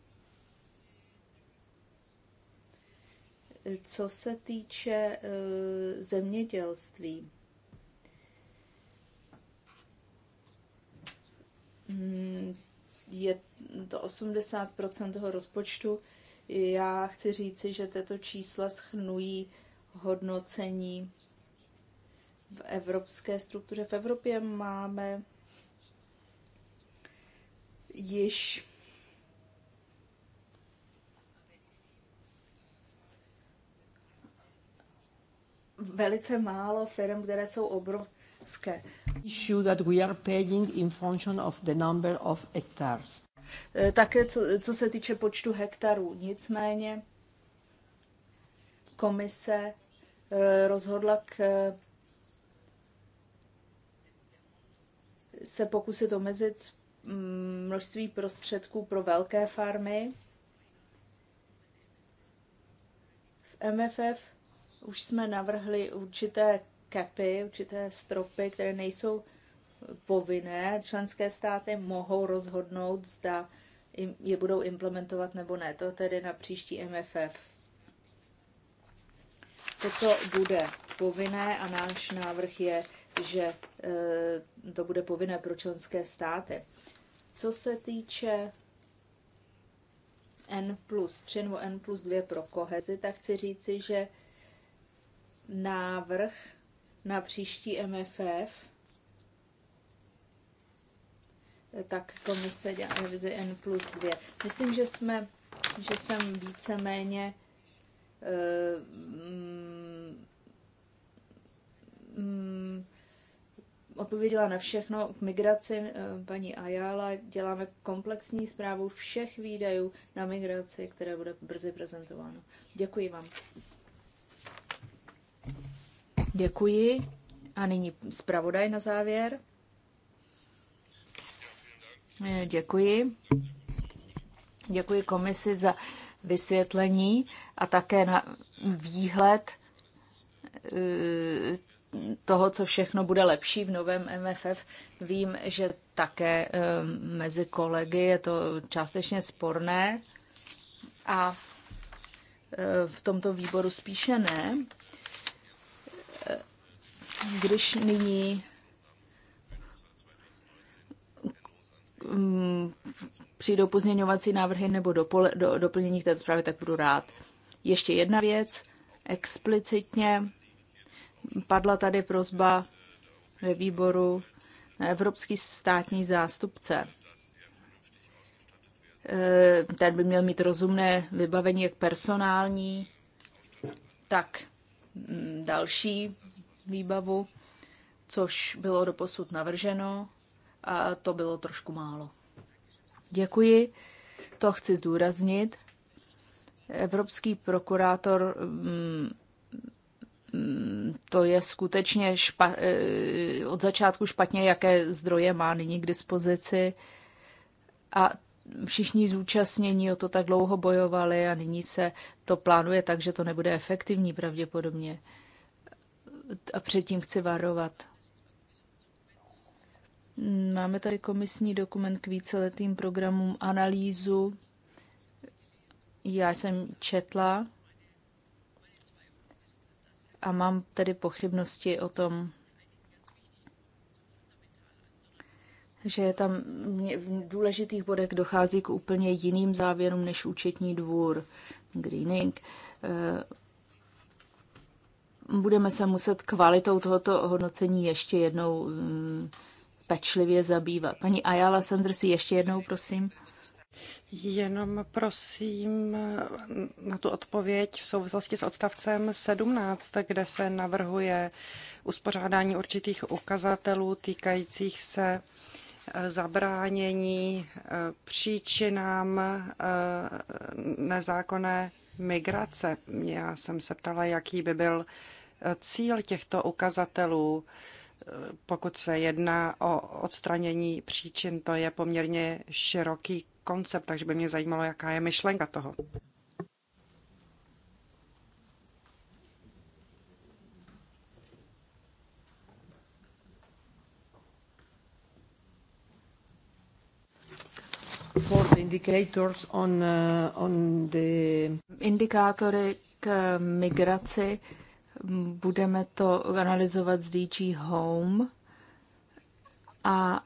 Co se týče eh, zemědělství, hmm, je to 80 toho rozpočtu já chci říci, že tato čísla schnují hodnocení v evropské struktuře. V Evropě máme již velice málo firm, které jsou obrovské. Issue that we are paying in function of the number of hectares. Eh, také co, co se týče počtu hektarů. Nicméně komise eh, rozhodla k eh, se pokusit omezit mm, množství prostředků pro velké farmy. V MFF už jsme navrhli určité kepy, určité stropy, které nejsou povinné. Členské státy mohou rozhodnout, zda je budou implementovat nebo ne. To tedy na příští MFF. Toto bude povinné a náš návrh je, že eh, to bude povinné pro členské státy. Co se týče N plus 3 nebo N plus 2 pro kohezi, tak chci říci, že návrh na příští MFF tak komise dělá revizi N plus 2. Myslím, že jsme, že jsem víceméně eh, mm, mm, odpověděla na všechno. V migraci eh, paní Ayala děláme komplexní zprávu všech výdajů na migraci, které bude brzy prezentováno. Děkuji vám. Děkuji. A nyní zpravodaj na závěr. Děkuji. Děkuji komisi za vysvětlení a také na výhled eh, toho, co všechno bude lepší v novém MFF. Vím, že také eh, mezi kolegy je to částečně sporné a eh, v tomto výboru spíše ne. Když nyní Mm, přijdou pozměňovací návrhy nebo dopole, do, doplnění k této zprávy, tak budu rád. Ještě jedna věc, explicitně padla tady prozba ve výboru na evropský státní zástupce. E, ten by měl mít rozumné vybavení jak personální, tak mm, další výbavu, což bylo doposud navrženo a to bylo trošku málo. Děkuji, to chci zdůraznit. Evropský prokurátor, mm, mm, to je skutečně špa, eh, od začátku špatně, jaké zdroje má nyní k dispozici. A všichni zúčastnění o to tak dlouho bojovali a nyní se to plánuje tak, že to nebude efektivní pravděpodobně. A předtím chci varovat. Máme tady komisní dokument k víceletým programům analýzu. Já jsem četla a mám tedy pochybnosti o tom, že tam v důležitých bodech dochází k úplně jiným závěrům než účetní dvůr, greening. Eh, budeme se muset kvalitou tohoto hodnocení ještě jednou mm, pečlivě zabývat. Paní Ayala Sandersi, ještě jednou, prosím. Jenom prosím na tu odpověď v souvislosti s odstavcem 17, kde se navrhuje uspořádání určitých ukazatelů týkajících se eh, zabránění eh, příčinám eh, nezákonné migrace. Já jsem se ptala, jaký by byl cíl těchto ukazatelů pokud se jedná o odstranění příčin, to je poměrně široký koncept, takže by mě zajímalo, jaká je myšlenka toho. For the indicators on, uh, on the... Indikátory k migraci budeme to analyzovat s DG Home a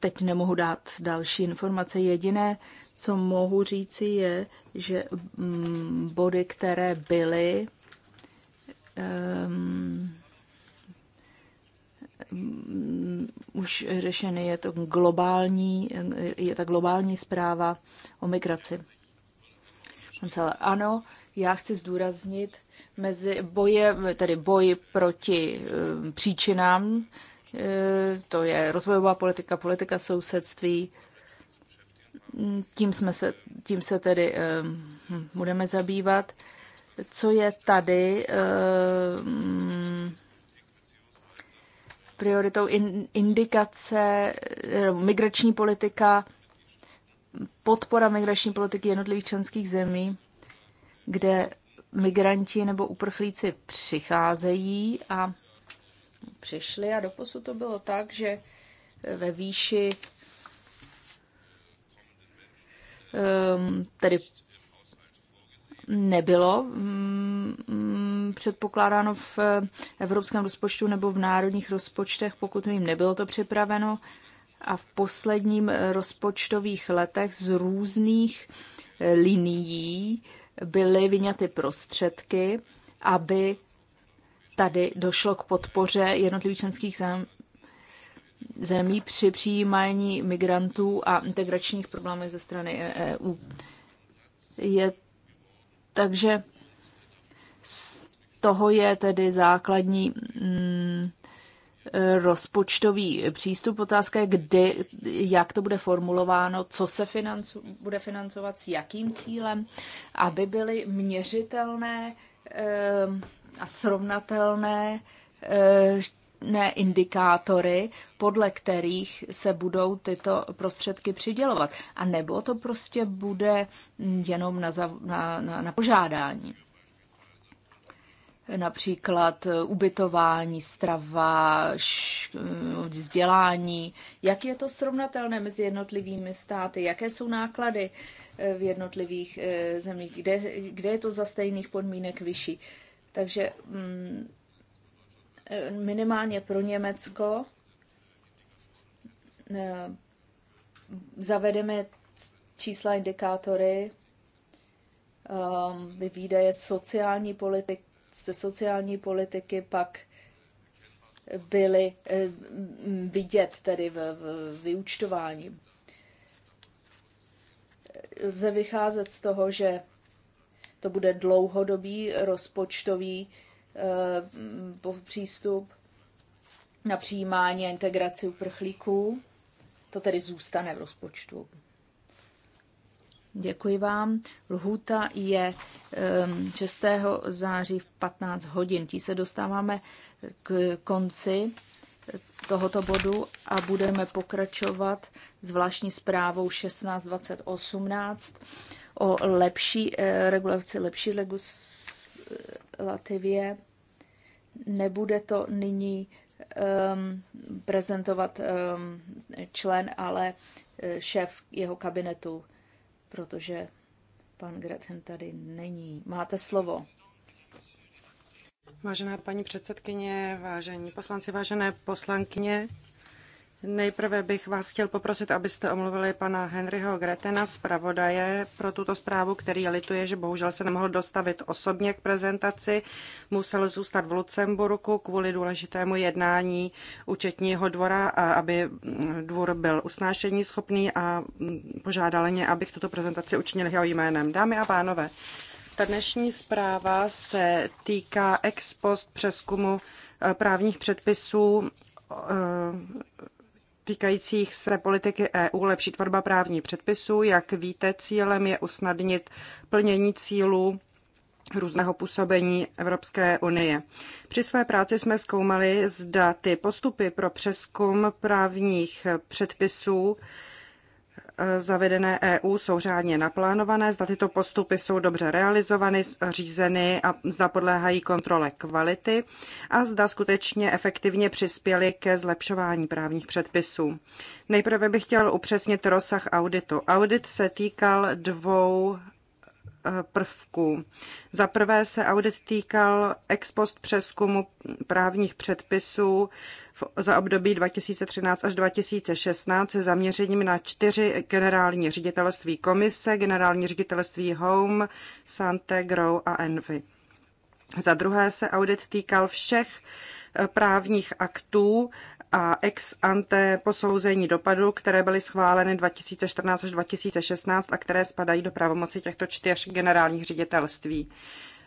teď nemohu dát další informace. Jediné, co mohu říci, je, že mm, body, které byly um, už řešeny, je to globální, je ta globální zpráva o migraci. ano, já chci zdůraznit mezi boje, tedy boj proti eh, příčinám, eh, to je rozvojová politika, politika sousedství, mm, tím, jsme se, tím se tedy eh, budeme zabývat. Co je tady prioritou indikace, migrační politika, podpora migrační politiky jednotlivých členských zemí, kde migranti nebo uprchlíci přicházejí a přišli a doposud to bylo tak, že ve výši ehm, tedy nebylo mm, předpokládáno v evropském rozpočtu nebo v národních rozpočtech, pokud jim nebylo to připraveno. A v posledním rozpočtových letech z různých linií byly vyňaty prostředky, aby tady došlo k podpoře jednotlivých členských zem, zemí při přijímání migrantů a integračních problémů ze strany EU. E je, takže z toho je tedy základní mm, rozpočtový přístup. Otázka je, kdy, jak to bude formulováno, co se financu, bude financovat, s jakým cílem, aby byly měřitelné eh, a srovnatelné eh, ne indikátory, podle kterých se budou tyto prostředky přidělovat. A nebo to prostě bude jenom na, na, na, na požádání například eh, ubytování, strava, eh, vzdělání. Jak je to srovnatelné mezi jednotlivými státy? Jaké jsou náklady eh, v jednotlivých zemích? Kde, kde je to za stejných podmínek vyšší? Takže mm, minimálně pro Německo zavedeme čísla indikátory, výdaje sociální politiky, ze sociální politiky pak byly eh, vidět tedy v, vyučtování. Lze vycházet z toho, že to bude dlouhodobý rozpočtový eh, přístup na přijímání a integraci uprchlíků. To tedy zůstane v rozpočtu. Děkuji vám. Lhůta je 6. Ehm, září v 15 hodin. Tí se dostáváme k konci tohoto bodu a budeme pokračovat zvláštní zprávou 16.2018 o lepší eh, regulaci, lepší legislativě. Nebude to nyní um, prezentovat um, člen, ale eh, šéf jeho kabinetu protože pan Gretchen tady není. Máte slovo. Vážená paní předsedkyně, vážení poslanci, vážené poslankyně, Nejprve bych vás chtěl poprosit, abyste omluvili pana Henryho Gretena, zpravodaje pro tuto zprávu, který lituje, že bohužel se nemohl dostavit osobně k prezentaci. Musel zůstat v Lucemburku kvůli důležitému jednání účetního dvora, a aby dvůr byl usnášení schopný a požádal mě, abych tuto prezentaci učinil jeho jménem. Dámy a pánové, ta dnešní zpráva se týká ex post přeskumu eh, právních předpisů eh, týkajících se politiky EU lepší tvorba právní předpisů. Jak víte, cílem je usnadnit plnění cílů různého působení Evropské unie. Při své práci jsme zkoumali, zda ty postupy pro přeskum právních předpisů zavedené EU jsou řádně naplánované, zda tyto postupy jsou dobře realizovány, řízeny a zda podléhají kontrole kvality a zda skutečně efektivně přispěly ke zlepšování právních předpisů. Nejprve bych chtěl upřesnit rozsah auditu. Audit se týkal dvou prvků. Za prvé se audit týkal ex post přeskumu právních předpisů za období 2013 až 2016 se zaměřením na čtyři generální ředitelství komise, generální ředitelství Home, Sante, Grow a Envy. Za druhé se audit týkal všech eh, právních aktů a ex ante posouzení dopadu, které byly schváleny 2014 až 2016 a které spadají do pravomoci těchto čtyř generálních ředitelství.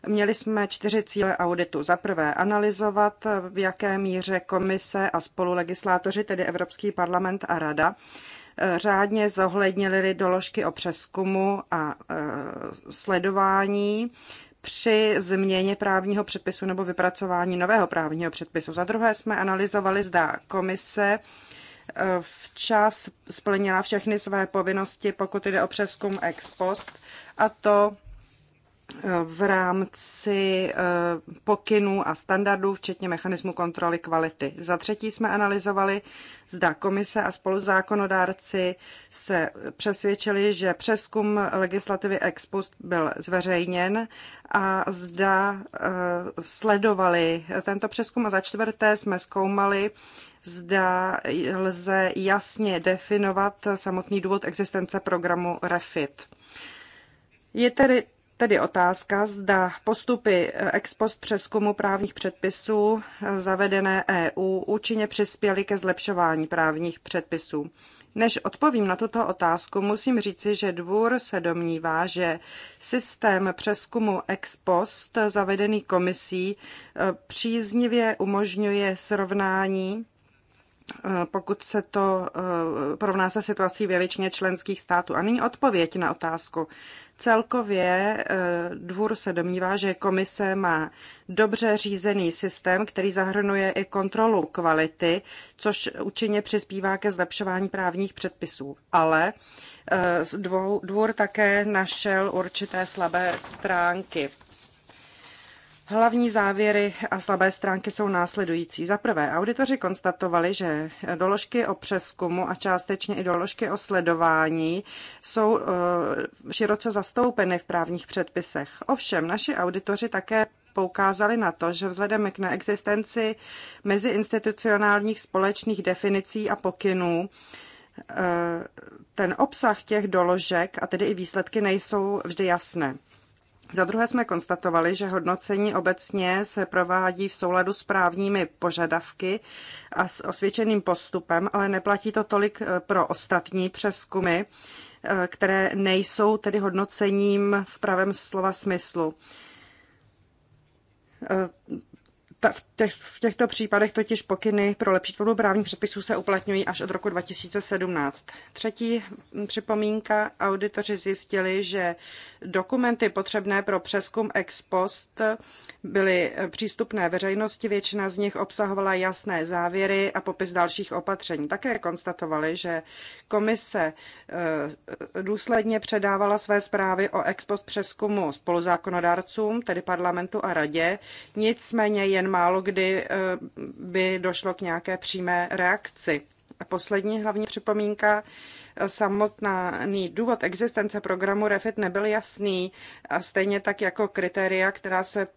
Měli jsme čtyři cíle auditu. Za prvé analyzovat, v jaké míře komise a spolulegislátoři, tedy Evropský parlament a Rada, eh, řádně zohlednili doložky o přeskumu a eh, sledování při změně právního předpisu nebo vypracování nového právního předpisu. Za druhé jsme analyzovali, zda komise eh, včas splnila všechny své povinnosti, pokud jde o přeskum ex post, a to v rámci eh, pokynů a standardů, včetně mechanismu kontroly kvality. Za třetí jsme analyzovali, zda komise a spoluzákonodárci se přesvědčili, že přeskum legislativy post byl zveřejněn a zda eh, sledovali tento přeskum. A za čtvrté jsme zkoumali, zda lze jasně definovat samotný důvod existence programu REFIT. Je tedy Tedy otázka, zda postupy eh, ex post přeskumu právních předpisů eh, zavedené EU účinně přispěly ke zlepšování právních předpisů. Než odpovím na tuto otázku, musím říci, že dvůr se domnívá, že systém přeskumu ex post zavedený komisí eh, příznivě umožňuje srovnání pokud se to porovná se situací ve většině členských států. A nyní odpověď na otázku. Celkově eh, dvůr se domnívá, že komise má dobře řízený systém, který zahrnuje i kontrolu kvality, což účinně přispívá ke zlepšování právních předpisů. Ale eh, dvůr také našel určité slabé stránky. Hlavní závěry a slabé stránky jsou následující. Za prvé, auditoři konstatovali, že doložky o přeskumu a částečně i doložky o sledování jsou eh, široce zastoupeny v právních předpisech. Ovšem, naši auditoři také poukázali na to, že vzhledem k neexistenci meziinstitucionálních společných definicí a pokynů, eh, ten obsah těch doložek a tedy i výsledky nejsou vždy jasné. Za druhé jsme konstatovali, že hodnocení obecně se provádí v souladu s právními požadavky a s osvědčeným postupem, ale neplatí to tolik eh, pro ostatní přeskumy, eh, které nejsou tedy hodnocením v pravém slova smyslu. Eh, v těchto případech totiž pokyny pro lepší tvorbu právních předpisů se uplatňují až od roku 2017. Třetí připomínka, auditoři zjistili, že dokumenty potřebné pro přeskum ex post byly přístupné veřejnosti, většina z nich obsahovala jasné závěry a popis dalších opatření. Také konstatovali, že komise eh, důsledně předávala své zprávy o ex post přeskumu spoluzákonodárcům, tedy parlamentu a radě, nicméně jen jen málo kdy eh, by došlo k nějaké přímé reakci. A poslední hlavní připomínka, eh, samotný důvod existence programu REFIT nebyl jasný, a stejně tak jako kritéria, která se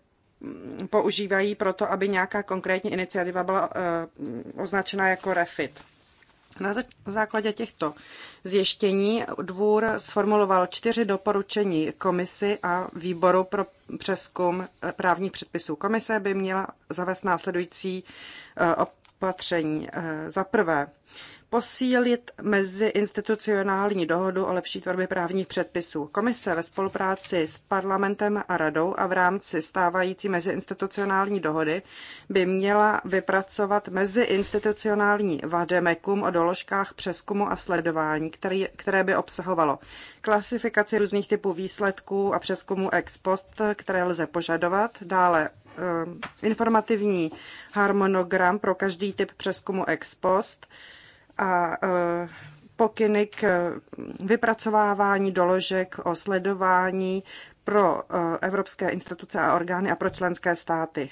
mm, používají pro to, aby nějaká konkrétní iniciativa byla eh, označena jako REFIT. Na základě těchto zjištění dvůr sformuloval čtyři doporučení komisi a výboru pro přeskum eh, právních předpisů. Komise by měla zavést následující eh, opatření. Eh, za prvé, posílit meziinstitucionální dohodu o lepší tvorbě právních předpisů. Komise ve spolupráci s parlamentem a radou a v rámci stávající meziinstitucionální dohody by měla vypracovat meziinstitucionální vademekum o doložkách přeskumu a sledování, který, které by obsahovalo klasifikaci různých typů výsledků a přeskumu ex post, které lze požadovat, dále eh, informativní harmonogram pro každý typ přeskumu ex post, a e, pokyny k vypracovávání doložek o sledování pro e, evropské instituce a orgány a pro členské státy.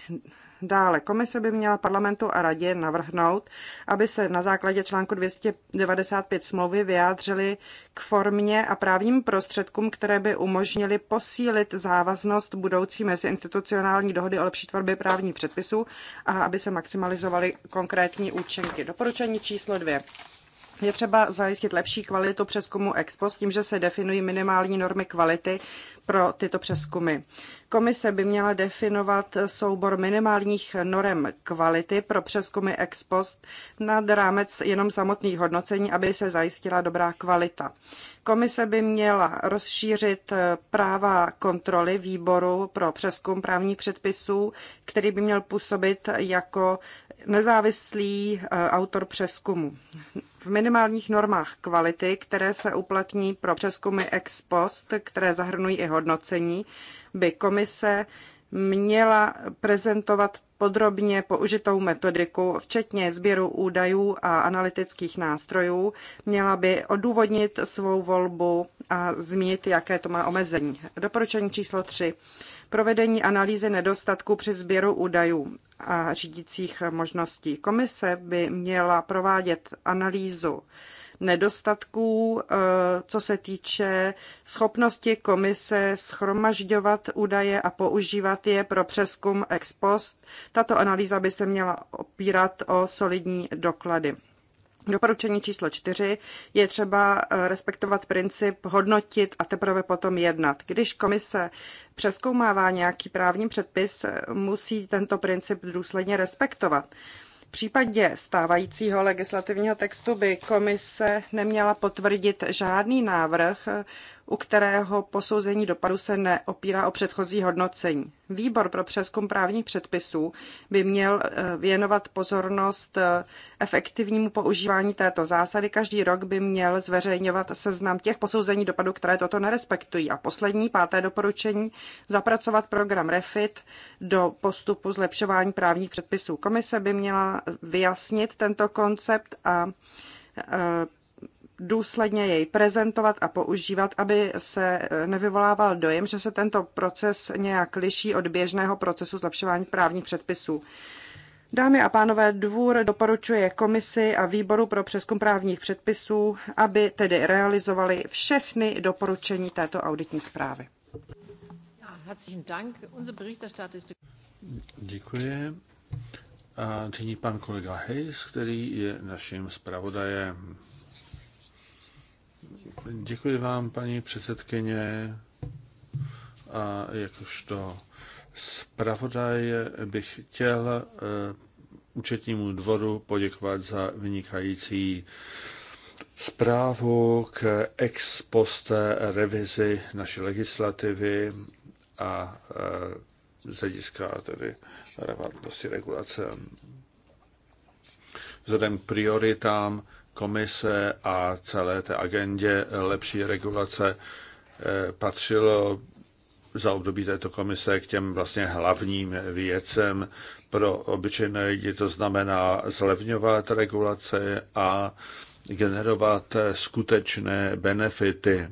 Dále komise by měla parlamentu a radě navrhnout, aby se na základě článku 295 smlouvy vyjádřili k formě a právním prostředkům, které by umožnili posílit závaznost budoucí meziinstitucionální dohody o lepší tvorbě právních předpisů a aby se maximalizovaly konkrétní účinky. Doporučení číslo dvě. Je třeba zajistit lepší kvalitu přeskumu expo s tím, že se definují minimální normy kvality pro tyto přeskumy. Komise by měla definovat soubor minimálních norem kvality pro přeskumy ex post nad rámec jenom samotných hodnocení, aby se zajistila dobrá kvalita. Komise by měla rozšířit práva kontroly výboru pro přeskum právních předpisů, který by měl působit jako nezávislý eh, autor přeskumu. V minimálních normách kvality, které se uplatní pro přeskumy ex post, které zahrnují i hodnocení, hodnocení by komise měla prezentovat podrobně použitou metodiku, včetně sběru údajů a analytických nástrojů, měla by odůvodnit svou volbu a zmínit, jaké to má omezení. Doporučení číslo 3. Provedení analýzy nedostatku při sběru údajů a řídících možností. Komise by měla provádět analýzu nedostatků, eh, co se týče schopnosti komise schromažďovat údaje a používat je pro přeskum ex post. Tato analýza by se měla opírat o solidní doklady. Doporučení číslo čtyři je třeba eh, respektovat princip hodnotit a teprve potom jednat. Když komise přeskoumává nějaký právní předpis, eh, musí tento princip důsledně respektovat případě stávajícího legislativního textu by komise neměla potvrdit žádný návrh, u kterého posouzení dopadu se neopírá o předchozí hodnocení. Výbor pro přeskum právních předpisů by měl eh, věnovat pozornost eh, efektivnímu používání této zásady. Každý rok by měl zveřejňovat seznam těch posouzení dopadu, které toto nerespektují. A poslední, páté doporučení, zapracovat program REFIT do postupu zlepšování právních předpisů. Komise by měla vyjasnit tento koncept a eh, důsledně jej prezentovat a používat, aby se eh, nevyvolával dojem, že se tento proces nějak liší od běžného procesu zlepšování právních předpisů. Dámy a pánové, dvůr doporučuje komisi a výboru pro přeskum právních předpisů, aby tedy realizovali všechny doporučení této auditní zprávy. Děkuji. A nyní pan kolega Hayes, který je naším zpravodajem. Děkuji vám, paní předsedkyně. A jakožto zpravodaj bych chtěl eh, účetnímu dvoru poděkovat za vynikající zprávu k ex post revizi naší legislativy a eh, z hlediska tedy relevantnosti regulace. Vzhledem k prioritám komise a celé té agendě lepší regulace eh, patřilo za období této komise k těm vlastně hlavním věcem pro obyčejné lidi. To znamená zlevňovat regulace a generovat skutečné benefity.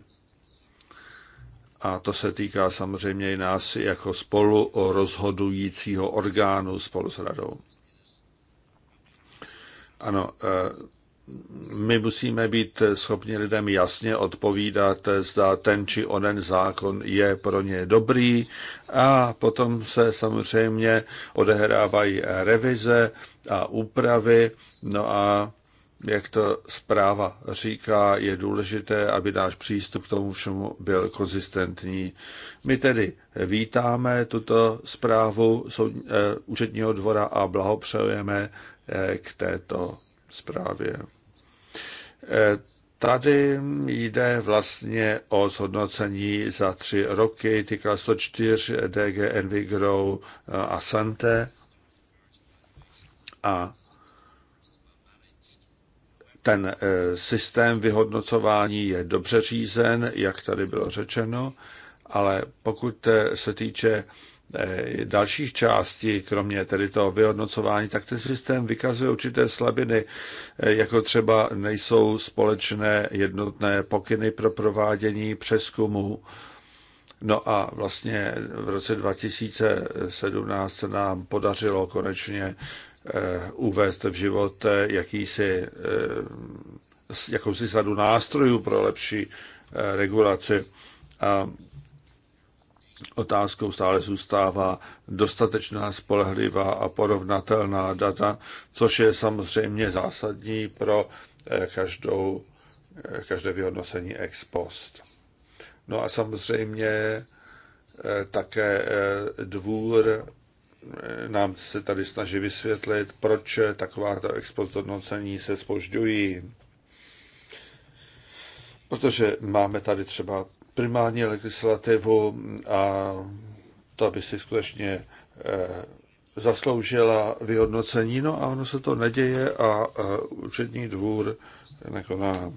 A to se týká samozřejmě i nás jako spolu rozhodujícího orgánu spolu s radou. Ano, eh, my musíme být schopni lidem jasně odpovídat, zda ten či onen zákon je pro ně dobrý a potom se samozřejmě odehrávají revize a úpravy. No a jak to zpráva říká, je důležité, aby náš přístup k tomu všemu byl konzistentní. My tedy vítáme tuto zprávu eh, účetního dvora a blahopřejeme eh, k této zprávě. Eh, tady jde vlastně o zhodnocení za tři roky, týká se čtyř DG Envigro eh, a Sante. A ten eh, systém vyhodnocování je dobře řízen, jak tady bylo řečeno, ale pokud se týče Eh, dalších částí, kromě tedy toho vyhodnocování, tak ten systém vykazuje určité slabiny, eh, jako třeba nejsou společné jednotné pokyny pro provádění přeskumu. No a vlastně v roce 2017 se nám podařilo konečně eh, uvést v život jakýsi, jakousi sadu nástrojů pro lepší regulaci. A Otázkou stále zůstává dostatečná, spolehlivá a porovnatelná data, což je samozřejmě zásadní pro eh, každou, eh, každé vyhodnocení ex post. No a samozřejmě eh, také dvůr nám se tady snaží vysvětlit, proč takováto post hodnocení se spožďují. Protože máme tady třeba primární legislativu a ta by si skutečně eh, zasloužila vyhodnocení, no a ono se to neděje a eh, účetní dvůr nekoná.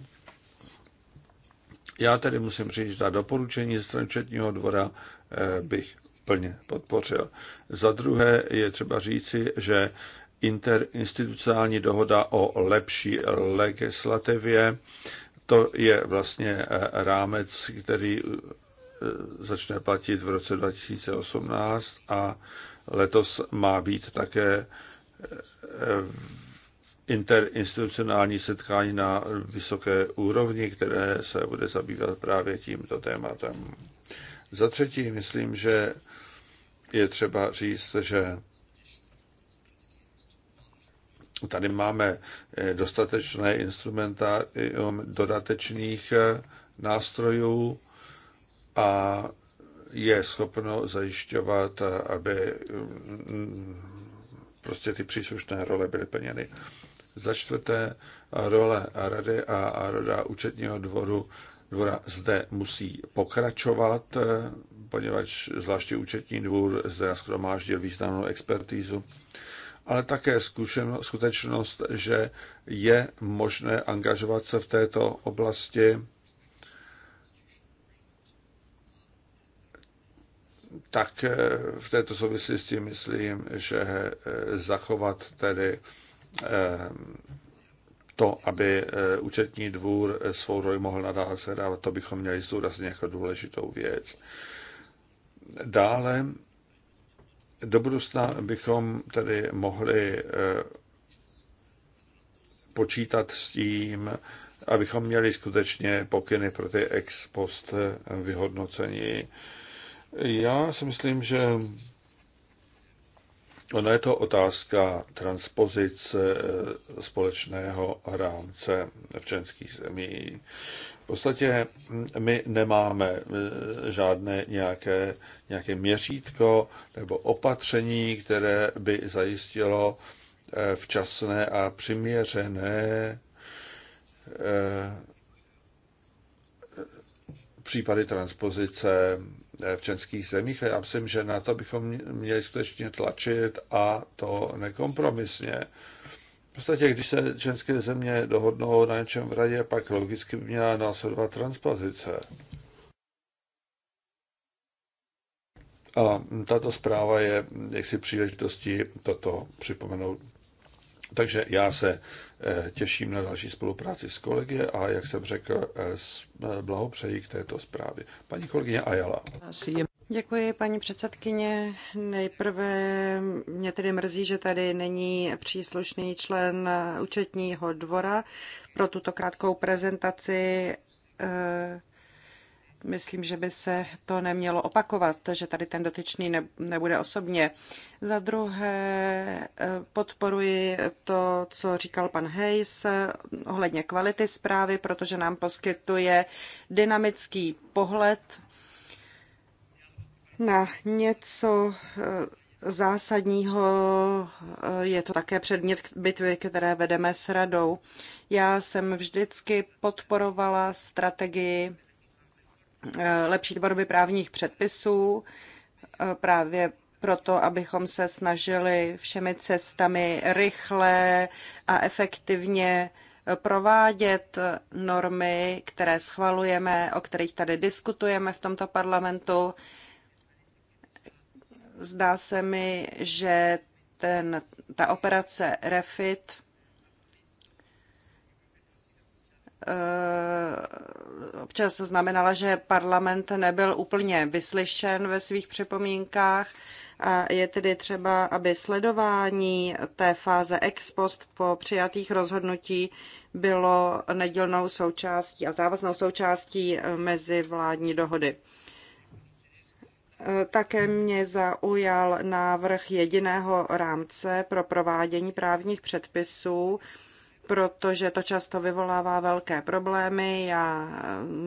Já tedy musím říct, že ta doporučení ze strany účetního dvora eh, bych plně podpořil. Za druhé je třeba říci, že interinstitucionální dohoda o lepší legislativě to je vlastně eh, rámec, který eh, začne platit v roce 2018 a letos má být také eh, interinstitucionální setkání na vysoké úrovni, které se bude zabývat právě tímto tématem. Za třetí, myslím, že je třeba říct, že Tady máme eh, dostatečné instrumenta dodatečných eh, nástrojů a je schopno zajišťovat, eh, aby mm, prostě ty příslušné role byly plněny. Za čtvrté, role Rady a Rada účetního dvoru dvora zde musí pokračovat, poněvadž zvláště účetní dvůr zde nashromáždil významnou expertízu ale také zkušeno, skutečnost, že je možné angažovat se v této oblasti tak eh, v této souvislosti myslím, že eh, zachovat tedy eh, to, aby účetní dvůr svou roli mohl nadále sehrávat, to bychom měli zdůraznit jako důležitou věc. Dále do budoucna bychom tedy mohli eh, počítat s tím, abychom měli skutečně pokyny pro ty ex post eh, vyhodnocení. Já si myslím, že ona je to otázka transpozice eh, společného rámce v členských zemí podstatě my nemáme eh, žádné nějaké, nějaké měřítko nebo opatření, které by zajistilo eh, včasné a přiměřené eh, případy transpozice v českých zemích. A já myslím, že na to bychom měli skutečně tlačit a to nekompromisně podstatě, když se členské země dohodnou na něčem v radě, pak logicky by měla následovat transpozice. A tato zpráva je jaksi příležitostí toto připomenout. Takže já se eh, těším na další spolupráci s kolegy a, jak jsem řekl, eh, eh, blahopřeji k této zprávě. Paní kolegyně Ajala. Děkuji, paní předsedkyně. Nejprve mě tedy mrzí, že tady není příslušný člen účetního dvora pro tuto krátkou prezentaci myslím, že by se to nemělo opakovat, že tady ten dotyčný nebude osobně. Za druhé eh, podporuji to, co říkal pan Hayes eh, ohledně kvality zprávy, protože nám poskytuje dynamický pohled na něco eh, zásadního. Je to také předmět bitvy, které vedeme s radou. Já jsem vždycky podporovala strategii Eh, lepší tvorby právních předpisů, eh, právě proto, abychom se snažili všemi cestami rychle a efektivně eh, provádět normy, které schvalujeme, o kterých tady diskutujeme v tomto parlamentu. Zdá se mi, že ten, ta operace REFIT Eh, občas znamenala, že parlament nebyl úplně vyslyšen ve svých připomínkách a je tedy třeba, aby sledování té fáze ex post po přijatých rozhodnutí bylo nedělnou součástí a závaznou součástí eh, mezi vládní dohody. Eh, také mě zaujal návrh jediného rámce pro provádění právních předpisů, protože to často vyvolává velké problémy. Já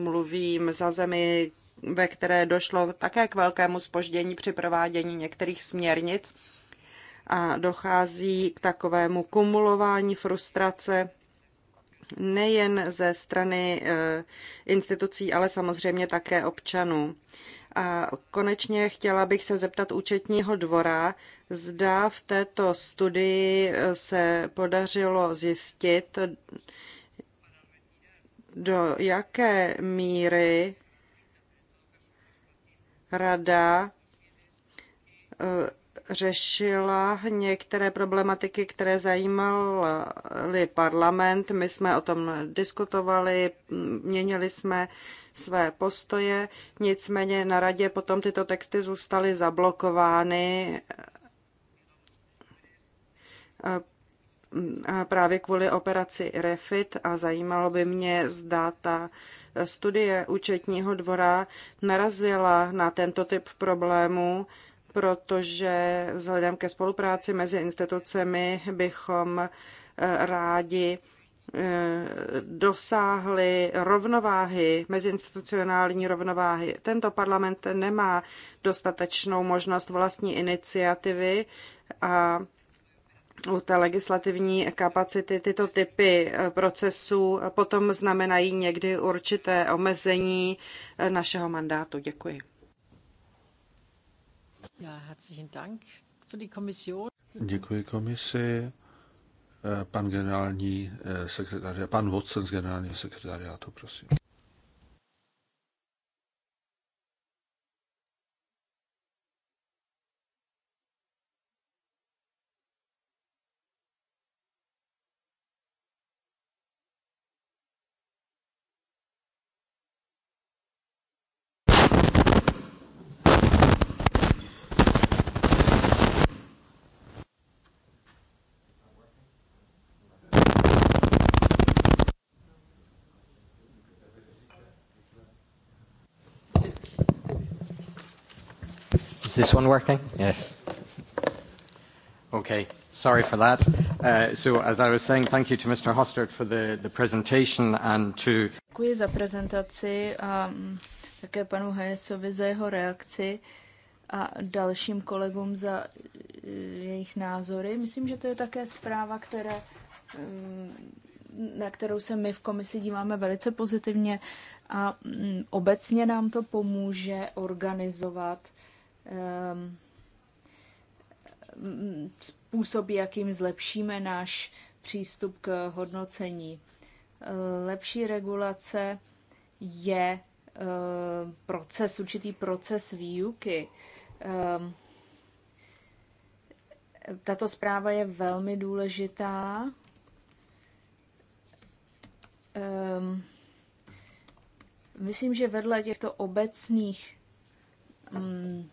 mluvím za zemi, ve které došlo také k velkému spoždění při provádění některých směrnic a dochází k takovému kumulování frustrace nejen ze strany eh, institucí, ale samozřejmě také občanů. A konečně chtěla bych se zeptat účetního dvora, Zda v této studii eh, se podařilo zjistit, do jaké míry rada eh, řešila některé problematiky, které zajímaly parlament. My jsme o tom diskutovali, měnili jsme své postoje, nicméně na radě potom tyto texty zůstaly zablokovány právě kvůli operaci REFIT a zajímalo by mě, zda ta studie účetního dvora narazila na tento typ problémů, protože vzhledem ke spolupráci mezi institucemi bychom e, rádi e, dosáhli rovnováhy, meziinstitucionální rovnováhy. Tento parlament nemá dostatečnou možnost vlastní iniciativy a u té legislativní kapacity tyto typy eh, procesů eh, potom znamenají někdy určité omezení eh, našeho mandátu. Děkuji. Děkuji komisi. Pan generální sekretář, pan Watson z generálního sekretariátu, prosím. Is this one working? Yes. Okay. Sorry for that. Uh, so as I was saying, thank you to Mr. Hostert for the, the presentation and to... Děkuji za prezentaci a mm, také panu Hayesovi za jeho reakci a dalším kolegům za e, jejich názory. Myslím, že to je také zpráva, které, mm, na kterou se my v komisi díváme velice pozitivně a mm, obecně nám to pomůže organizovat Ehm, způsob, jakým zlepšíme náš přístup k hodnocení. Eh, lepší regulace je ehm, proces, určitý proces výuky. Ehm, tato zpráva je velmi důležitá. Myslím, že vedle těchto obecných mm,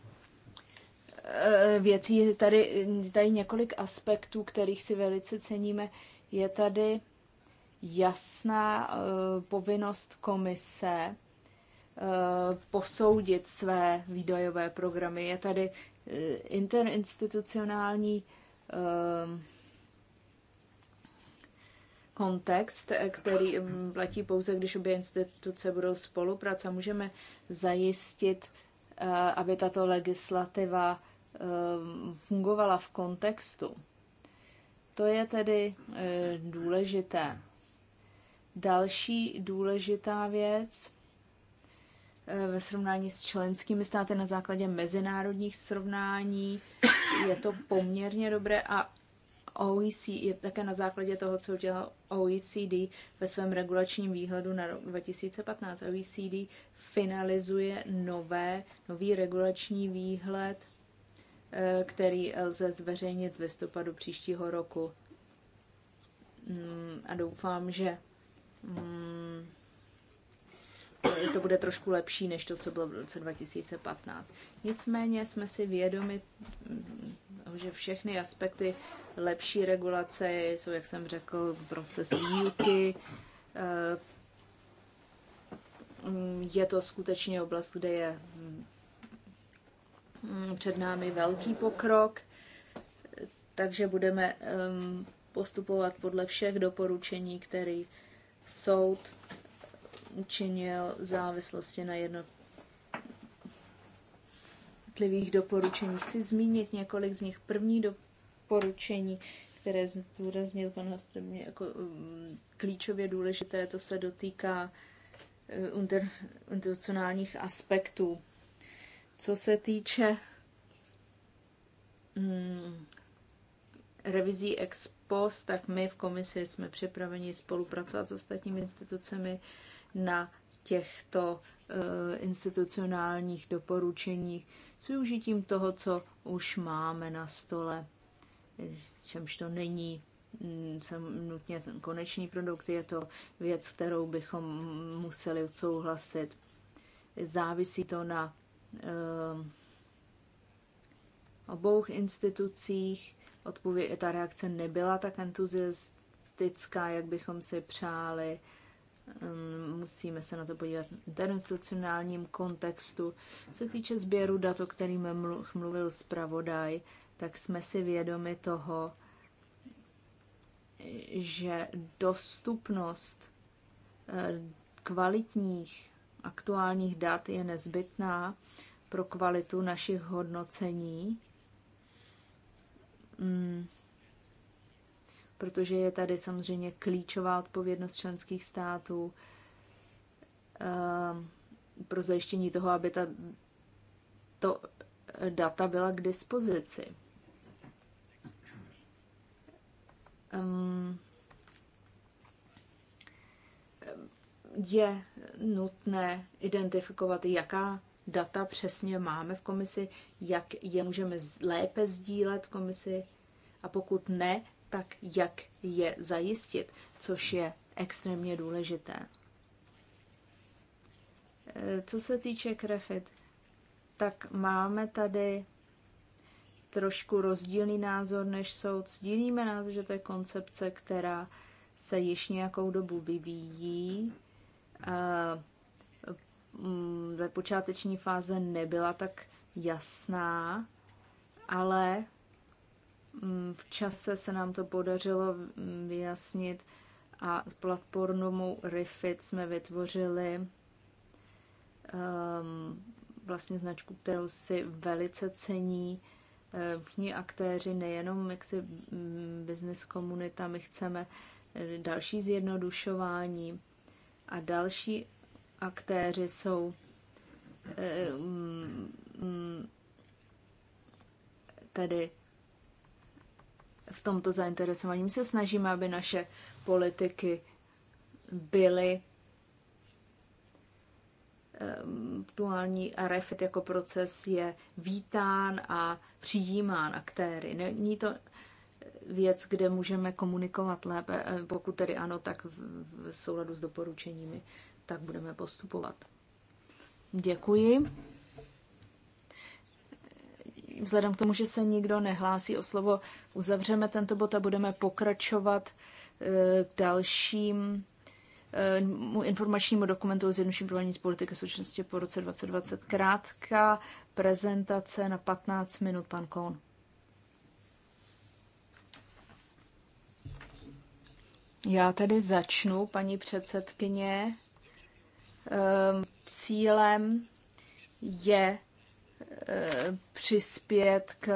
Eh, věcí. Je tady, tady několik aspektů, kterých si velice ceníme. Je tady jasná eh, povinnost komise eh, posoudit své výdajové programy. Je tady interinstitucionální kontext, který mm, platí pouze, když obě instituce budou spolupracovat. Můžeme zajistit, aby tato legislativa Ehm, fungovala v kontextu. To je tedy eh, důležité. Další důležitá věc eh, ve srovnání s členskými státy na základě mezinárodních srovnání je to poměrně dobré a OECD, je také na základě toho, co udělal OECD ve svém regulačním výhledu na rok 2015. OECD finalizuje nové, nový regulační výhled Eh, který lze zveřejnit v listopadu příštího roku. Mm, a doufám, že mm, to bude trošku lepší než to, co bylo v roce 2015. Nicméně jsme si vědomi, mm, že všechny aspekty lepší regulace jsou, jak jsem řekl, proces výuky. Eh, je to skutečně oblast, kde je Mm, před námi velký pokrok, takže budeme postupovat podle všech doporučení, které soud učinil v závislosti na jednotlivých doporučeních. Chci zmínit několik z nich. První doporučení, které zdůraznil pan Hastr, jako klíčově důležité, to se dotýká eh, internacionálních aspektů co se týče hmm, revizí ex post, tak my v komisi jsme připraveni spolupracovat s ostatními institucemi na těchto uh, institucionálních doporučeních s využitím toho, co už máme na stole, čemž to není jsem mm, nutně ten konečný produkt, je to věc, kterou bychom museli odsouhlasit. Závisí to na Eh, obou institucích. Odpověď, ta reakce nebyla tak entuziastická, jak bychom si přáli. Ehm, musíme se na to podívat v interinstitucionálním kontextu. Se týče sběru dat, o kterým mluvil zpravodaj, tak jsme si vědomi toho, že dostupnost eh, kvalitních aktuálních dat je nezbytná pro kvalitu našich hodnocení, mm. protože je tady samozřejmě klíčová odpovědnost členských států ehm, pro zajištění toho, aby ta to data byla k dispozici. Ehm, je nutné identifikovat, jaká data přesně máme v komisi, jak je můžeme lépe sdílet v komisi a pokud ne, tak jak je zajistit, což je extrémně důležité. E, co se týče krefit, tak máme tady trošku rozdílný názor než soud. Sdílíme názor, že to je koncepce, která se již nějakou dobu vyvíjí ze eh, eh, počáteční fáze nebyla tak jasná, ale mm, v čase se nám to podařilo mm, vyjasnit a z platformu Refit jsme vytvořili um, vlastně značku, kterou si velice cení eh, všichni aktéři, nejenom jak si mm, business komunita, my chceme další zjednodušování a další aktéři jsou eh, mm, tedy v tomto zainteresovaní. My se snažíme, aby naše politiky byly eh, aktuální a refit jako proces je vítán a přijímán aktéry. Není to věc, kde můžeme komunikovat lépe. Eh, pokud tedy ano, tak v souladu s doporučeními, tak budeme postupovat. Děkuji. Vzhledem k tomu, že se nikdo nehlásí o slovo, uzavřeme tento bod a budeme pokračovat eh, dalším eh, informačnímu dokumentu zjednodušení provádění politiky současnosti po roce 2020. Krátká prezentace na 15 minut, pan Kohn. Já tedy začnu, paní předsedkyně. Ehm, cílem je eh, přispět k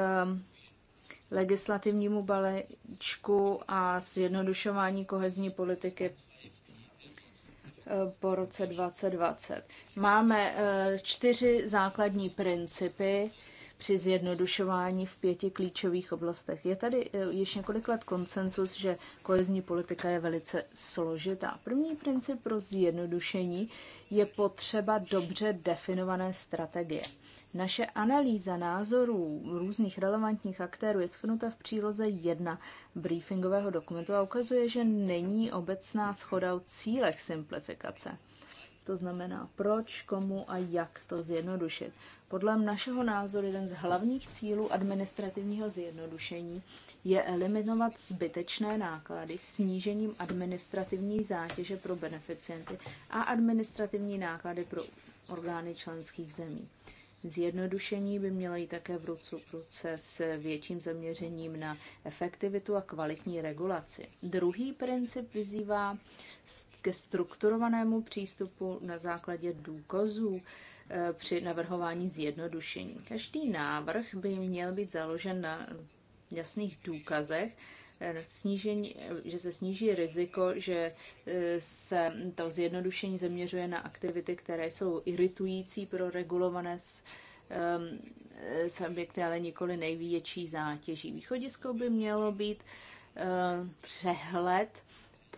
legislativnímu balíčku a zjednodušování kohezní politiky eh, po roce 2020. Máme eh, čtyři základní principy, při zjednodušování v pěti klíčových oblastech. Je tady eh, již několik let konsensus, že kohezní politika je velice složitá. První princip pro zjednodušení je potřeba dobře definované strategie. Naše analýza názorů různých relevantních aktérů je schrnuta v příloze 1 briefingového dokumentu a ukazuje, že není obecná schoda o cílech simplifikace. To znamená, proč, komu a jak to zjednodušit. Podle našeho názoru jeden z hlavních cílů administrativního zjednodušení je eliminovat zbytečné náklady snížením administrativní zátěže pro beneficienty a administrativní náklady pro orgány členských zemí. Zjednodušení by mělo jít také v ruce, v ruce s větším zaměřením na efektivitu a kvalitní regulaci. Druhý princip vyzývá ke strukturovanému přístupu na základě důkazů eh, při navrhování zjednodušení. Každý návrh by měl být založen na jasných důkazech, eh, snížení, eh, že se sníží riziko, že se to zjednodušení zaměřuje na aktivity, které jsou iritující pro regulované subjekty, ale nikoli největší zátěží. Východisko by mělo být přehled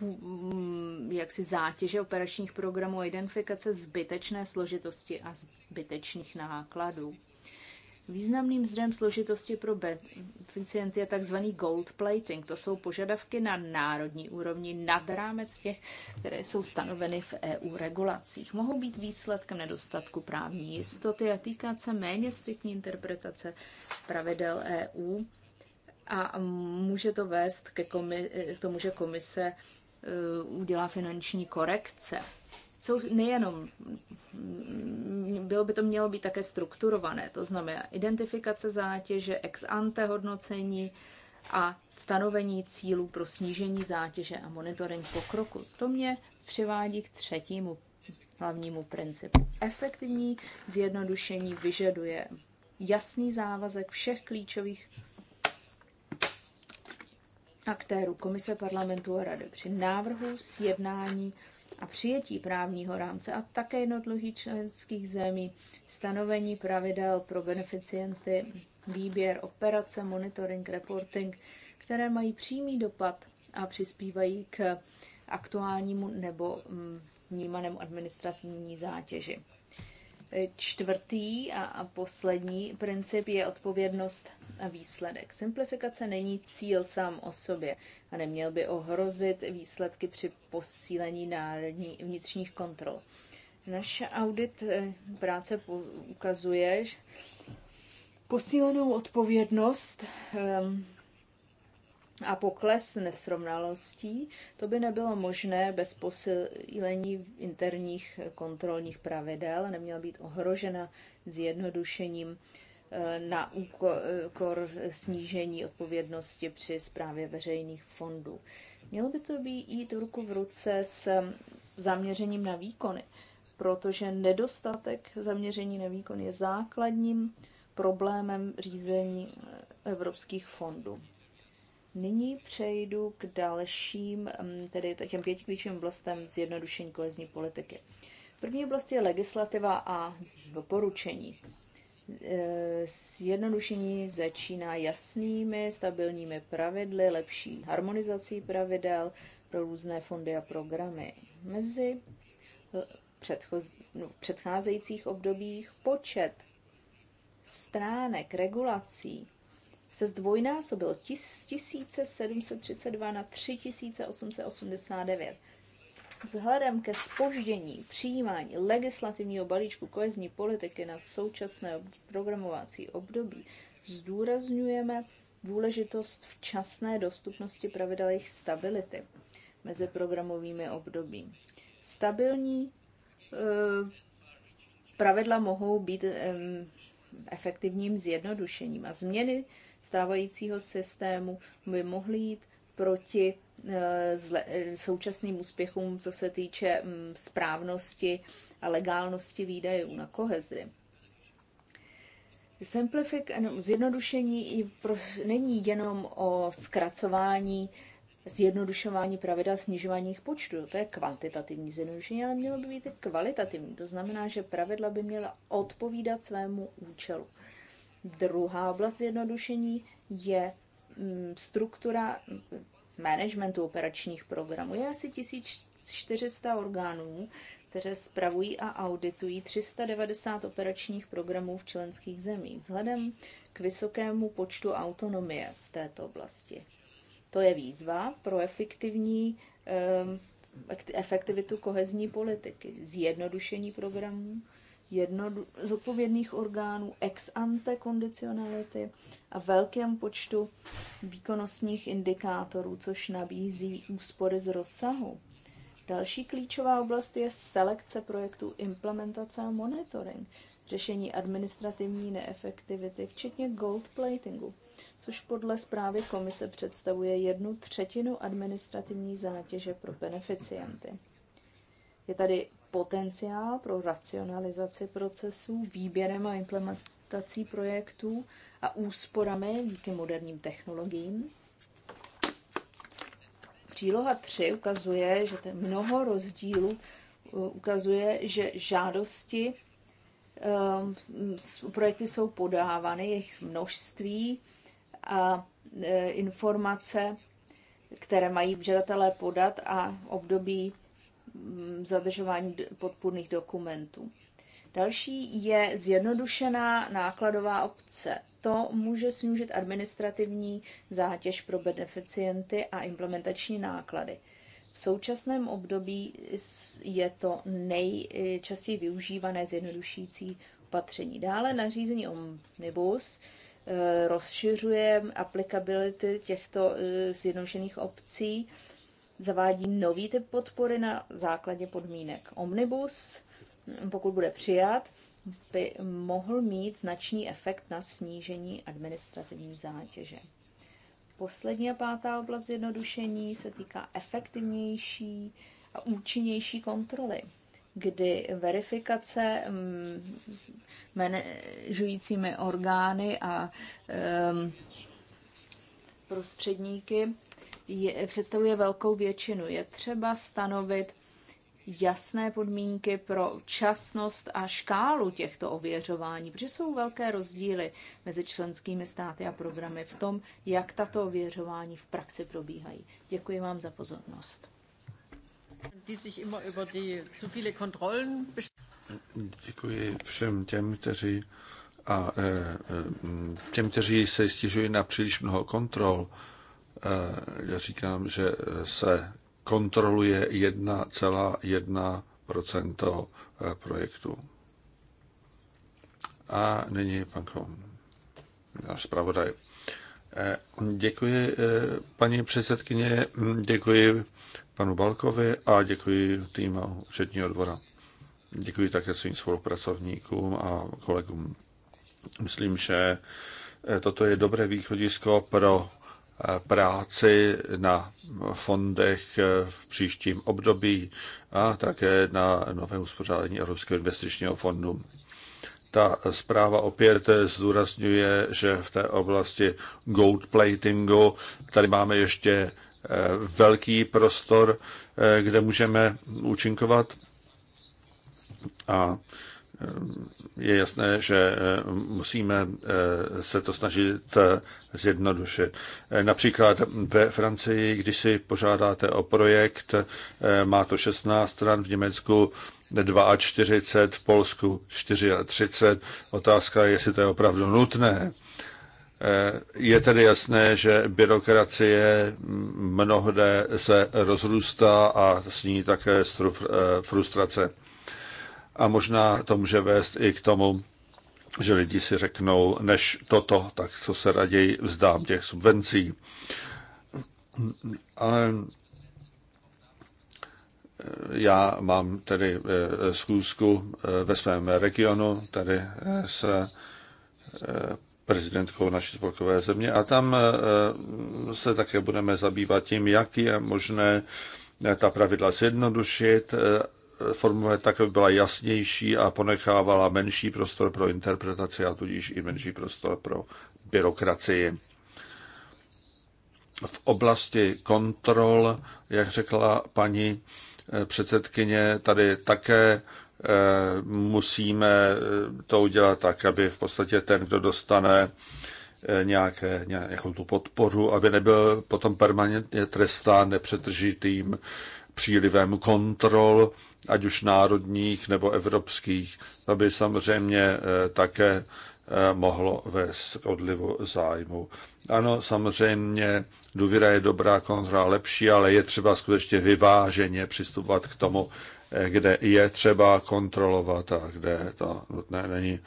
Mm, jaksi zátěže operačních programů a identifikace zbytečné složitosti a zbytečných nákladů. Významným zdrojem složitosti pro beneficient je tzv. gold plating. To jsou požadavky na národní úrovni nad rámec těch, které jsou stanoveny v EU regulacích. Mohou být výsledkem nedostatku právní jistoty a týkat se méně striktní interpretace pravidel EU a může to vést ke komi- k tomu, že komise Eh, udělá finanční korekce. Co nejenom, bylo by to mělo být také strukturované, to znamená identifikace zátěže, ex ante hodnocení a stanovení cílů pro snížení zátěže a monitoring pokroku. To mě přivádí k třetímu hlavnímu principu. Efektivní zjednodušení vyžaduje jasný závazek všech klíčových aktérů Komise parlamentu a Rady při návrhu sjednání a přijetí právního rámce a také jednotlivých členských zemí, stanovení pravidel pro beneficienty, výběr, operace, monitoring, reporting, které mají přímý dopad a přispívají k aktuálnímu nebo mm, vnímanému administrativní zátěži. Čtvrtý a, poslední princip je odpovědnost a výsledek. Simplifikace není cíl sám o sobě a neměl by ohrozit výsledky při posílení národní vnitřních kontrol. Naš audit eh, práce ukazuje posílenou odpovědnost um, a pokles nesrovnalostí, to by nebylo možné bez posílení interních kontrolních pravidel, neměla být ohrožena zjednodušením eh, na úkor eh, snížení odpovědnosti při zprávě veřejných fondů. Mělo by to být jít ruku v ruce s eh, zaměřením na výkony, protože nedostatek zaměření na výkon je základním problémem řízení evropských fondů. Nyní přejdu k dalším, mm, tedy těm pěti klíčovým oblastem zjednodušení kolezní politiky. První oblast je legislativa a doporučení. E, zjednodušení začíná jasnými, stabilními pravidly, lepší harmonizací pravidel pro různé fondy a programy. Mezi v e, no, předcházejících obdobích počet stránek regulací se zdvojnásobilo z 1732 na 3889. Vzhledem ke spoždění přijímání legislativního balíčku kohezní politiky na současné programovací období zdůrazňujeme důležitost včasné dostupnosti pravidel jejich stability mezi programovými období. Stabilní e, pravidla mohou být e, efektivním zjednodušením a změny stávajícího systému by mohly jít proti eh, eh, současným úspěchům, co se týče mm, správnosti a legálnosti výdajů na kohezi. Simplifik no, zjednodušení není jenom o zkracování, zjednodušování pravidel, snižování jejich počtu. To je kvantitativní zjednodušení, ale mělo by být i kvalitativní. To znamená, že pravidla by měla odpovídat svému účelu. Druhá oblast zjednodušení je mm, struktura managementu operačních programů. Je asi 1400 orgánů, které spravují a auditují 390 operačních programů v členských zemích vzhledem k vysokému počtu autonomie v této oblasti. To je výzva pro efektivní efektivitu kohezní politiky, zjednodušení programů z zodpovědných orgánů, ex ante kondicionality a velkém počtu výkonnostních indikátorů, což nabízí úspory z rozsahu. Další klíčová oblast je selekce projektů, implementace a monitoring, řešení administrativní neefektivity, včetně gold platingu, což podle zprávy komise představuje jednu třetinu administrativní zátěže pro beneficienty. Je tady potenciál pro racionalizaci procesů, výběrem a implementací projektů a úsporami díky moderním technologiím. Příloha 3 ukazuje, že ten mnoho rozdílů uh, ukazuje, že žádosti um, projekty jsou podávány, jejich množství a uh, informace, které mají žadatelé podat a období Mm, zadržování podpůrných dokumentů. Další je zjednodušená nákladová obce. To může snížit administrativní zátěž pro beneficienty a implementační náklady. V současném období je to nejčastěji využívané zjednodušící opatření. Dále nařízení Omnibus eh, rozšiřuje aplikability těchto eh, zjednodušených obcí zavádí nový typ podpory na základě podmínek. Omnibus, pokud bude přijat, by mohl mít značný efekt na snížení administrativní zátěže. Poslední a pátá oblast zjednodušení se týká efektivnější a účinnější kontroly, kdy verifikace mm, manažujícími orgány a um, prostředníky je, představuje velkou většinu. Je třeba stanovit jasné podmínky pro časnost a škálu těchto ověřování, protože jsou velké rozdíly mezi členskými státy a programy v tom, jak tato ověřování v praxi probíhají. Děkuji vám za pozornost. Děkuji všem těm, kteří a e, e, těm, kteří se stěžují na příliš mnoho kontrol já říkám, že se kontroluje 1,1 eh, projektu. A nyní pan Kohn, náš zpravodaj. Eh, děkuji eh, paní předsedkyně, hm, děkuji panu Balkovi a děkuji týmu Předního dvora. Děkuji také svým spolupracovníkům a kolegům. Myslím, že toto je dobré východisko pro práci na fondech v příštím období a také na novém uspořádání Evropského investičního fondu. Ta zpráva opět zdůrazňuje, že v té oblasti gold platingu tady máme ještě eh, velký prostor, eh, kde můžeme účinkovat. A je jasné, že eh, musíme eh, se to snažit eh, zjednodušit. Například ve Francii, když si požádáte o projekt, má to 16 stran, v Německu 42, v Polsku 34. Otázka je, jestli to je opravdu nutné. Je tedy jasné, že byrokracie mnohde se rozrůstá a s ní také frustrace. A možná to může vést i k tomu, že lidi si řeknou, než toto, tak co se raději vzdám těch subvencí. Ale já mám tedy eh, schůzku eh, ve svém regionu, tady eh, s prezidentkou naší spolkové země a tam se také budeme zabývat tím, jak je možné ta pravidla zjednodušit formulovat tak, aby byla jasnější a ponechávala menší prostor pro interpretaci a tudíž i menší prostor pro byrokracii. V oblasti kontrol, jak řekla paní eh, předsedkyně, tady také eh, musíme eh, to udělat tak, aby v podstatě ten, kdo dostane nějaké, nějakou tu podporu, aby nebyl potom permanentně trestán nepřetržitým přílivem kontrol, ať už národních nebo evropských, to by samozřejmě eh, také eh, mohlo vést k odlivu zájmu. Ano, samozřejmě důvěra je dobrá, kontra lepší, ale je třeba skutečně vyváženě přistupovat k tomu, eh, kde je třeba kontrolovat a kde to nutné není.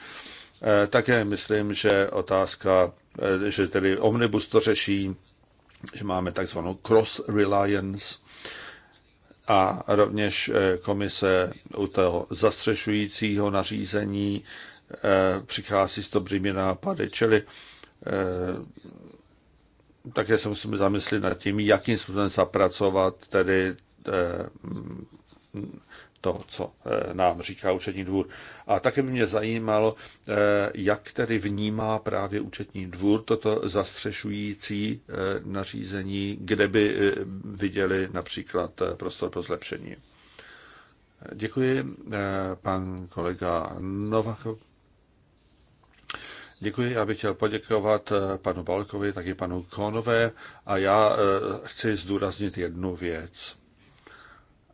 Také myslím, že otázka, že tedy Omnibus to řeší, že máme takzvanou cross-reliance, a rovněž eh, komise u toho zastřešujícího nařízení eh, přichází s dobrými nápady, čili eh, také se musíme zamyslet nad tím, jakým způsobem zapracovat tedy to, co eh, nám říká účetní dvůr. A také by mě zajímalo, eh, jak tedy vnímá právě účetní dvůr toto zastřešující eh, nařízení, kde by viděli například prostor pro zlepšení. Děkuji, pan kolega Novak. Děkuji, já bych chtěl poděkovat panu Balkovi, taky panu Konové a já chci zdůraznit jednu věc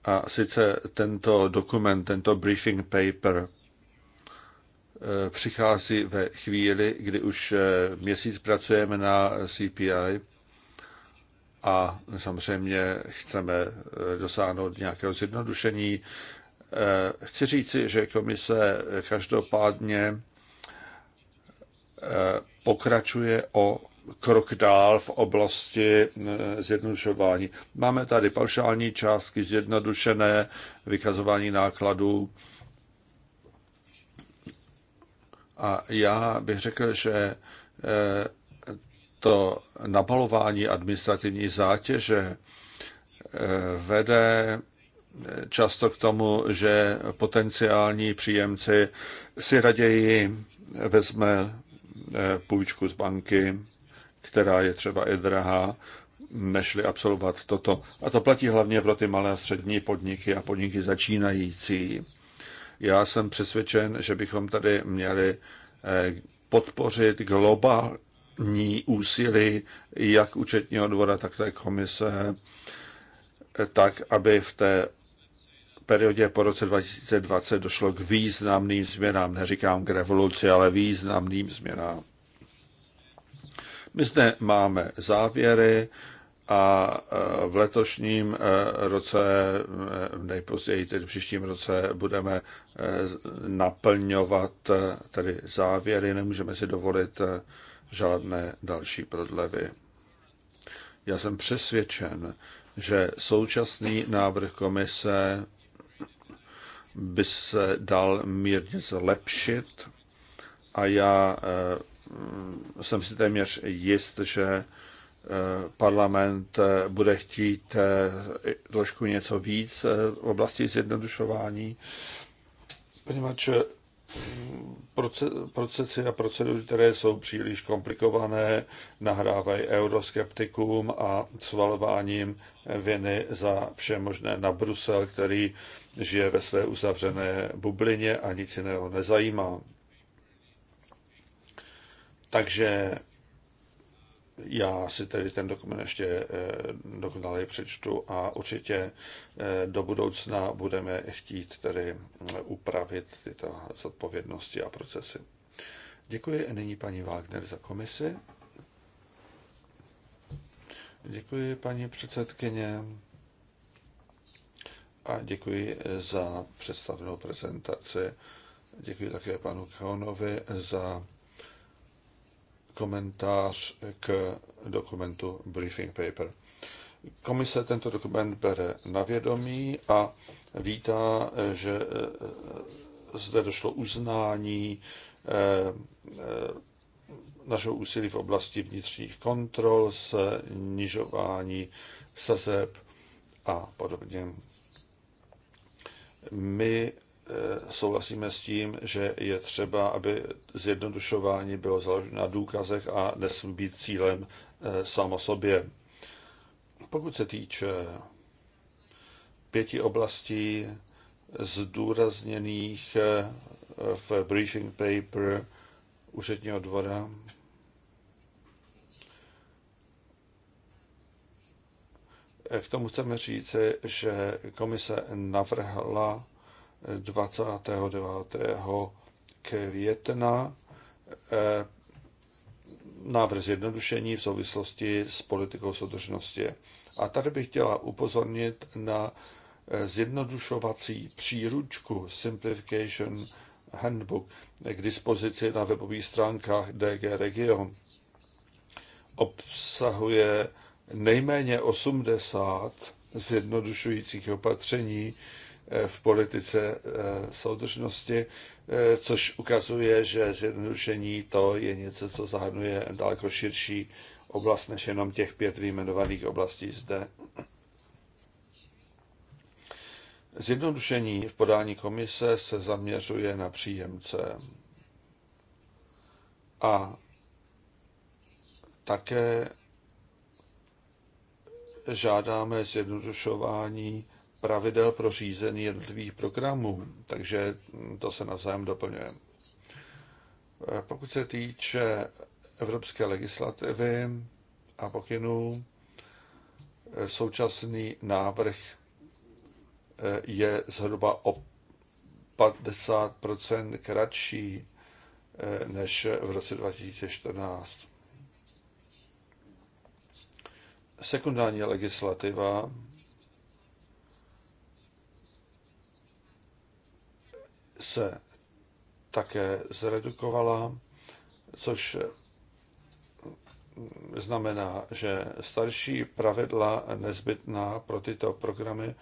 a sice tento dokument, tento briefing paper e, přichází ve chvíli, kdy už e, měsíc pracujeme na CPI a samozřejmě chceme e, dosáhnout nějakého zjednodušení. Chci říci, že komise každopádně pokračuje o krok dál v oblasti eh, zjednodušování. Máme tady paušální částky, zjednodušené vykazování nákladů. A já bych řekl, že eh, to nabalování administrativní zátěže eh, vede často k tomu, že potenciální příjemci si raději vezme půjčku z banky která je třeba i drahá, nešli absolvovat toto. A to platí hlavně pro ty malé a střední podniky a podniky začínající. Já jsem přesvědčen, že bychom tady měli eh, podpořit globální úsilí jak účetního dvora, tak té komise, eh, tak, aby v té periodě po roce 2020 došlo k významným změnám. Neříkám k revoluci, ale významným změnám. My zde máme závěry a e, v letošním e, roce, e, nejpozději tedy v příštím roce, budeme naplňovat tedy závěry, nemůžeme si dovolit žádné další prodlevy. Já jsem přesvědčen, že současný návrh komise by se dal mírně zlepšit a já jsem si téměř jist, že eh, parlament eh, bude chtít eh, trošku něco víc v oblasti zjednodušování, poněvadž procesy a procedury, které jsou příliš komplikované, nahrávají euroskeptikům a svalováním viny za vše možné na Brusel, který žije ve své uzavřené bublině a nic jiného nezajímá. Takže já si tedy ten dokument ještě eh, dokonale přečtu a určitě eh, do budoucna budeme chtít tedy eh, upravit tyto zodpovědnosti a procesy. Děkuji nyní paní Wagner za komisi. Děkuji paní předsedkyně a děkuji za představenou prezentaci. Děkuji také panu Kronovi za komentář k dokumentu Briefing Paper. Komise tento dokument bere na vědomí a vítá, že eh, eh, zde došlo uznání eh, našeho úsilí v oblasti vnitřních kontrol, snižování sazeb a podobně. My Eh, souhlasíme s tím, že je třeba, aby zjednodušování bylo založeno na důkazech a nesmí být cílem eh, samo sobě. Pokud se týče pěti oblastí zdůrazněných eh, v briefing paper úředního dvora, k tomu chceme říci, že komise navrhla 29. května eh, návrh zjednodušení v souvislosti s politikou soudržnosti. A tady bych chtěla upozornit na eh, zjednodušovací příručku Simplification Handbook k dispozici na webových stránkách DG Region. Obsahuje nejméně 80 zjednodušujících opatření, Eh, v politice eh, soudržnosti, eh, což ukazuje, že zjednodušení to je něco, co zahrnuje daleko širší oblast než jenom těch pět vyjmenovaných oblastí zde. Zjednodušení v podání komise se zaměřuje na příjemce a také žádáme zjednodušování pravidel pro řízení jednotlivých programů, takže to se navzájem doplňuje. Pokud se týče evropské legislativy a pokynů, současný návrh eh, je zhruba o 50 kratší eh, než v roce 2014. Sekundární legislativa se také zredukovala, což znamená, že starší pravidla nezbytná pro tyto programy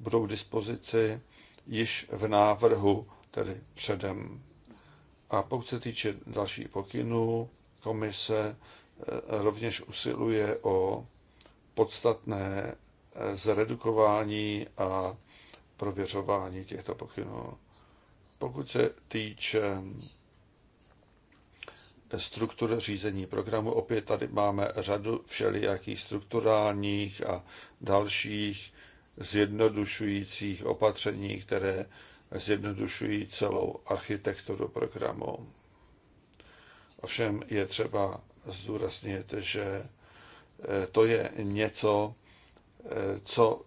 budou k dispozici již v návrhu, tedy předem. A pokud se týče další pokynů, komise eh, rovněž usiluje o podstatné eh, zredukování a prověřování těchto pokynů. Pokud se týče struktur řízení programu, opět tady máme řadu všelijakých strukturálních a dalších zjednodušujících opatření, které zjednodušují celou architekturu programu. Ovšem je třeba zdůraznit, že eh, to je něco, eh, co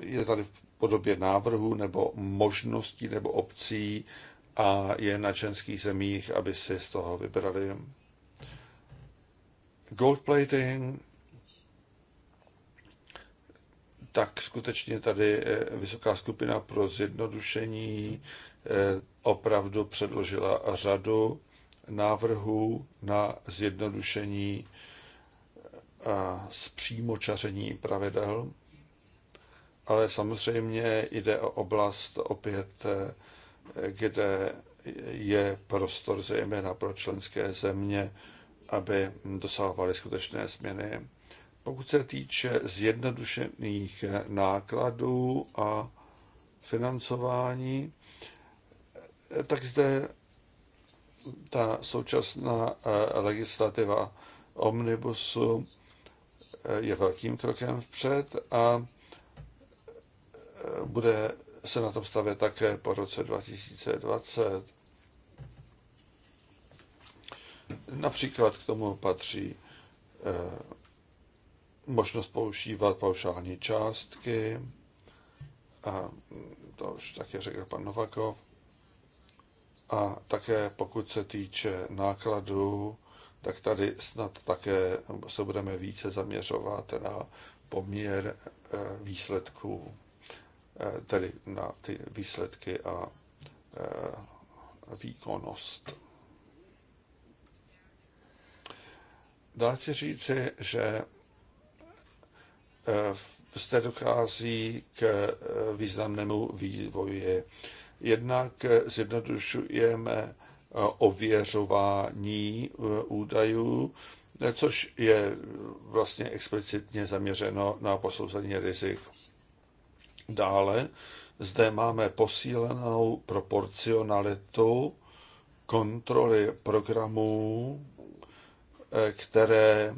je tady v podobě návrhu nebo možností nebo obcí a je na členských zemích, aby si z toho vybrali. Gold plating, tak skutečně tady eh, Vysoká skupina pro zjednodušení eh, opravdu předložila řadu návrhů na zjednodušení a eh, zpřímočaření pravidel ale samozřejmě jde o oblast opět, eh, kde je prostor zejména pro členské země, aby dosahovaly skutečné změny. Pokud se týče zjednodušených nákladů a financování, tak zde ta současná eh, legislativa omnibusu eh, je velkým krokem vpřed a bude se na tom stavět také po roce 2020. Například k tomu patří eh, možnost používat paušální částky, a mm, to už také řekl pan Novakov, a také pokud se týče nákladů, tak tady snad také se budeme více zaměřovat na poměr eh, výsledků. Eh, tedy na ty výsledky a eh, výkonnost. Dá se říci, že eh, zde dochází k významnému vývoji. Jednak zjednodušujeme ověřování údajů, což je vlastně explicitně zaměřeno na posouzení rizik. Dále zde máme posílenou proporcionalitu kontroly programů, eh, které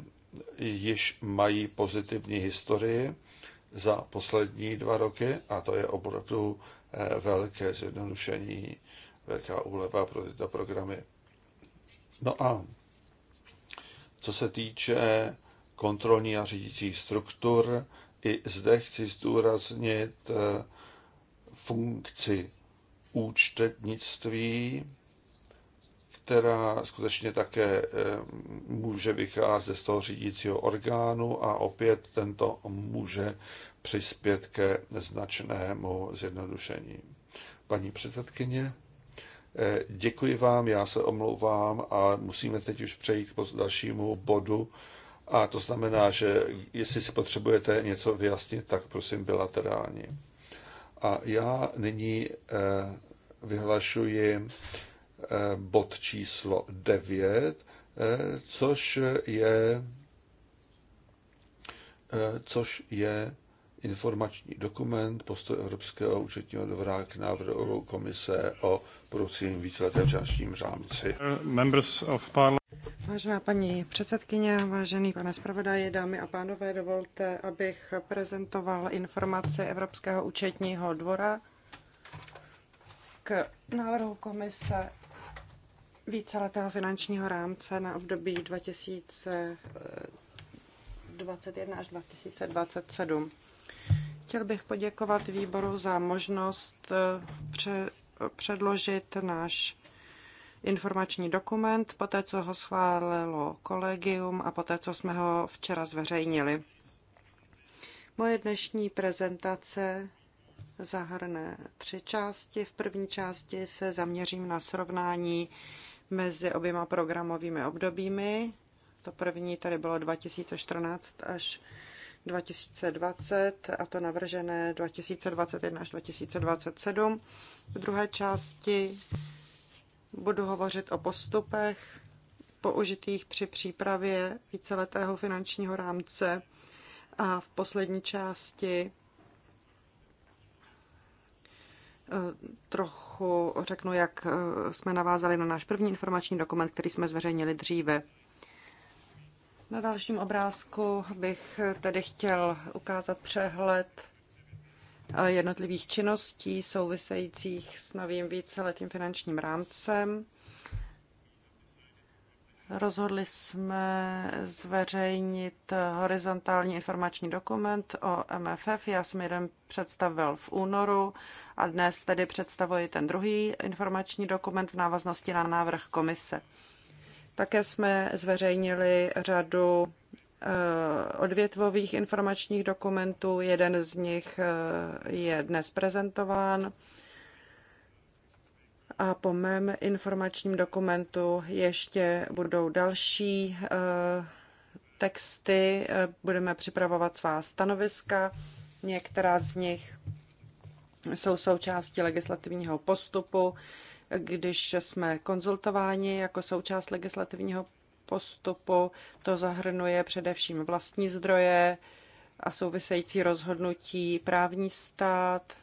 již mají pozitivní historii za poslední dva roky a to je opravdu eh, velké zjednodušení, velká úleva pro tyto programy. No a co se týče kontrolní a řídící struktur, i zde chci zdůraznit eh, funkci účtetnictví, která skutečně také eh, může vycházet z toho řídícího orgánu a opět tento může přispět ke značnému zjednodušení. Paní předsedkyně, eh, děkuji vám, já se omlouvám a musíme teď už přejít k dalšímu bodu a to znamená, že jestli si potřebujete něco vyjasnit, tak prosím bilaterálně. A já nyní eh, vyhlašuji eh, bod číslo 9, eh, což je, což je informační dokument postoje Evropského účetního dvora k návrhu komise o budoucím víceletém částním Members of parliament. Vážená paní předsedkyně, vážený pane zpravodaji, dámy a pánové, dovolte, abych prezentoval informaci Evropského účetního dvora k návrhu komise víceletého finančního rámce na období 2021 až 2027. Chtěl bych poděkovat výboru za možnost eh, předložit náš informační dokument, poté co ho schválilo kolegium a poté co jsme ho včera zveřejnili. Moje dnešní prezentace zahrne tři části. V první části se zaměřím na srovnání mezi oběma programovými obdobími. To první tady bylo 2014 až 2020 a to navržené 2021 až 2027. V druhé části budu hovořit o postupech použitých při přípravě víceletého finančního rámce a v poslední části eh, trochu řeknu, jak eh, jsme navázali na náš první informační dokument, který jsme zveřejnili dříve. Na dalším obrázku bych tedy chtěl ukázat přehled Eh, jednotlivých činností souvisejících s novým víceletým finančním rámcem. Rozhodli jsme zveřejnit horizontální informační dokument o MFF. Já jsem jeden představil v únoru a dnes tedy představuji ten druhý informační dokument v návaznosti na návrh komise. Také jsme zveřejnili řadu Eh, odvětvových informačních dokumentů. Jeden z nich eh, je dnes prezentován a po mém informačním dokumentu ještě budou další eh, texty, budeme připravovat svá stanoviska, některá z nich jsou součástí legislativního postupu, když jsme konzultováni jako součást legislativního postupu. To zahrnuje především vlastní zdroje a související rozhodnutí právní stát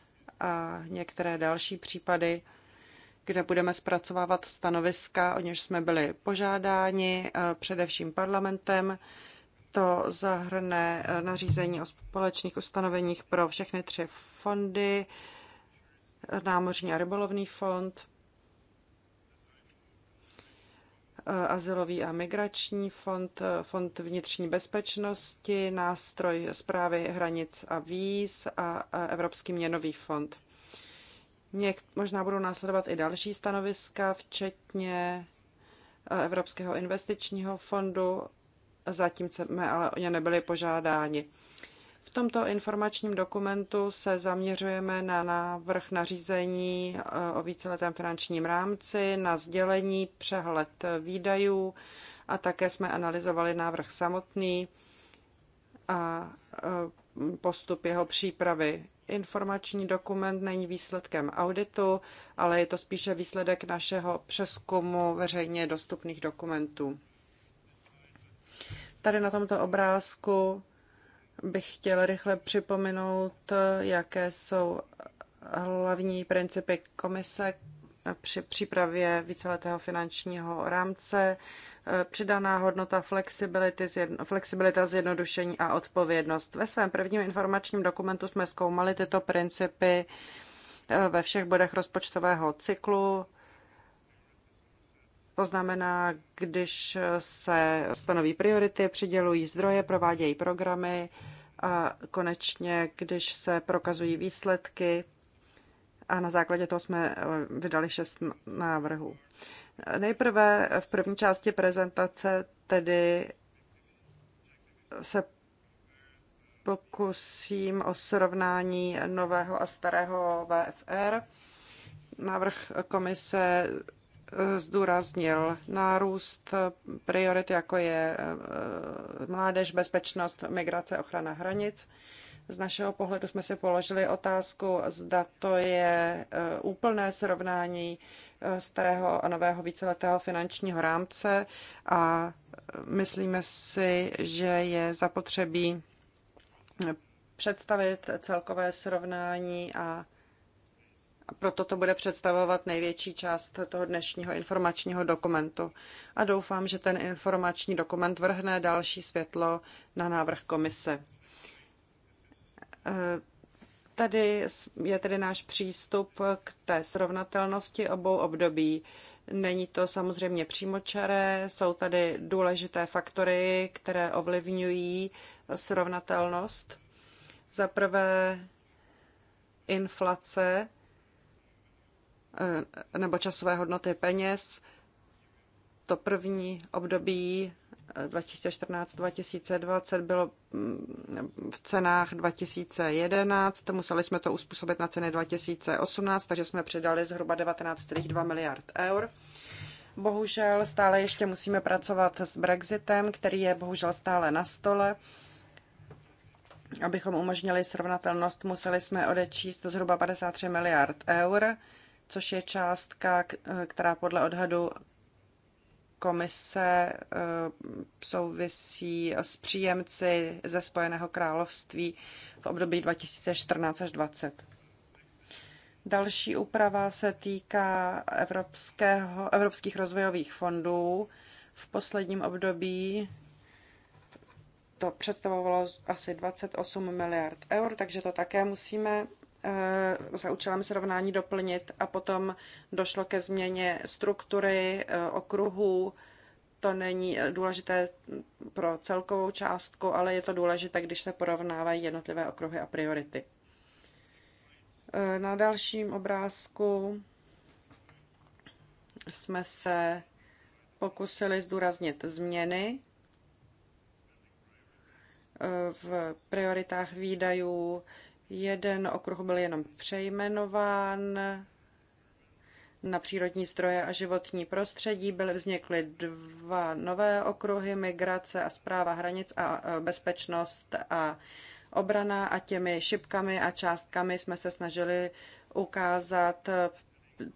a některé další případy, kde budeme zpracovávat stanoviska, o něž jsme byli požádáni eh, především parlamentem. To zahrne eh, nařízení o společných ustanoveních pro všechny tři fondy, eh, námořní a rybolovný fond, Eh, azylový a migrační fond, eh, fond vnitřní bezpečnosti, nástroj zprávy hranic a víz a Evropský měnový fond. Něk, možná budou následovat i další stanoviska, včetně eh, Evropského investičního fondu, zatím jsme ale o ně nebyli požádáni. V tomto informačním dokumentu se zaměřujeme na návrh nařízení eh, o víceletém finančním rámci, na sdělení, přehled výdajů a také jsme analyzovali návrh samotný a eh, postup jeho přípravy. Informační dokument není výsledkem auditu, ale je to spíše výsledek našeho přeskumu veřejně dostupných dokumentů. Tady na tomto obrázku bych chtěl rychle připomenout, jaké jsou hlavní principy komise při přípravě víceletého finančního rámce, přidaná hodnota flexibility, flexibilita, zjednodušení a odpovědnost. Ve svém prvním informačním dokumentu jsme zkoumali tyto principy eh, ve všech bodech rozpočtového cyklu to znamená, když se stanoví priority, přidělují zdroje, provádějí programy a konečně, když se prokazují výsledky, a na základě toho jsme eh, vydali šest návrhů. Nejprve v první části prezentace tedy se pokusím o srovnání nového a starého VFR. Návrh komise zdůraznil nárůst priorit, jako je eh, mládež, bezpečnost, migrace, ochrana hranic. Z našeho pohledu jsme si položili otázku, zda to je eh, úplné srovnání eh, starého a nového víceletého finančního rámce a myslíme si, že je zapotřebí představit celkové srovnání a a proto to bude představovat největší část toho dnešního informačního dokumentu. A doufám, že ten informační dokument vrhne další světlo na návrh komise. E, tady je tedy náš přístup k té srovnatelnosti obou období. Není to samozřejmě přímočaré, jsou tady důležité faktory, které ovlivňují srovnatelnost. Za prvé inflace, Eh, nebo časové hodnoty peněz. To první období 2014-2020 eh, bylo mm, v cenách 2011, museli jsme to uspůsobit na ceny 2018, takže jsme přidali zhruba 19,2 miliard eur. Bohužel stále ještě musíme pracovat s Brexitem, který je bohužel stále na stole. Abychom umožnili srovnatelnost, museli jsme odečíst zhruba 53 miliard eur což je částka, eh, která podle odhadu komise eh, souvisí s příjemci ze Spojeného království v období 2014 až 2020. Další úprava se týká evropského, evropských rozvojových fondů. V posledním období to představovalo asi 28 miliard eur, takže to také musíme Eh, za účelem srovnání doplnit a potom došlo ke změně struktury eh, okruhů. To není eh, důležité mm, pro celkovou částku, ale je to důležité, když se porovnávají jednotlivé okruhy a priority. Na dalším obrázku jsme se pokusili zdůraznit změny v prioritách výdajů Jeden okruh byl jenom přejmenován na přírodní stroje a životní prostředí. Byly vznikly dva nové okruhy, migrace a zpráva hranic a bezpečnost a obrana a těmi šipkami a částkami jsme se snažili ukázat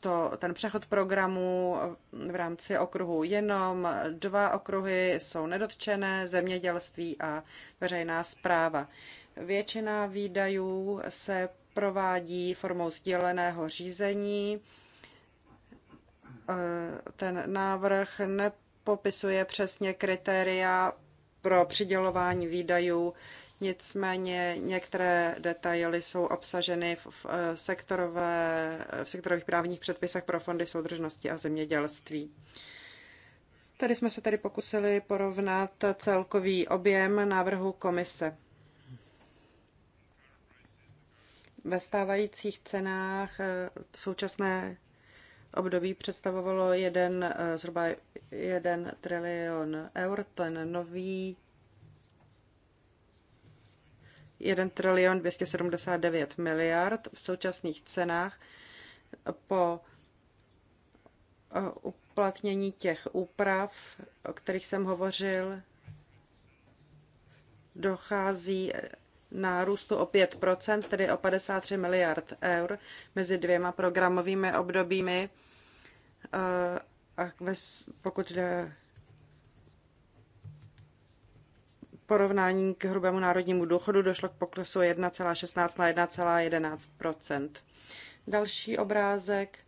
to, ten přechod programů v rámci okruhu jenom dva okruhy jsou nedotčené, zemědělství a veřejná zpráva. Většina výdajů se provádí formou sdíleného řízení. E, ten návrh nepopisuje přesně kritéria pro přidělování výdajů, nicméně některé detaily jsou obsaženy v, e, sektorové, v sektorových právních předpisech pro fondy soudržnosti a zemědělství. Tady jsme se tady pokusili porovnat celkový objem návrhu komise. Ve stávajících cenách eh, současné období představovalo jeden, eh, zhruba 1 trilion eur, ten nový 1 trilion 279 miliard v současných cenách po eh, uplatnění těch úprav, o kterých jsem hovořil, dochází nárůstu o 5 tedy o 53 miliard eur mezi dvěma programovými obdobími. Eh, a pokud jde porovnání k hrubému národnímu důchodu došlo k poklesu 1,16 na 1,11 Další obrázek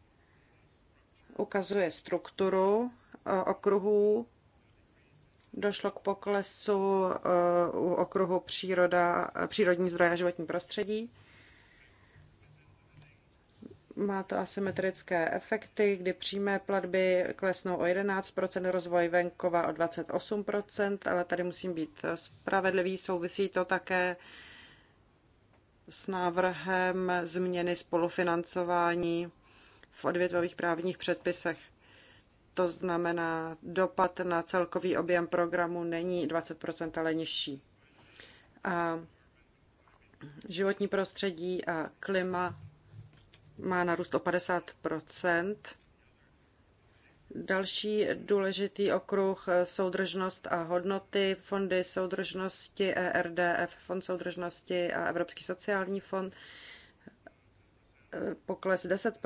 ukazuje strukturu eh, okruhů Došlo k poklesu eh, u okruhu příroda, přírodní zdroje a životní prostředí. Má to asymetrické efekty, kdy přímé platby klesnou o 11 rozvoj venkova o 28 ale tady musím být spravedlivý, souvisí to také s návrhem změny spolufinancování v odvětvových právních předpisech. To znamená, dopad na celkový objem programu není 20%, ale nižší. A životní prostředí a klima má narůst o 50 Další důležitý okruh soudržnost a hodnoty, fondy soudržnosti, ERDF, Fond soudržnosti a Evropský sociální fond, pokles 10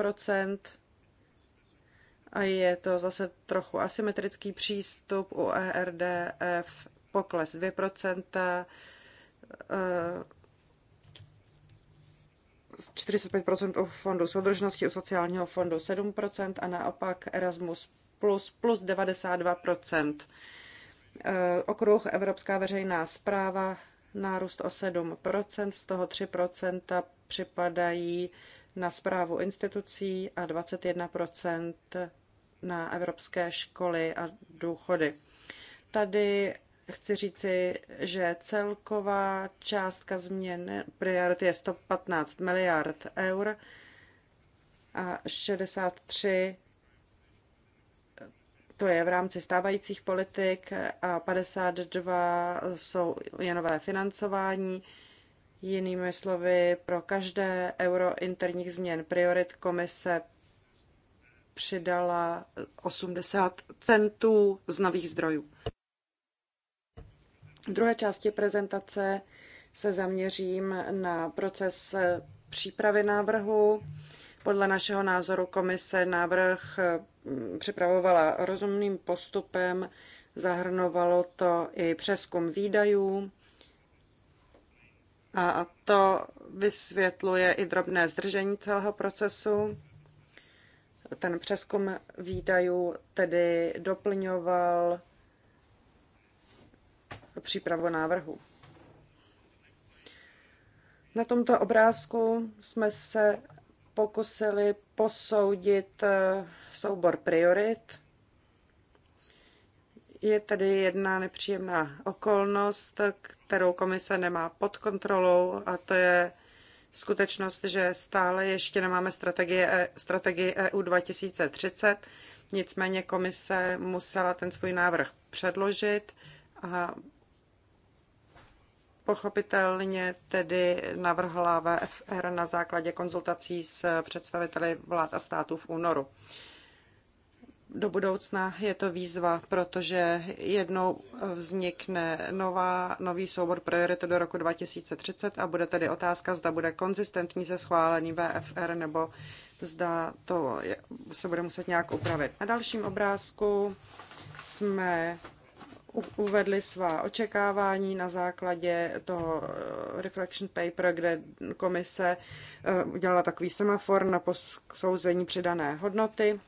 a je to zase trochu asymetrický přístup u ERDF, pokles 2%, 45% eh, u fondu soudržnosti, u sociálního fondu 7% a naopak Erasmus plus, plus 92%. Eh, okruh Evropská veřejná zpráva, nárůst o 7%, z toho 3% připadají na zprávu institucí a 21% na evropské školy a důchody. Tady chci říci, že celková částka změn priority je 115 miliard eur a 63 to je v rámci stávajících politik a 52 jsou jenové financování. Jinými slovy, pro každé euro interních změn priorit komise přidala 80 centů z nových zdrojů. V druhé části prezentace se zaměřím na proces přípravy návrhu. Podle našeho názoru komise návrh mm, připravovala rozumným postupem, zahrnovalo to i přeskum výdajů a to vysvětluje i drobné zdržení celého procesu ten přeskum výdajů tedy doplňoval přípravu návrhu. Na tomto obrázku jsme se pokusili posoudit eh, soubor priorit. Je tedy jedna nepříjemná okolnost, kterou komise nemá pod kontrolou, a to je skutečnost, že stále ještě nemáme strategie, e, strategii EU 2030, nicméně komise musela ten svůj návrh předložit a pochopitelně tedy navrhla VFR na základě konzultací s představiteli vlád a států v únoru do budoucna je to výzva, protože jednou vznikne nová, nový soubor priorit do roku 2030 a bude tedy otázka, zda bude konzistentní se schválení VFR nebo zda to je, se bude muset nějak upravit. Na dalším obrázku jsme uvedli svá očekávání na základě toho eh, reflection paper, kde komise eh, udělala takový semafor na posouzení přidané hodnoty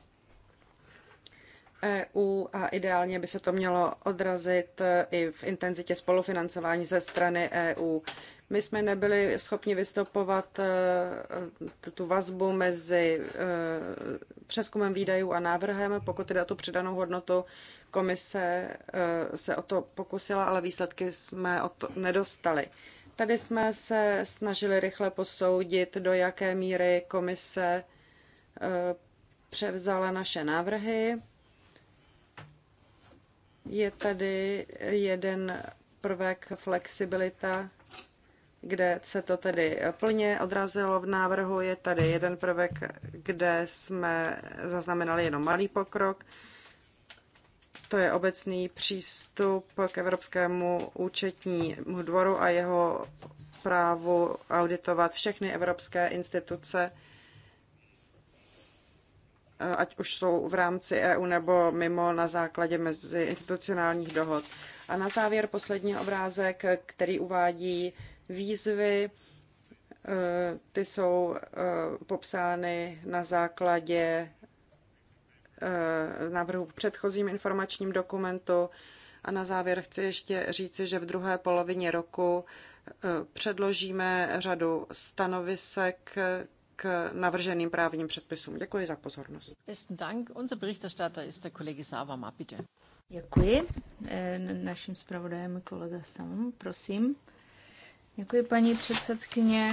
EU a ideálně by se to mělo odrazit e, i v intenzitě spolufinancování ze strany EU. My jsme nebyli schopni vystupovat e, tu vazbu mezi e, přeskumem výdajů a návrhem, pokud teda tu přidanou hodnotu komise se o to pokusila, ale výsledky jsme o to nedostali. Tady jsme se snažili rychle posoudit, do jaké míry komise převzala naše návrhy je tady jeden prvek flexibilita, kde se to tedy plně odrazilo v návrhu. Je tady jeden prvek, kde jsme zaznamenali jenom malý pokrok. To je obecný přístup k Evropskému účetnímu dvoru a jeho právu auditovat všechny evropské instituce Eh, ať už jsou v rámci EU nebo mimo na základě institucionálních dohod. A na závěr poslední obrázek, který uvádí výzvy. Eh, ty jsou eh, popsány na základě návrhu v předchozím informačním dokumentu. A na závěr chci ještě říci, že v druhé polovině roku předložíme řadu stanovisek k navrženým právním předpisům. Děkuji za pozornost. Besten Dank. Děkuji. Eh, naším zpravodajem je kolega Sam, prosím. Děkuji, paní předsedkyně.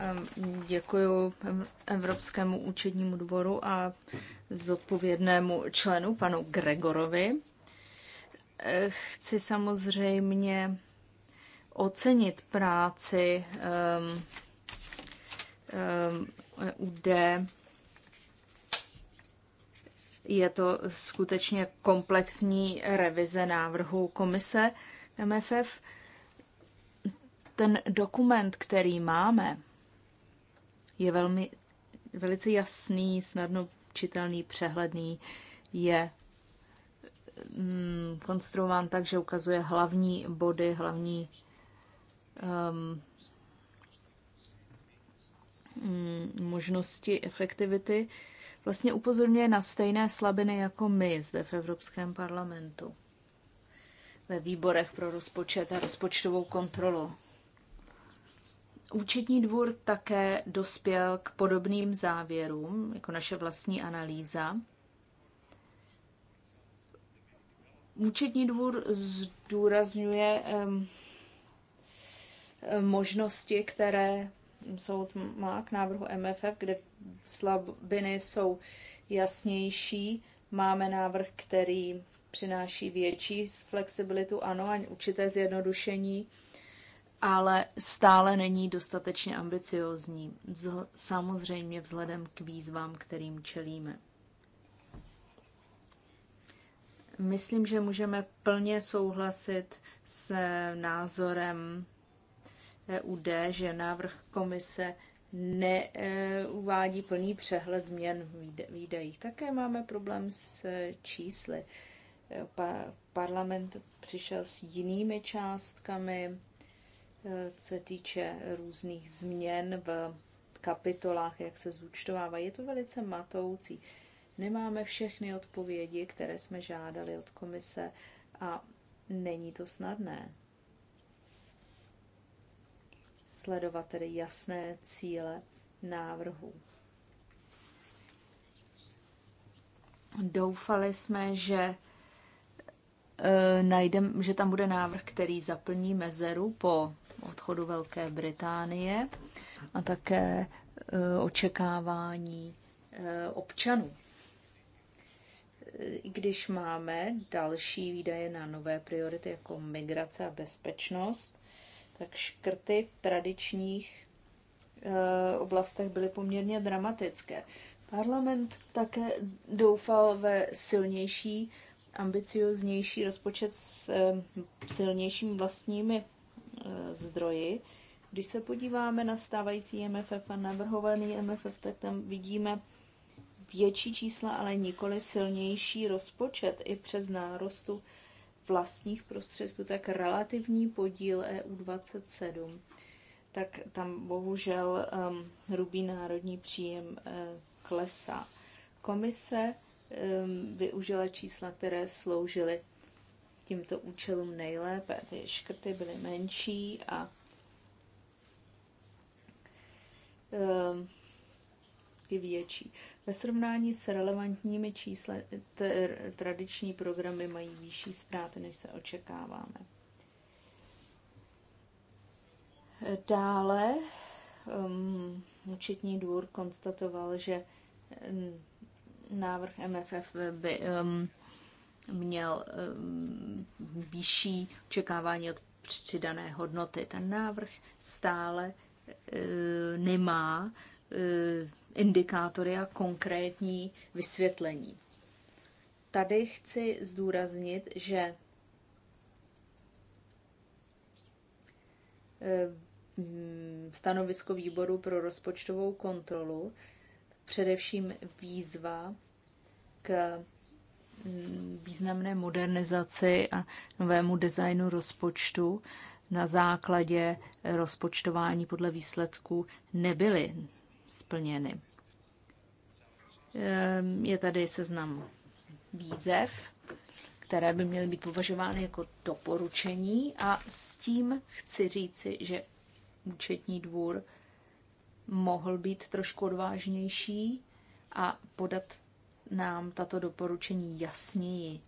Ehm, děkuji Evropskému účetnímu dvoru a zodpovědnému členu, panu Gregorovi. Eh, chci samozřejmě ocenit práci ehm, UD um, je to skutečně komplexní revize návrhu komise MFF. Ten dokument, který máme, je velmi, velice jasný, snadno čitelný, přehledný, je mm, konstruován tak, že ukazuje hlavní body, hlavní um, Mm, možnosti efektivity, vlastně upozorňuje na stejné slabiny jako my zde v Evropském parlamentu ve výborech pro rozpočet a rozpočtovou kontrolu. Účetní dvůr také dospěl k podobným závěrům, jako naše vlastní analýza. Účetní dvůr zdůrazňuje um, možnosti, které soud má k návrhu MFF, kde slabiny jsou jasnější. Máme návrh, který přináší větší flexibilitu, ano, a určité zjednodušení, ale stále není dostatečně ambiciozní, vzhl- samozřejmě vzhledem k výzvám, kterým čelíme. Myslím, že můžeme plně souhlasit s názorem E UD, že návrh komise neuvádí plný přehled změn v výdajích. Také máme problém s čísly. parlament přišel s jinými částkami, e, co se týče různých změn v kapitolách, jak se zúčtovává. Je to velice matoucí. Nemáme všechny odpovědi, které jsme žádali od komise a není to snadné sledovat tedy jasné cíle návrhu. Doufali jsme, že e, najdem, že tam bude návrh, který zaplní mezeru po odchodu Velké Británie a také e, očekávání e, občanů. E, když máme další výdaje na nové priority jako migrace a bezpečnost, tak škrty v tradičních eh, oblastech byly poměrně dramatické. Parlament také doufal ve silnější, ambicioznější rozpočet s eh, silnějšími vlastními eh, zdroji. Když se podíváme na stávající MFF a navrhovaný MFF, tak tam vidíme větší čísla, ale nikoli silnější rozpočet i přes nárostu vlastních prostředků, tak relativní podíl EU27, tak tam bohužel um, hrubý národní příjem uh, klesá. Komise um, využila čísla, které sloužily tímto účelům nejlépe. Ty škrty byly menší a um, je větší. Ve srovnání s relevantními čísly tradiční programy mají vyšší ztráty, než se očekáváme. Dále um, účetní dvůr konstatoval, že um, návrh MFF by um, měl um, vyšší očekávání od přidané hodnoty. Ten návrh stále uh, nemá uh, indikátory a konkrétní vysvětlení. Tady chci zdůraznit, že eh, stanovisko výboru pro rozpočtovou kontrolu, především výzva k mm, významné modernizaci a novému designu rozpočtu na základě rozpočtování podle výsledků nebyly splněny. Ehm, je tady seznam výzev, které by měly být považovány jako doporučení a s tím chci říci, že účetní dvůr mohl být trošku odvážnější a podat nám tato doporučení jasněji,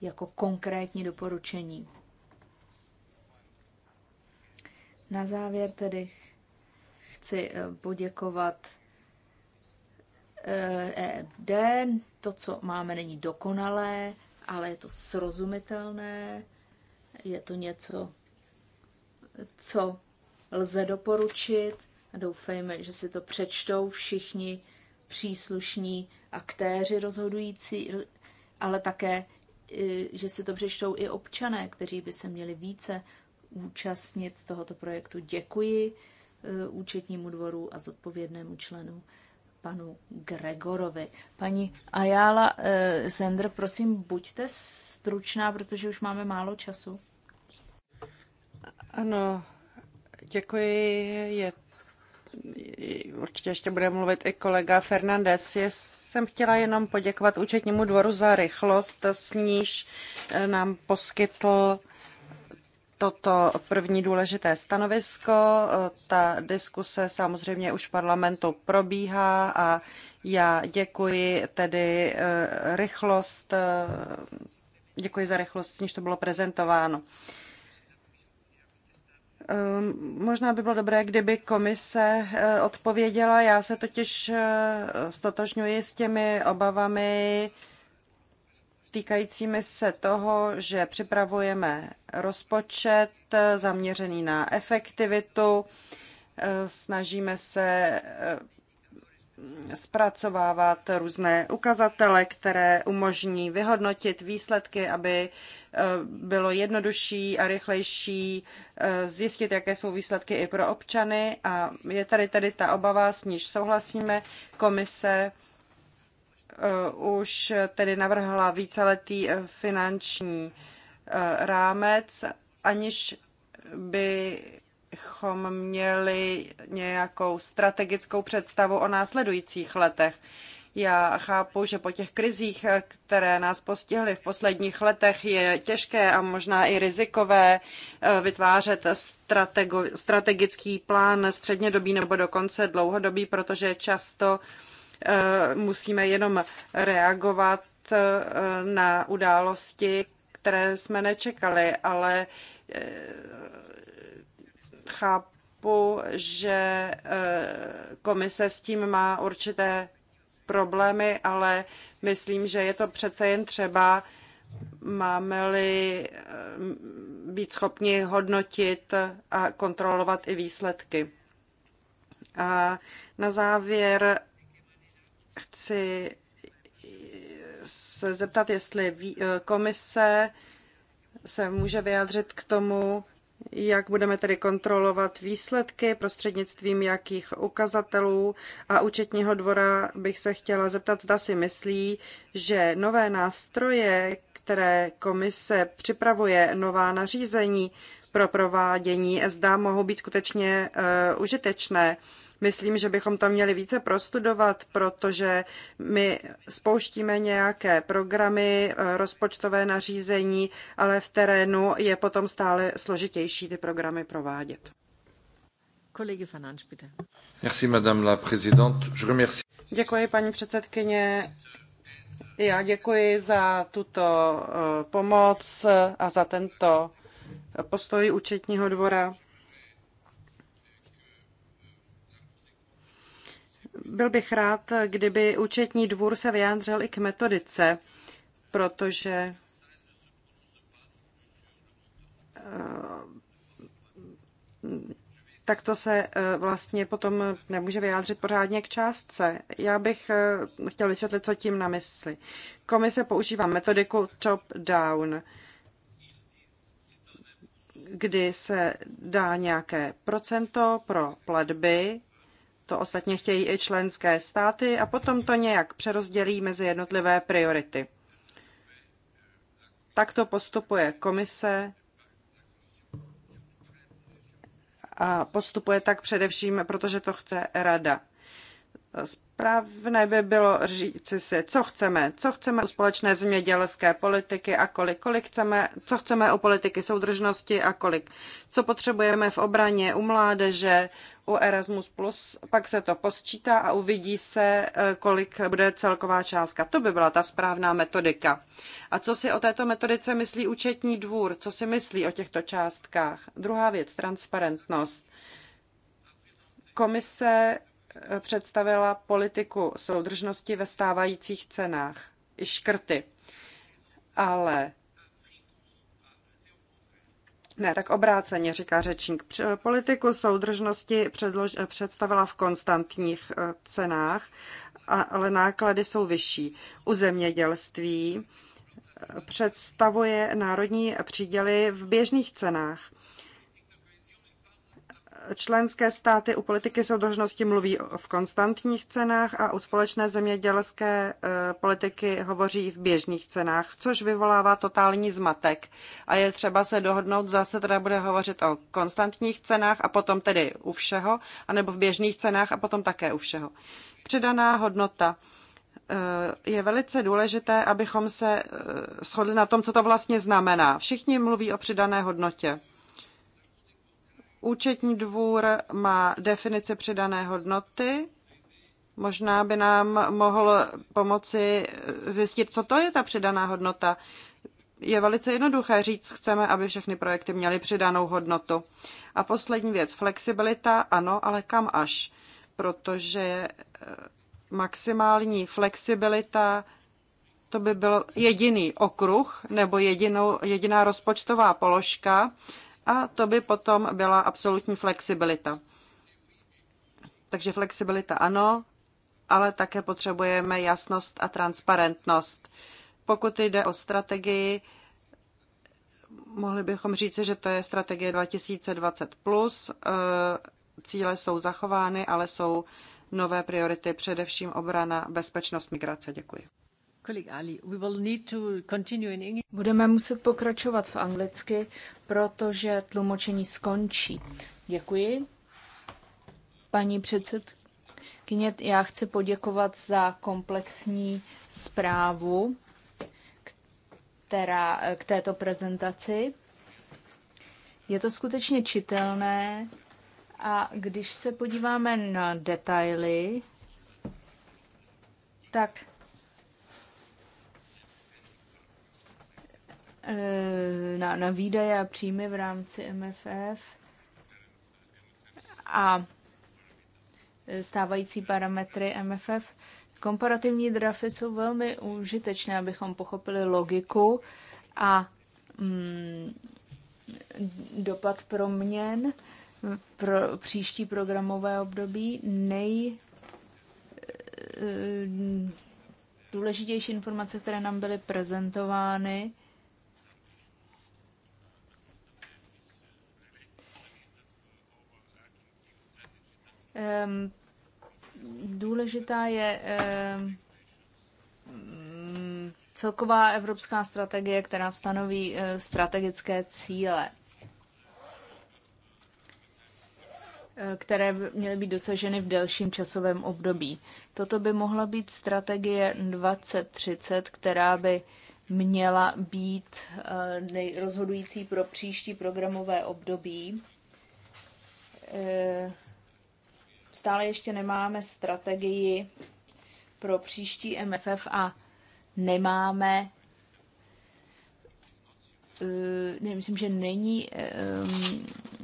jako konkrétní doporučení. Na závěr tedy chci eh, poděkovat EFD. Eh, e to, co máme, není dokonalé, ale je to srozumitelné. Je to něco, co lze doporučit. doufejme, že si to přečtou všichni příslušní aktéři rozhodující, ale také, eh, že si to přečtou i občané, kteří by se měli více účastnit tohoto projektu. Děkuji Eh, účetnímu dvoru a zodpovědnému členu panu Gregorovi. Paní Ayala eh, Sender, prosím, buďte stručná, protože už máme málo času. Ano, děkuji. Je, určitě ještě bude mluvit i kolega Fernandez. Jsem chtěla jenom poděkovat účetnímu dvoru za rychlost, s níž eh, nám poskytl toto první důležité stanovisko. Ta diskuse samozřejmě už v parlamentu probíhá a já děkuji tedy eh, rychlost, eh, děkuji za rychlost, s níž to bylo prezentováno. Eh, možná by bylo dobré, kdyby komise odpověděla. Já se totiž stotožňuji s těmi obavami, týkajícími se toho, že připravujeme rozpočet zaměřený na efektivitu, snažíme se eh, zpracovávat různé ukazatele, které umožní vyhodnotit výsledky, aby eh, bylo jednodušší a rychlejší eh, zjistit, jaké jsou výsledky i pro občany. A je tady tedy ta obava, s níž souhlasíme komise Eh, už tedy navrhla víceletý eh, finanční eh, rámec, aniž bychom měli nějakou strategickou představu o následujících letech. Já chápu, že po těch krizích, které nás postihly v posledních letech, je těžké a možná i rizikové vytvářet strategický plán střednědobý nebo dokonce dlouhodobý, protože často uh, Eh, musíme jenom reagovat eh, na události, které jsme nečekali, ale eh, chápu, že komise s tím má určité problémy, ale myslím, že je to přece jen třeba, máme-li být schopni hodnotit a kontrolovat i výsledky. A na závěr chci eh, se zeptat, jestli eh, komise se může vyjádřit k tomu, jak budeme tedy kontrolovat výsledky, prostřednictvím jakých ukazatelů a účetního dvora bych se chtěla zeptat, zda si myslí, že nové nástroje, které komise připravuje, nová nařízení pro provádění, zda mohou být skutečně uh, užitečné. Uh, Myslím, že bychom to měli více prostudovat, protože my spouštíme nějaké programy, eh, rozpočtové nařízení, ale v terénu je potom stále složitější ty programy provádět. Kolegy Fananč, bitte. Merci, madame la présidente. Děkuji, paní předsedkyně. Já děkuji za tuto eh, pomoc a za tento postoj účetního dvora. byl bych rád, kdyby účetní dvůr se vyjádřil i k metodice, protože eh, takto se eh, vlastně potom nemůže vyjádřit pořádně k částce. Já bych eh, chtěl vysvětlit, co tím na mysli. Komise používá metodiku top-down, kdy se dá nějaké procento pro platby to ostatně chtějí i členské státy, a potom to nějak přerozdělí mezi jednotlivé priority. Takto postupuje komise a postupuje tak především, protože to chce rada správné by bylo říci si, co chceme, co chceme u společné zemědělské politiky a kolik, kolik chceme, co chceme u politiky soudržnosti a kolik, co potřebujeme v obraně u mládeže, u Erasmus+, plus, pak se to posčítá a uvidí se, eh, kolik bude celková částka. To by byla ta správná metodika. A co si o této metodice myslí účetní dvůr? Co si myslí o těchto částkách? Druhá věc, transparentnost. Komise představila politiku soudržnosti ve stávajících cenách i škrty. Ale ne, tak obráceně, říká řečník. Politiku soudržnosti předlož, představila v konstantních eh, cenách, ale náklady jsou vyšší. U zemědělství eh, představuje národní příděly v běžných cenách členské státy u politiky soudržnosti mluví v konstantních cenách a u společné zemědělské e, politiky hovoří v běžných cenách, což vyvolává totální zmatek. A je třeba se dohodnout, zase teda bude hovořit o konstantních cenách a potom tedy u všeho, anebo v běžných cenách a potom také u všeho. Přidaná hodnota e, je velice důležité, abychom se e, shodli na tom, co to vlastně znamená. Všichni mluví o přidané hodnotě. Účetní dvůr má definici přidané hodnoty. Možná by nám mohl pomoci zjistit, co to je ta přidaná hodnota. Je velice jednoduché říct, chceme, aby všechny projekty měly přidanou hodnotu. A poslední věc, flexibilita, ano, ale kam až? Protože eh, maximální flexibilita to by byl jediný okruh nebo jedinou, jediná rozpočtová položka, a to by potom byla absolutní flexibilita. Takže flexibilita ano, ale také potřebujeme jasnost a transparentnost. Pokud jde o strategii, mohli bychom říci, že to je strategie 2020 plus. Eh, cíle jsou zachovány, ale jsou nové priority, především obrana, bezpečnost, migrace. Děkuji. Budeme muset pokračovat v anglicky, protože tlumočení skončí. Děkuji. Paní předsedkyně, já chci poděkovat za komplexní zprávu která, k této prezentaci. Je to skutečně čitelné a když se podíváme na detaily, tak Eh, na, na výdaje a příjmy v rámci MFF a eh, stávající parametry MFF. Komparativní grafy jsou velmi užitečné, abychom pochopili logiku a mm, dopad proměn pro příští programové období. Nej, eh, důležitější informace, které nám byly prezentovány, důležitá je mm, celková evropská strategie, která stanoví eh, strategické cíle, eh, které měly být dosaženy v delším časovém období. Toto by mohla být strategie 2030, která by měla být eh, rozhodující pro příští programové období stále ještě nemáme strategii pro příští MFF a nemáme, eh, ne, myslím, že není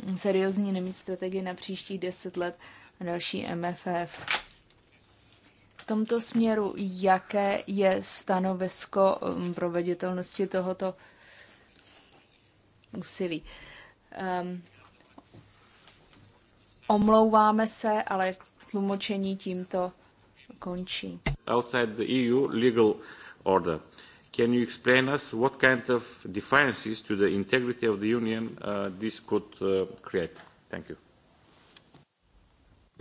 um, seriózní nemít strategii na příští 10 let a další MFF. V tomto směru, jaké je stanovisko mm, proveditelnosti tohoto úsilí? Um, Omlouváme se, ale tlumočení tímto končí. Outside the EU legal order. Can you explain us what kind of defiances to the integrity of the Union uh, this could uh, create? Thank you.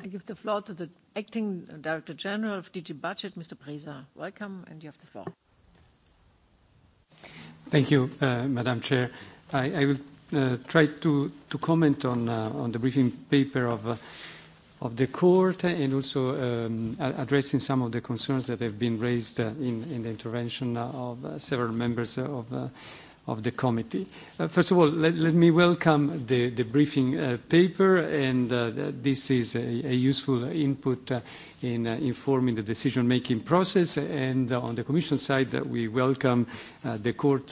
I give the floor to the Acting Director General of DG Budget, Mr. Preza. Welcome, and you have the floor. Thank you, uh, Madam Chair. I, I will uh, try to, to comment on, uh, on the briefing paper of, uh, of the court and also um, addressing some of the concerns that have been raised uh, in, in the intervention of uh, several members of, uh, of the committee. Uh, first of all, let, let me welcome the, the briefing uh, paper, and uh, this is a, a useful input uh, in uh, informing the decision-making process. And uh, on the Commission side, we welcome the court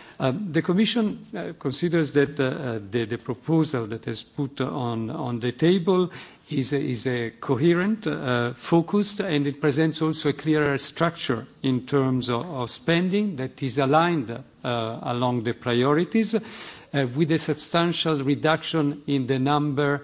Uh, the Commission uh, considers that uh, uh, the, the proposal that is put on, on the table is a, is a coherent, uh, focused, and it presents also a clearer structure in terms of, of spending that is aligned uh, along the priorities, with a substantial reduction in the number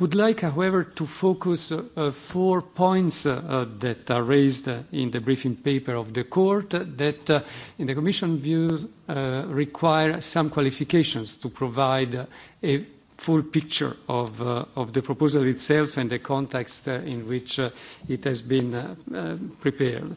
would like, however, to focus uh, uh four points uh, uh, that are raised uh, in the briefing paper of the court that, uh, in the commission views, require some qualifications to provide a full picture of, of the proposal itself and the context in which it has been prepared.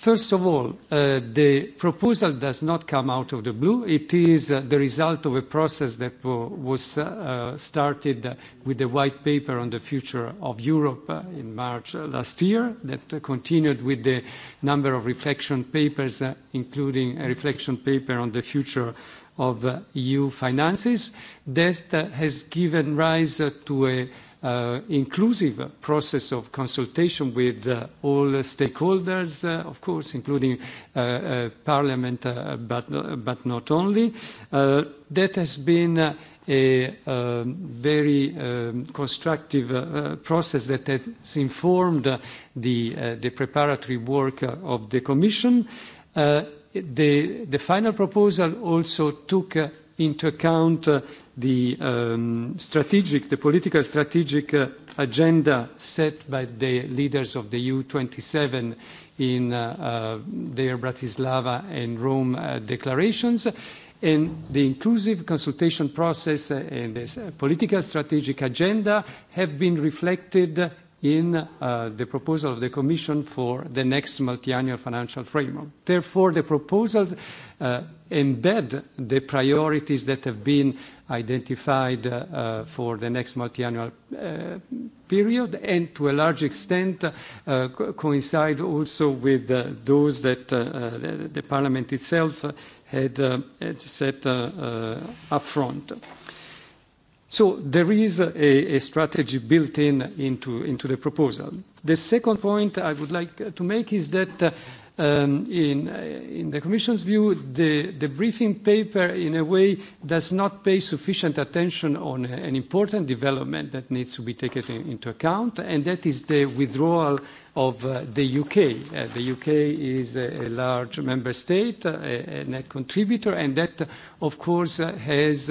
First of all, uh, the proposal does not come out of the blue. It is uh, the result of a process that was uh, started with the white paper on the future of Europe in March last year, that continued with the number of reflection papers, including a reflection paper on the future of EU finances, that has given rise to a Uh, inclusive process of consultation with uh, all stakeholders, uh, of course, including Parliament, but, not only. That has been a very um, constructive process that has informed the, preparatory work of the Commission. the final proposal also took into account the um, strategic, the political strategic uh, agenda set by the leaders of the EU27 in uh, uh, their Bratislava and Rome uh, declarations, and the inclusive consultation process and this political strategic agenda have been reflected in uh, the proposal of the Commission for the next multiannual financial framework. Therefore, the proposals uh, embed the priorities that have been identified uh, uh for the next multiannual uh, period and to a large extent uh, co coincide also with uh, those that uh, uh the, the Parliament itself had, uh, had set uh, uh, up front. So there is a, strategy built in into, into the proposal. The second point I would like to make is that uh, um, in, uh, in the Commission's view, the, the briefing paper, in a way, does not pay sufficient attention on an important development that needs to be taken into account, and that is the withdrawal of uh, the U.K. the U.K. is a large member state, a net contributor, and that, of course, has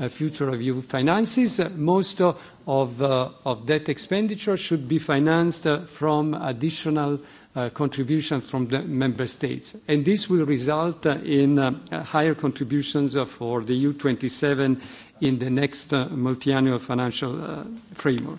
Uh, future of EU finances. Uh, most of, that uh, expenditure should be financed from additional contributions from the member states. This will result in higher contributions for the EU 27 in the next multi-annual financial framework.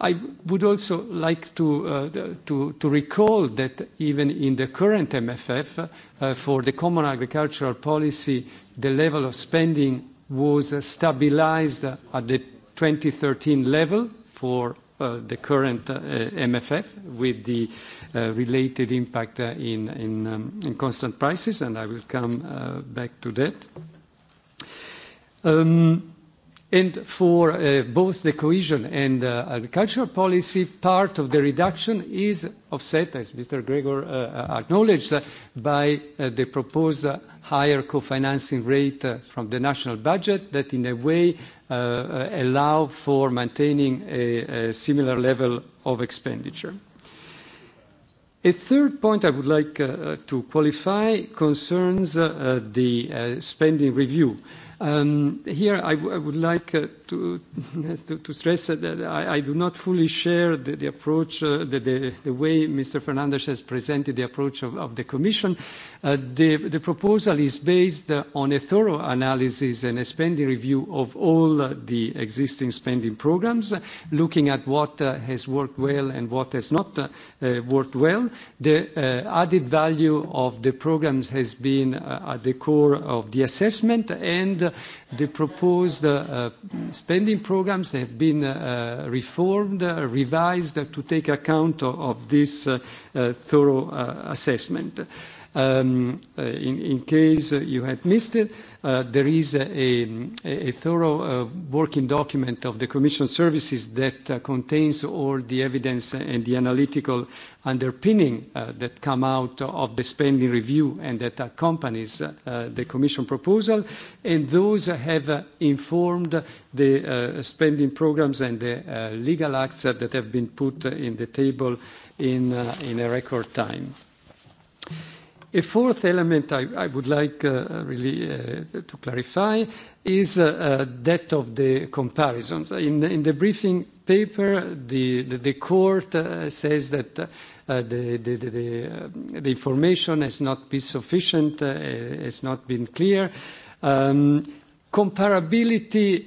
I would also like to, uh, to, to recall that even in the current MFF, uh, for the common agricultural policy, the level of spending was uh, stabilized at the 2013 level for Uh, the current uh, MFF with the uh, related impact uh, in, in, um, in constant prices, and I will come uh, back to that. Um, And for uh, both the cohesion and uh, agricultural policy, part of the reduction is offset, as Mr. Gregor uh, uh acknowledged, uh, by uh, the proposed higher co-financing rate from the national budget that in a way allow for maintaining a, a similar level of expenditure. A third point I would like uh, to qualify concerns uh, the uh, spending review. Um, here, I, w I would like uh, to, to, to stress that I, I do not fully share the, the approach, uh, the, the, the way Mr. Fernandez has presented the approach of, of the Commission. Uh, the, the proposal is based uh, on a thorough analysis and a spending review of all uh, the existing spending programs, looking at what uh, has worked well and what has not worked well. The added value of the programs has been at the core of the assessment, and The proposed uh, spending programs have been uh, reformed, uh, revised to take account of, of this thorough assessment. Um, in, in case you had missed it, Uh, there is a, thorough uh, working document of the Commission services that uh, contains all the evidence and the analytical underpinning that come out of the spending review and that accompanies the Commission proposal, and those have informed the spending programs and the legal acts that have been put in the table in a record time. A fourth element I, I would like uh, really uh, to clarify is uh, uh, that of the comparisons. In, in the briefing paper, the, the, the court uh, says that uh, the, the the, the, uh, information has not been sufficient, uh, has not been clear. Um, comparability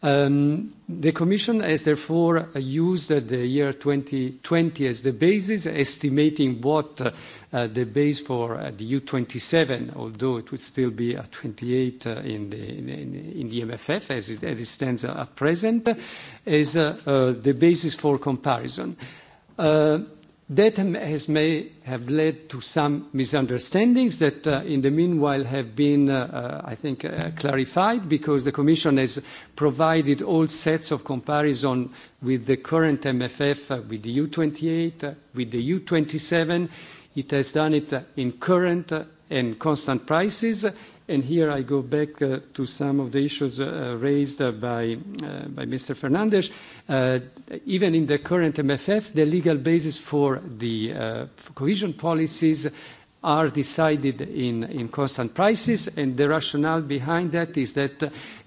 Um, the Commission has therefore used the year 2020 as the basis, estimating what uh, uh, the base for uh, the EU27, although it would still be at 28 in, the, MFF as it, stands at present, is the basis for comparison. That has may have led to some misunderstandings that, uh, in the meanwhile, have been, uh, uh, I think, uh, clarified because the Commission has provided all sets of comparison with the current MFF, uh, with the EU28, uh, with the EU27. It has done it in current and constant prices And here I go back uh, to some of the issues uh, raised uh, by, Mr. Fernandes. Even in the current MFF, the legal basis for the cohesion policies are decided in, in constant prices, and the rationale behind that is that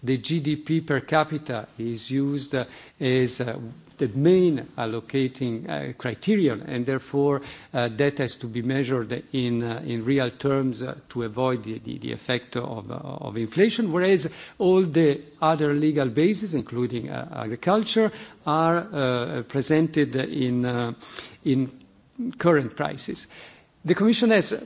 the GDP per capita is used as the main allocating uh, criterion, and therefore uh, that has to be measured in, uh, in real terms uh, to avoid the, the, the effect of, uh, of inflation, whereas all the other legal bases, including uh, agriculture, are uh, presented in, uh, in current prices. The Commission has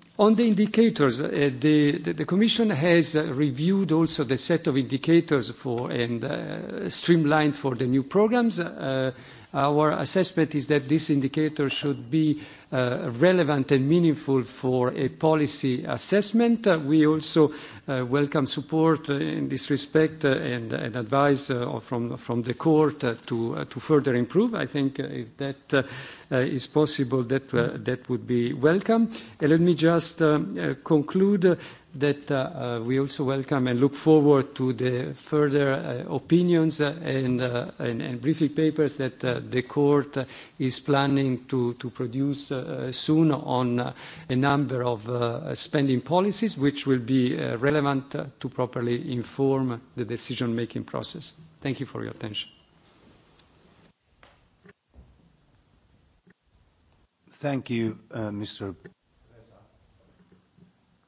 On the indicators, uh, the, Commission has uh, reviewed also the set of indicators for and uh, streamlined for the new programs. our assessment is that this indicator should be relevant and meaningful for a policy assessment. we also Uh, welcome support uh, in this respect uh, and, advice from, from the court to, to further improve. I think if that is possible, that, that would be welcome. let me just um, conclude that uh, uh, we also welcome and look forward to the further uh, opinions uh, and, uh, and, and briefing papers that uh, the court is planning to, to produce soon on a number of spending policies, which will be relevant to properly inform the decision-making process. Thank you for your attention. Thank you, Mr.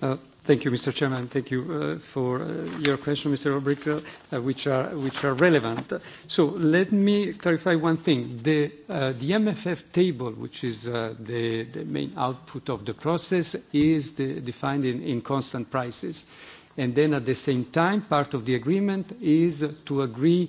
Uh, thank you, Mr. Chairman. Thank you uh, for uh, your question, Mr. Obrick, which, are, relevant. So let me clarify one thing. The, MFF table, which is the, main output of the process, is defined in, in constant prices. And then at the same time, part of the agreement is to agree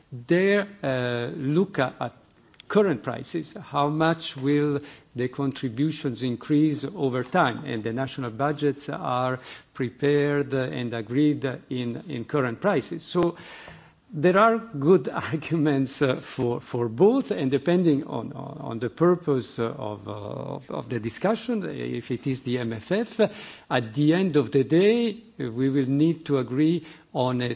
there uh, look at current prices, how much will the contributions increase over time? And the national budgets are prepared and agreed in, in current prices. So there are good arguments for, for both, and depending on, on, the purpose of, of, of the discussion, if it is the MFF, at the end of the day, we will need to agree on a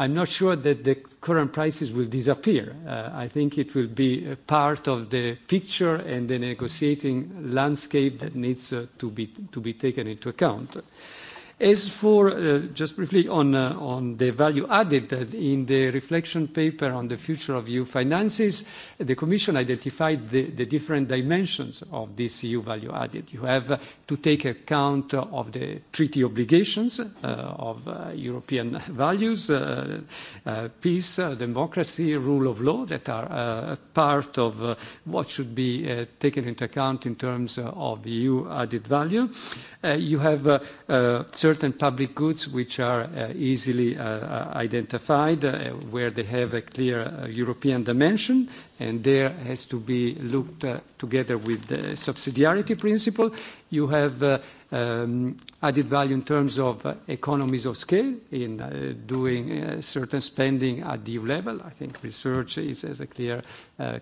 I'm not sure that the current prices will disappear. Uh, I think it will be a part of the picture and the negotiating landscape that needs uh, to, be, to be taken into account. As for, uh, just briefly on, uh, on the value added, uh, in the reflection paper on the future of EU finances, the Commission identified the, the different dimensions of this EU value added. You have to take account of the treaty obligations uh, of uh, European values, uh, uh peace, uh, democracy, rule of law that are uh, part of what should be taken into account in terms of EU added value. You have certain public goods which are easily identified where they have a clear European dimension and there has to be looked uh, together with the subsidiarity principle. You have uh, um, added value in terms of uh, economies of scale in doing certain spending at the EU level. I think research is a clear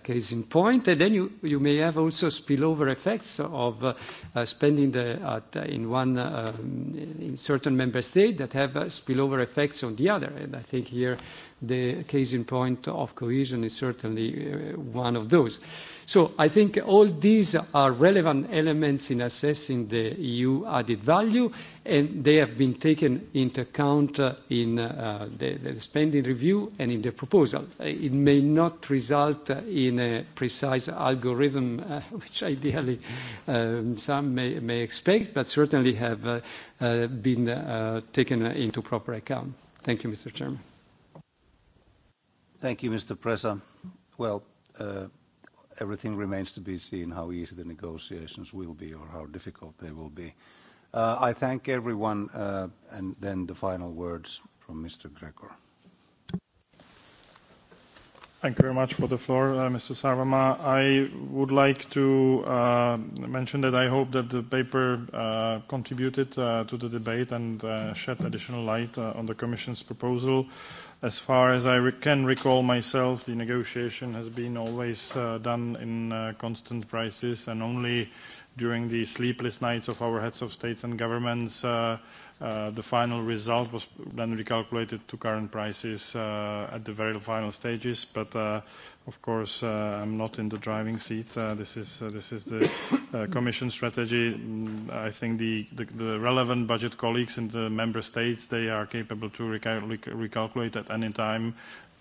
case in point. And then you, may have also spillover effects of spending at, in one um, in certain member state that have spillover effects on the other. And I think here The case in point of cohesion is certainly uh, one of those. So I think all these are relevant elements in assessing the EU added value, and they have been taken into account uh, in uh, the, the spending review and in the proposal. Uh, it may not result in a precise algorithm, uh, which ideally um, some may, may expect, but certainly have uh, been taken into proper account. Thank you, Mr. Chairman. Thank you, Mr. Presa. Well, uh, everything remains to be seen how easy the negotiations will be or how difficult they will be. Uh, I thank everyone, uh, and then the final words from Mr. Gregor. Thank you very much for the floor, uh, Mr. Sarvamaa. I would like to uh, mention that I hope that the paper uh, contributed uh, to the debate and uh, shed additional light uh, on the Commission's proposal as far as I re can recall myself, the negotiation has been always uh, done in uh, constant prices and only during the sleepless nights of our heads of states and governments uh, Uh, the final result was then recalculated to current prices uh, at the very final stages. But uh, of course, I'm not in the driving seat. This is, this is the commission strategy. Mm, I think the, relevant budget colleagues in the member states, they are capable to recalculate at any time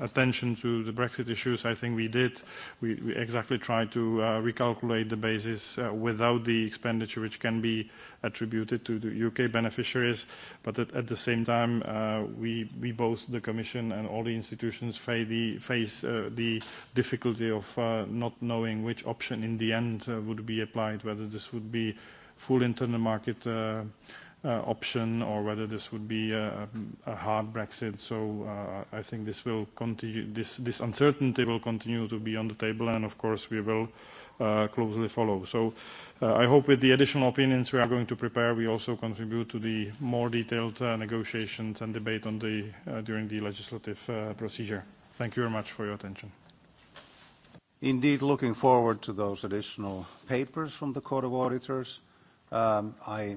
attention to the Brexit issues, I think we did. We, we exactly tried to uh, recalculate the basis uh, without the expenditure which can be attributed to the U.K. beneficiaries. But at, at the same time, uh, we, we both, the Commission and all the institutions, face the, face, uh, the difficulty of uh, not knowing which option in the end uh, would be applied, whether this would be full internal market Uh, option or whether this would be a, a hard Brexit. So uh, I think this will continue. This, this uncertainty will continue to be on the table, and of course, we will uh, closely follow. So uh, I hope with the additional opinions we are going to prepare, we also contribute to the more detailed uh, negotiations and debate on the uh, during the legislative procedure. Thank you very much for your attention. Indeed, looking forward to those additional papers from the Court of Auditors. Um, I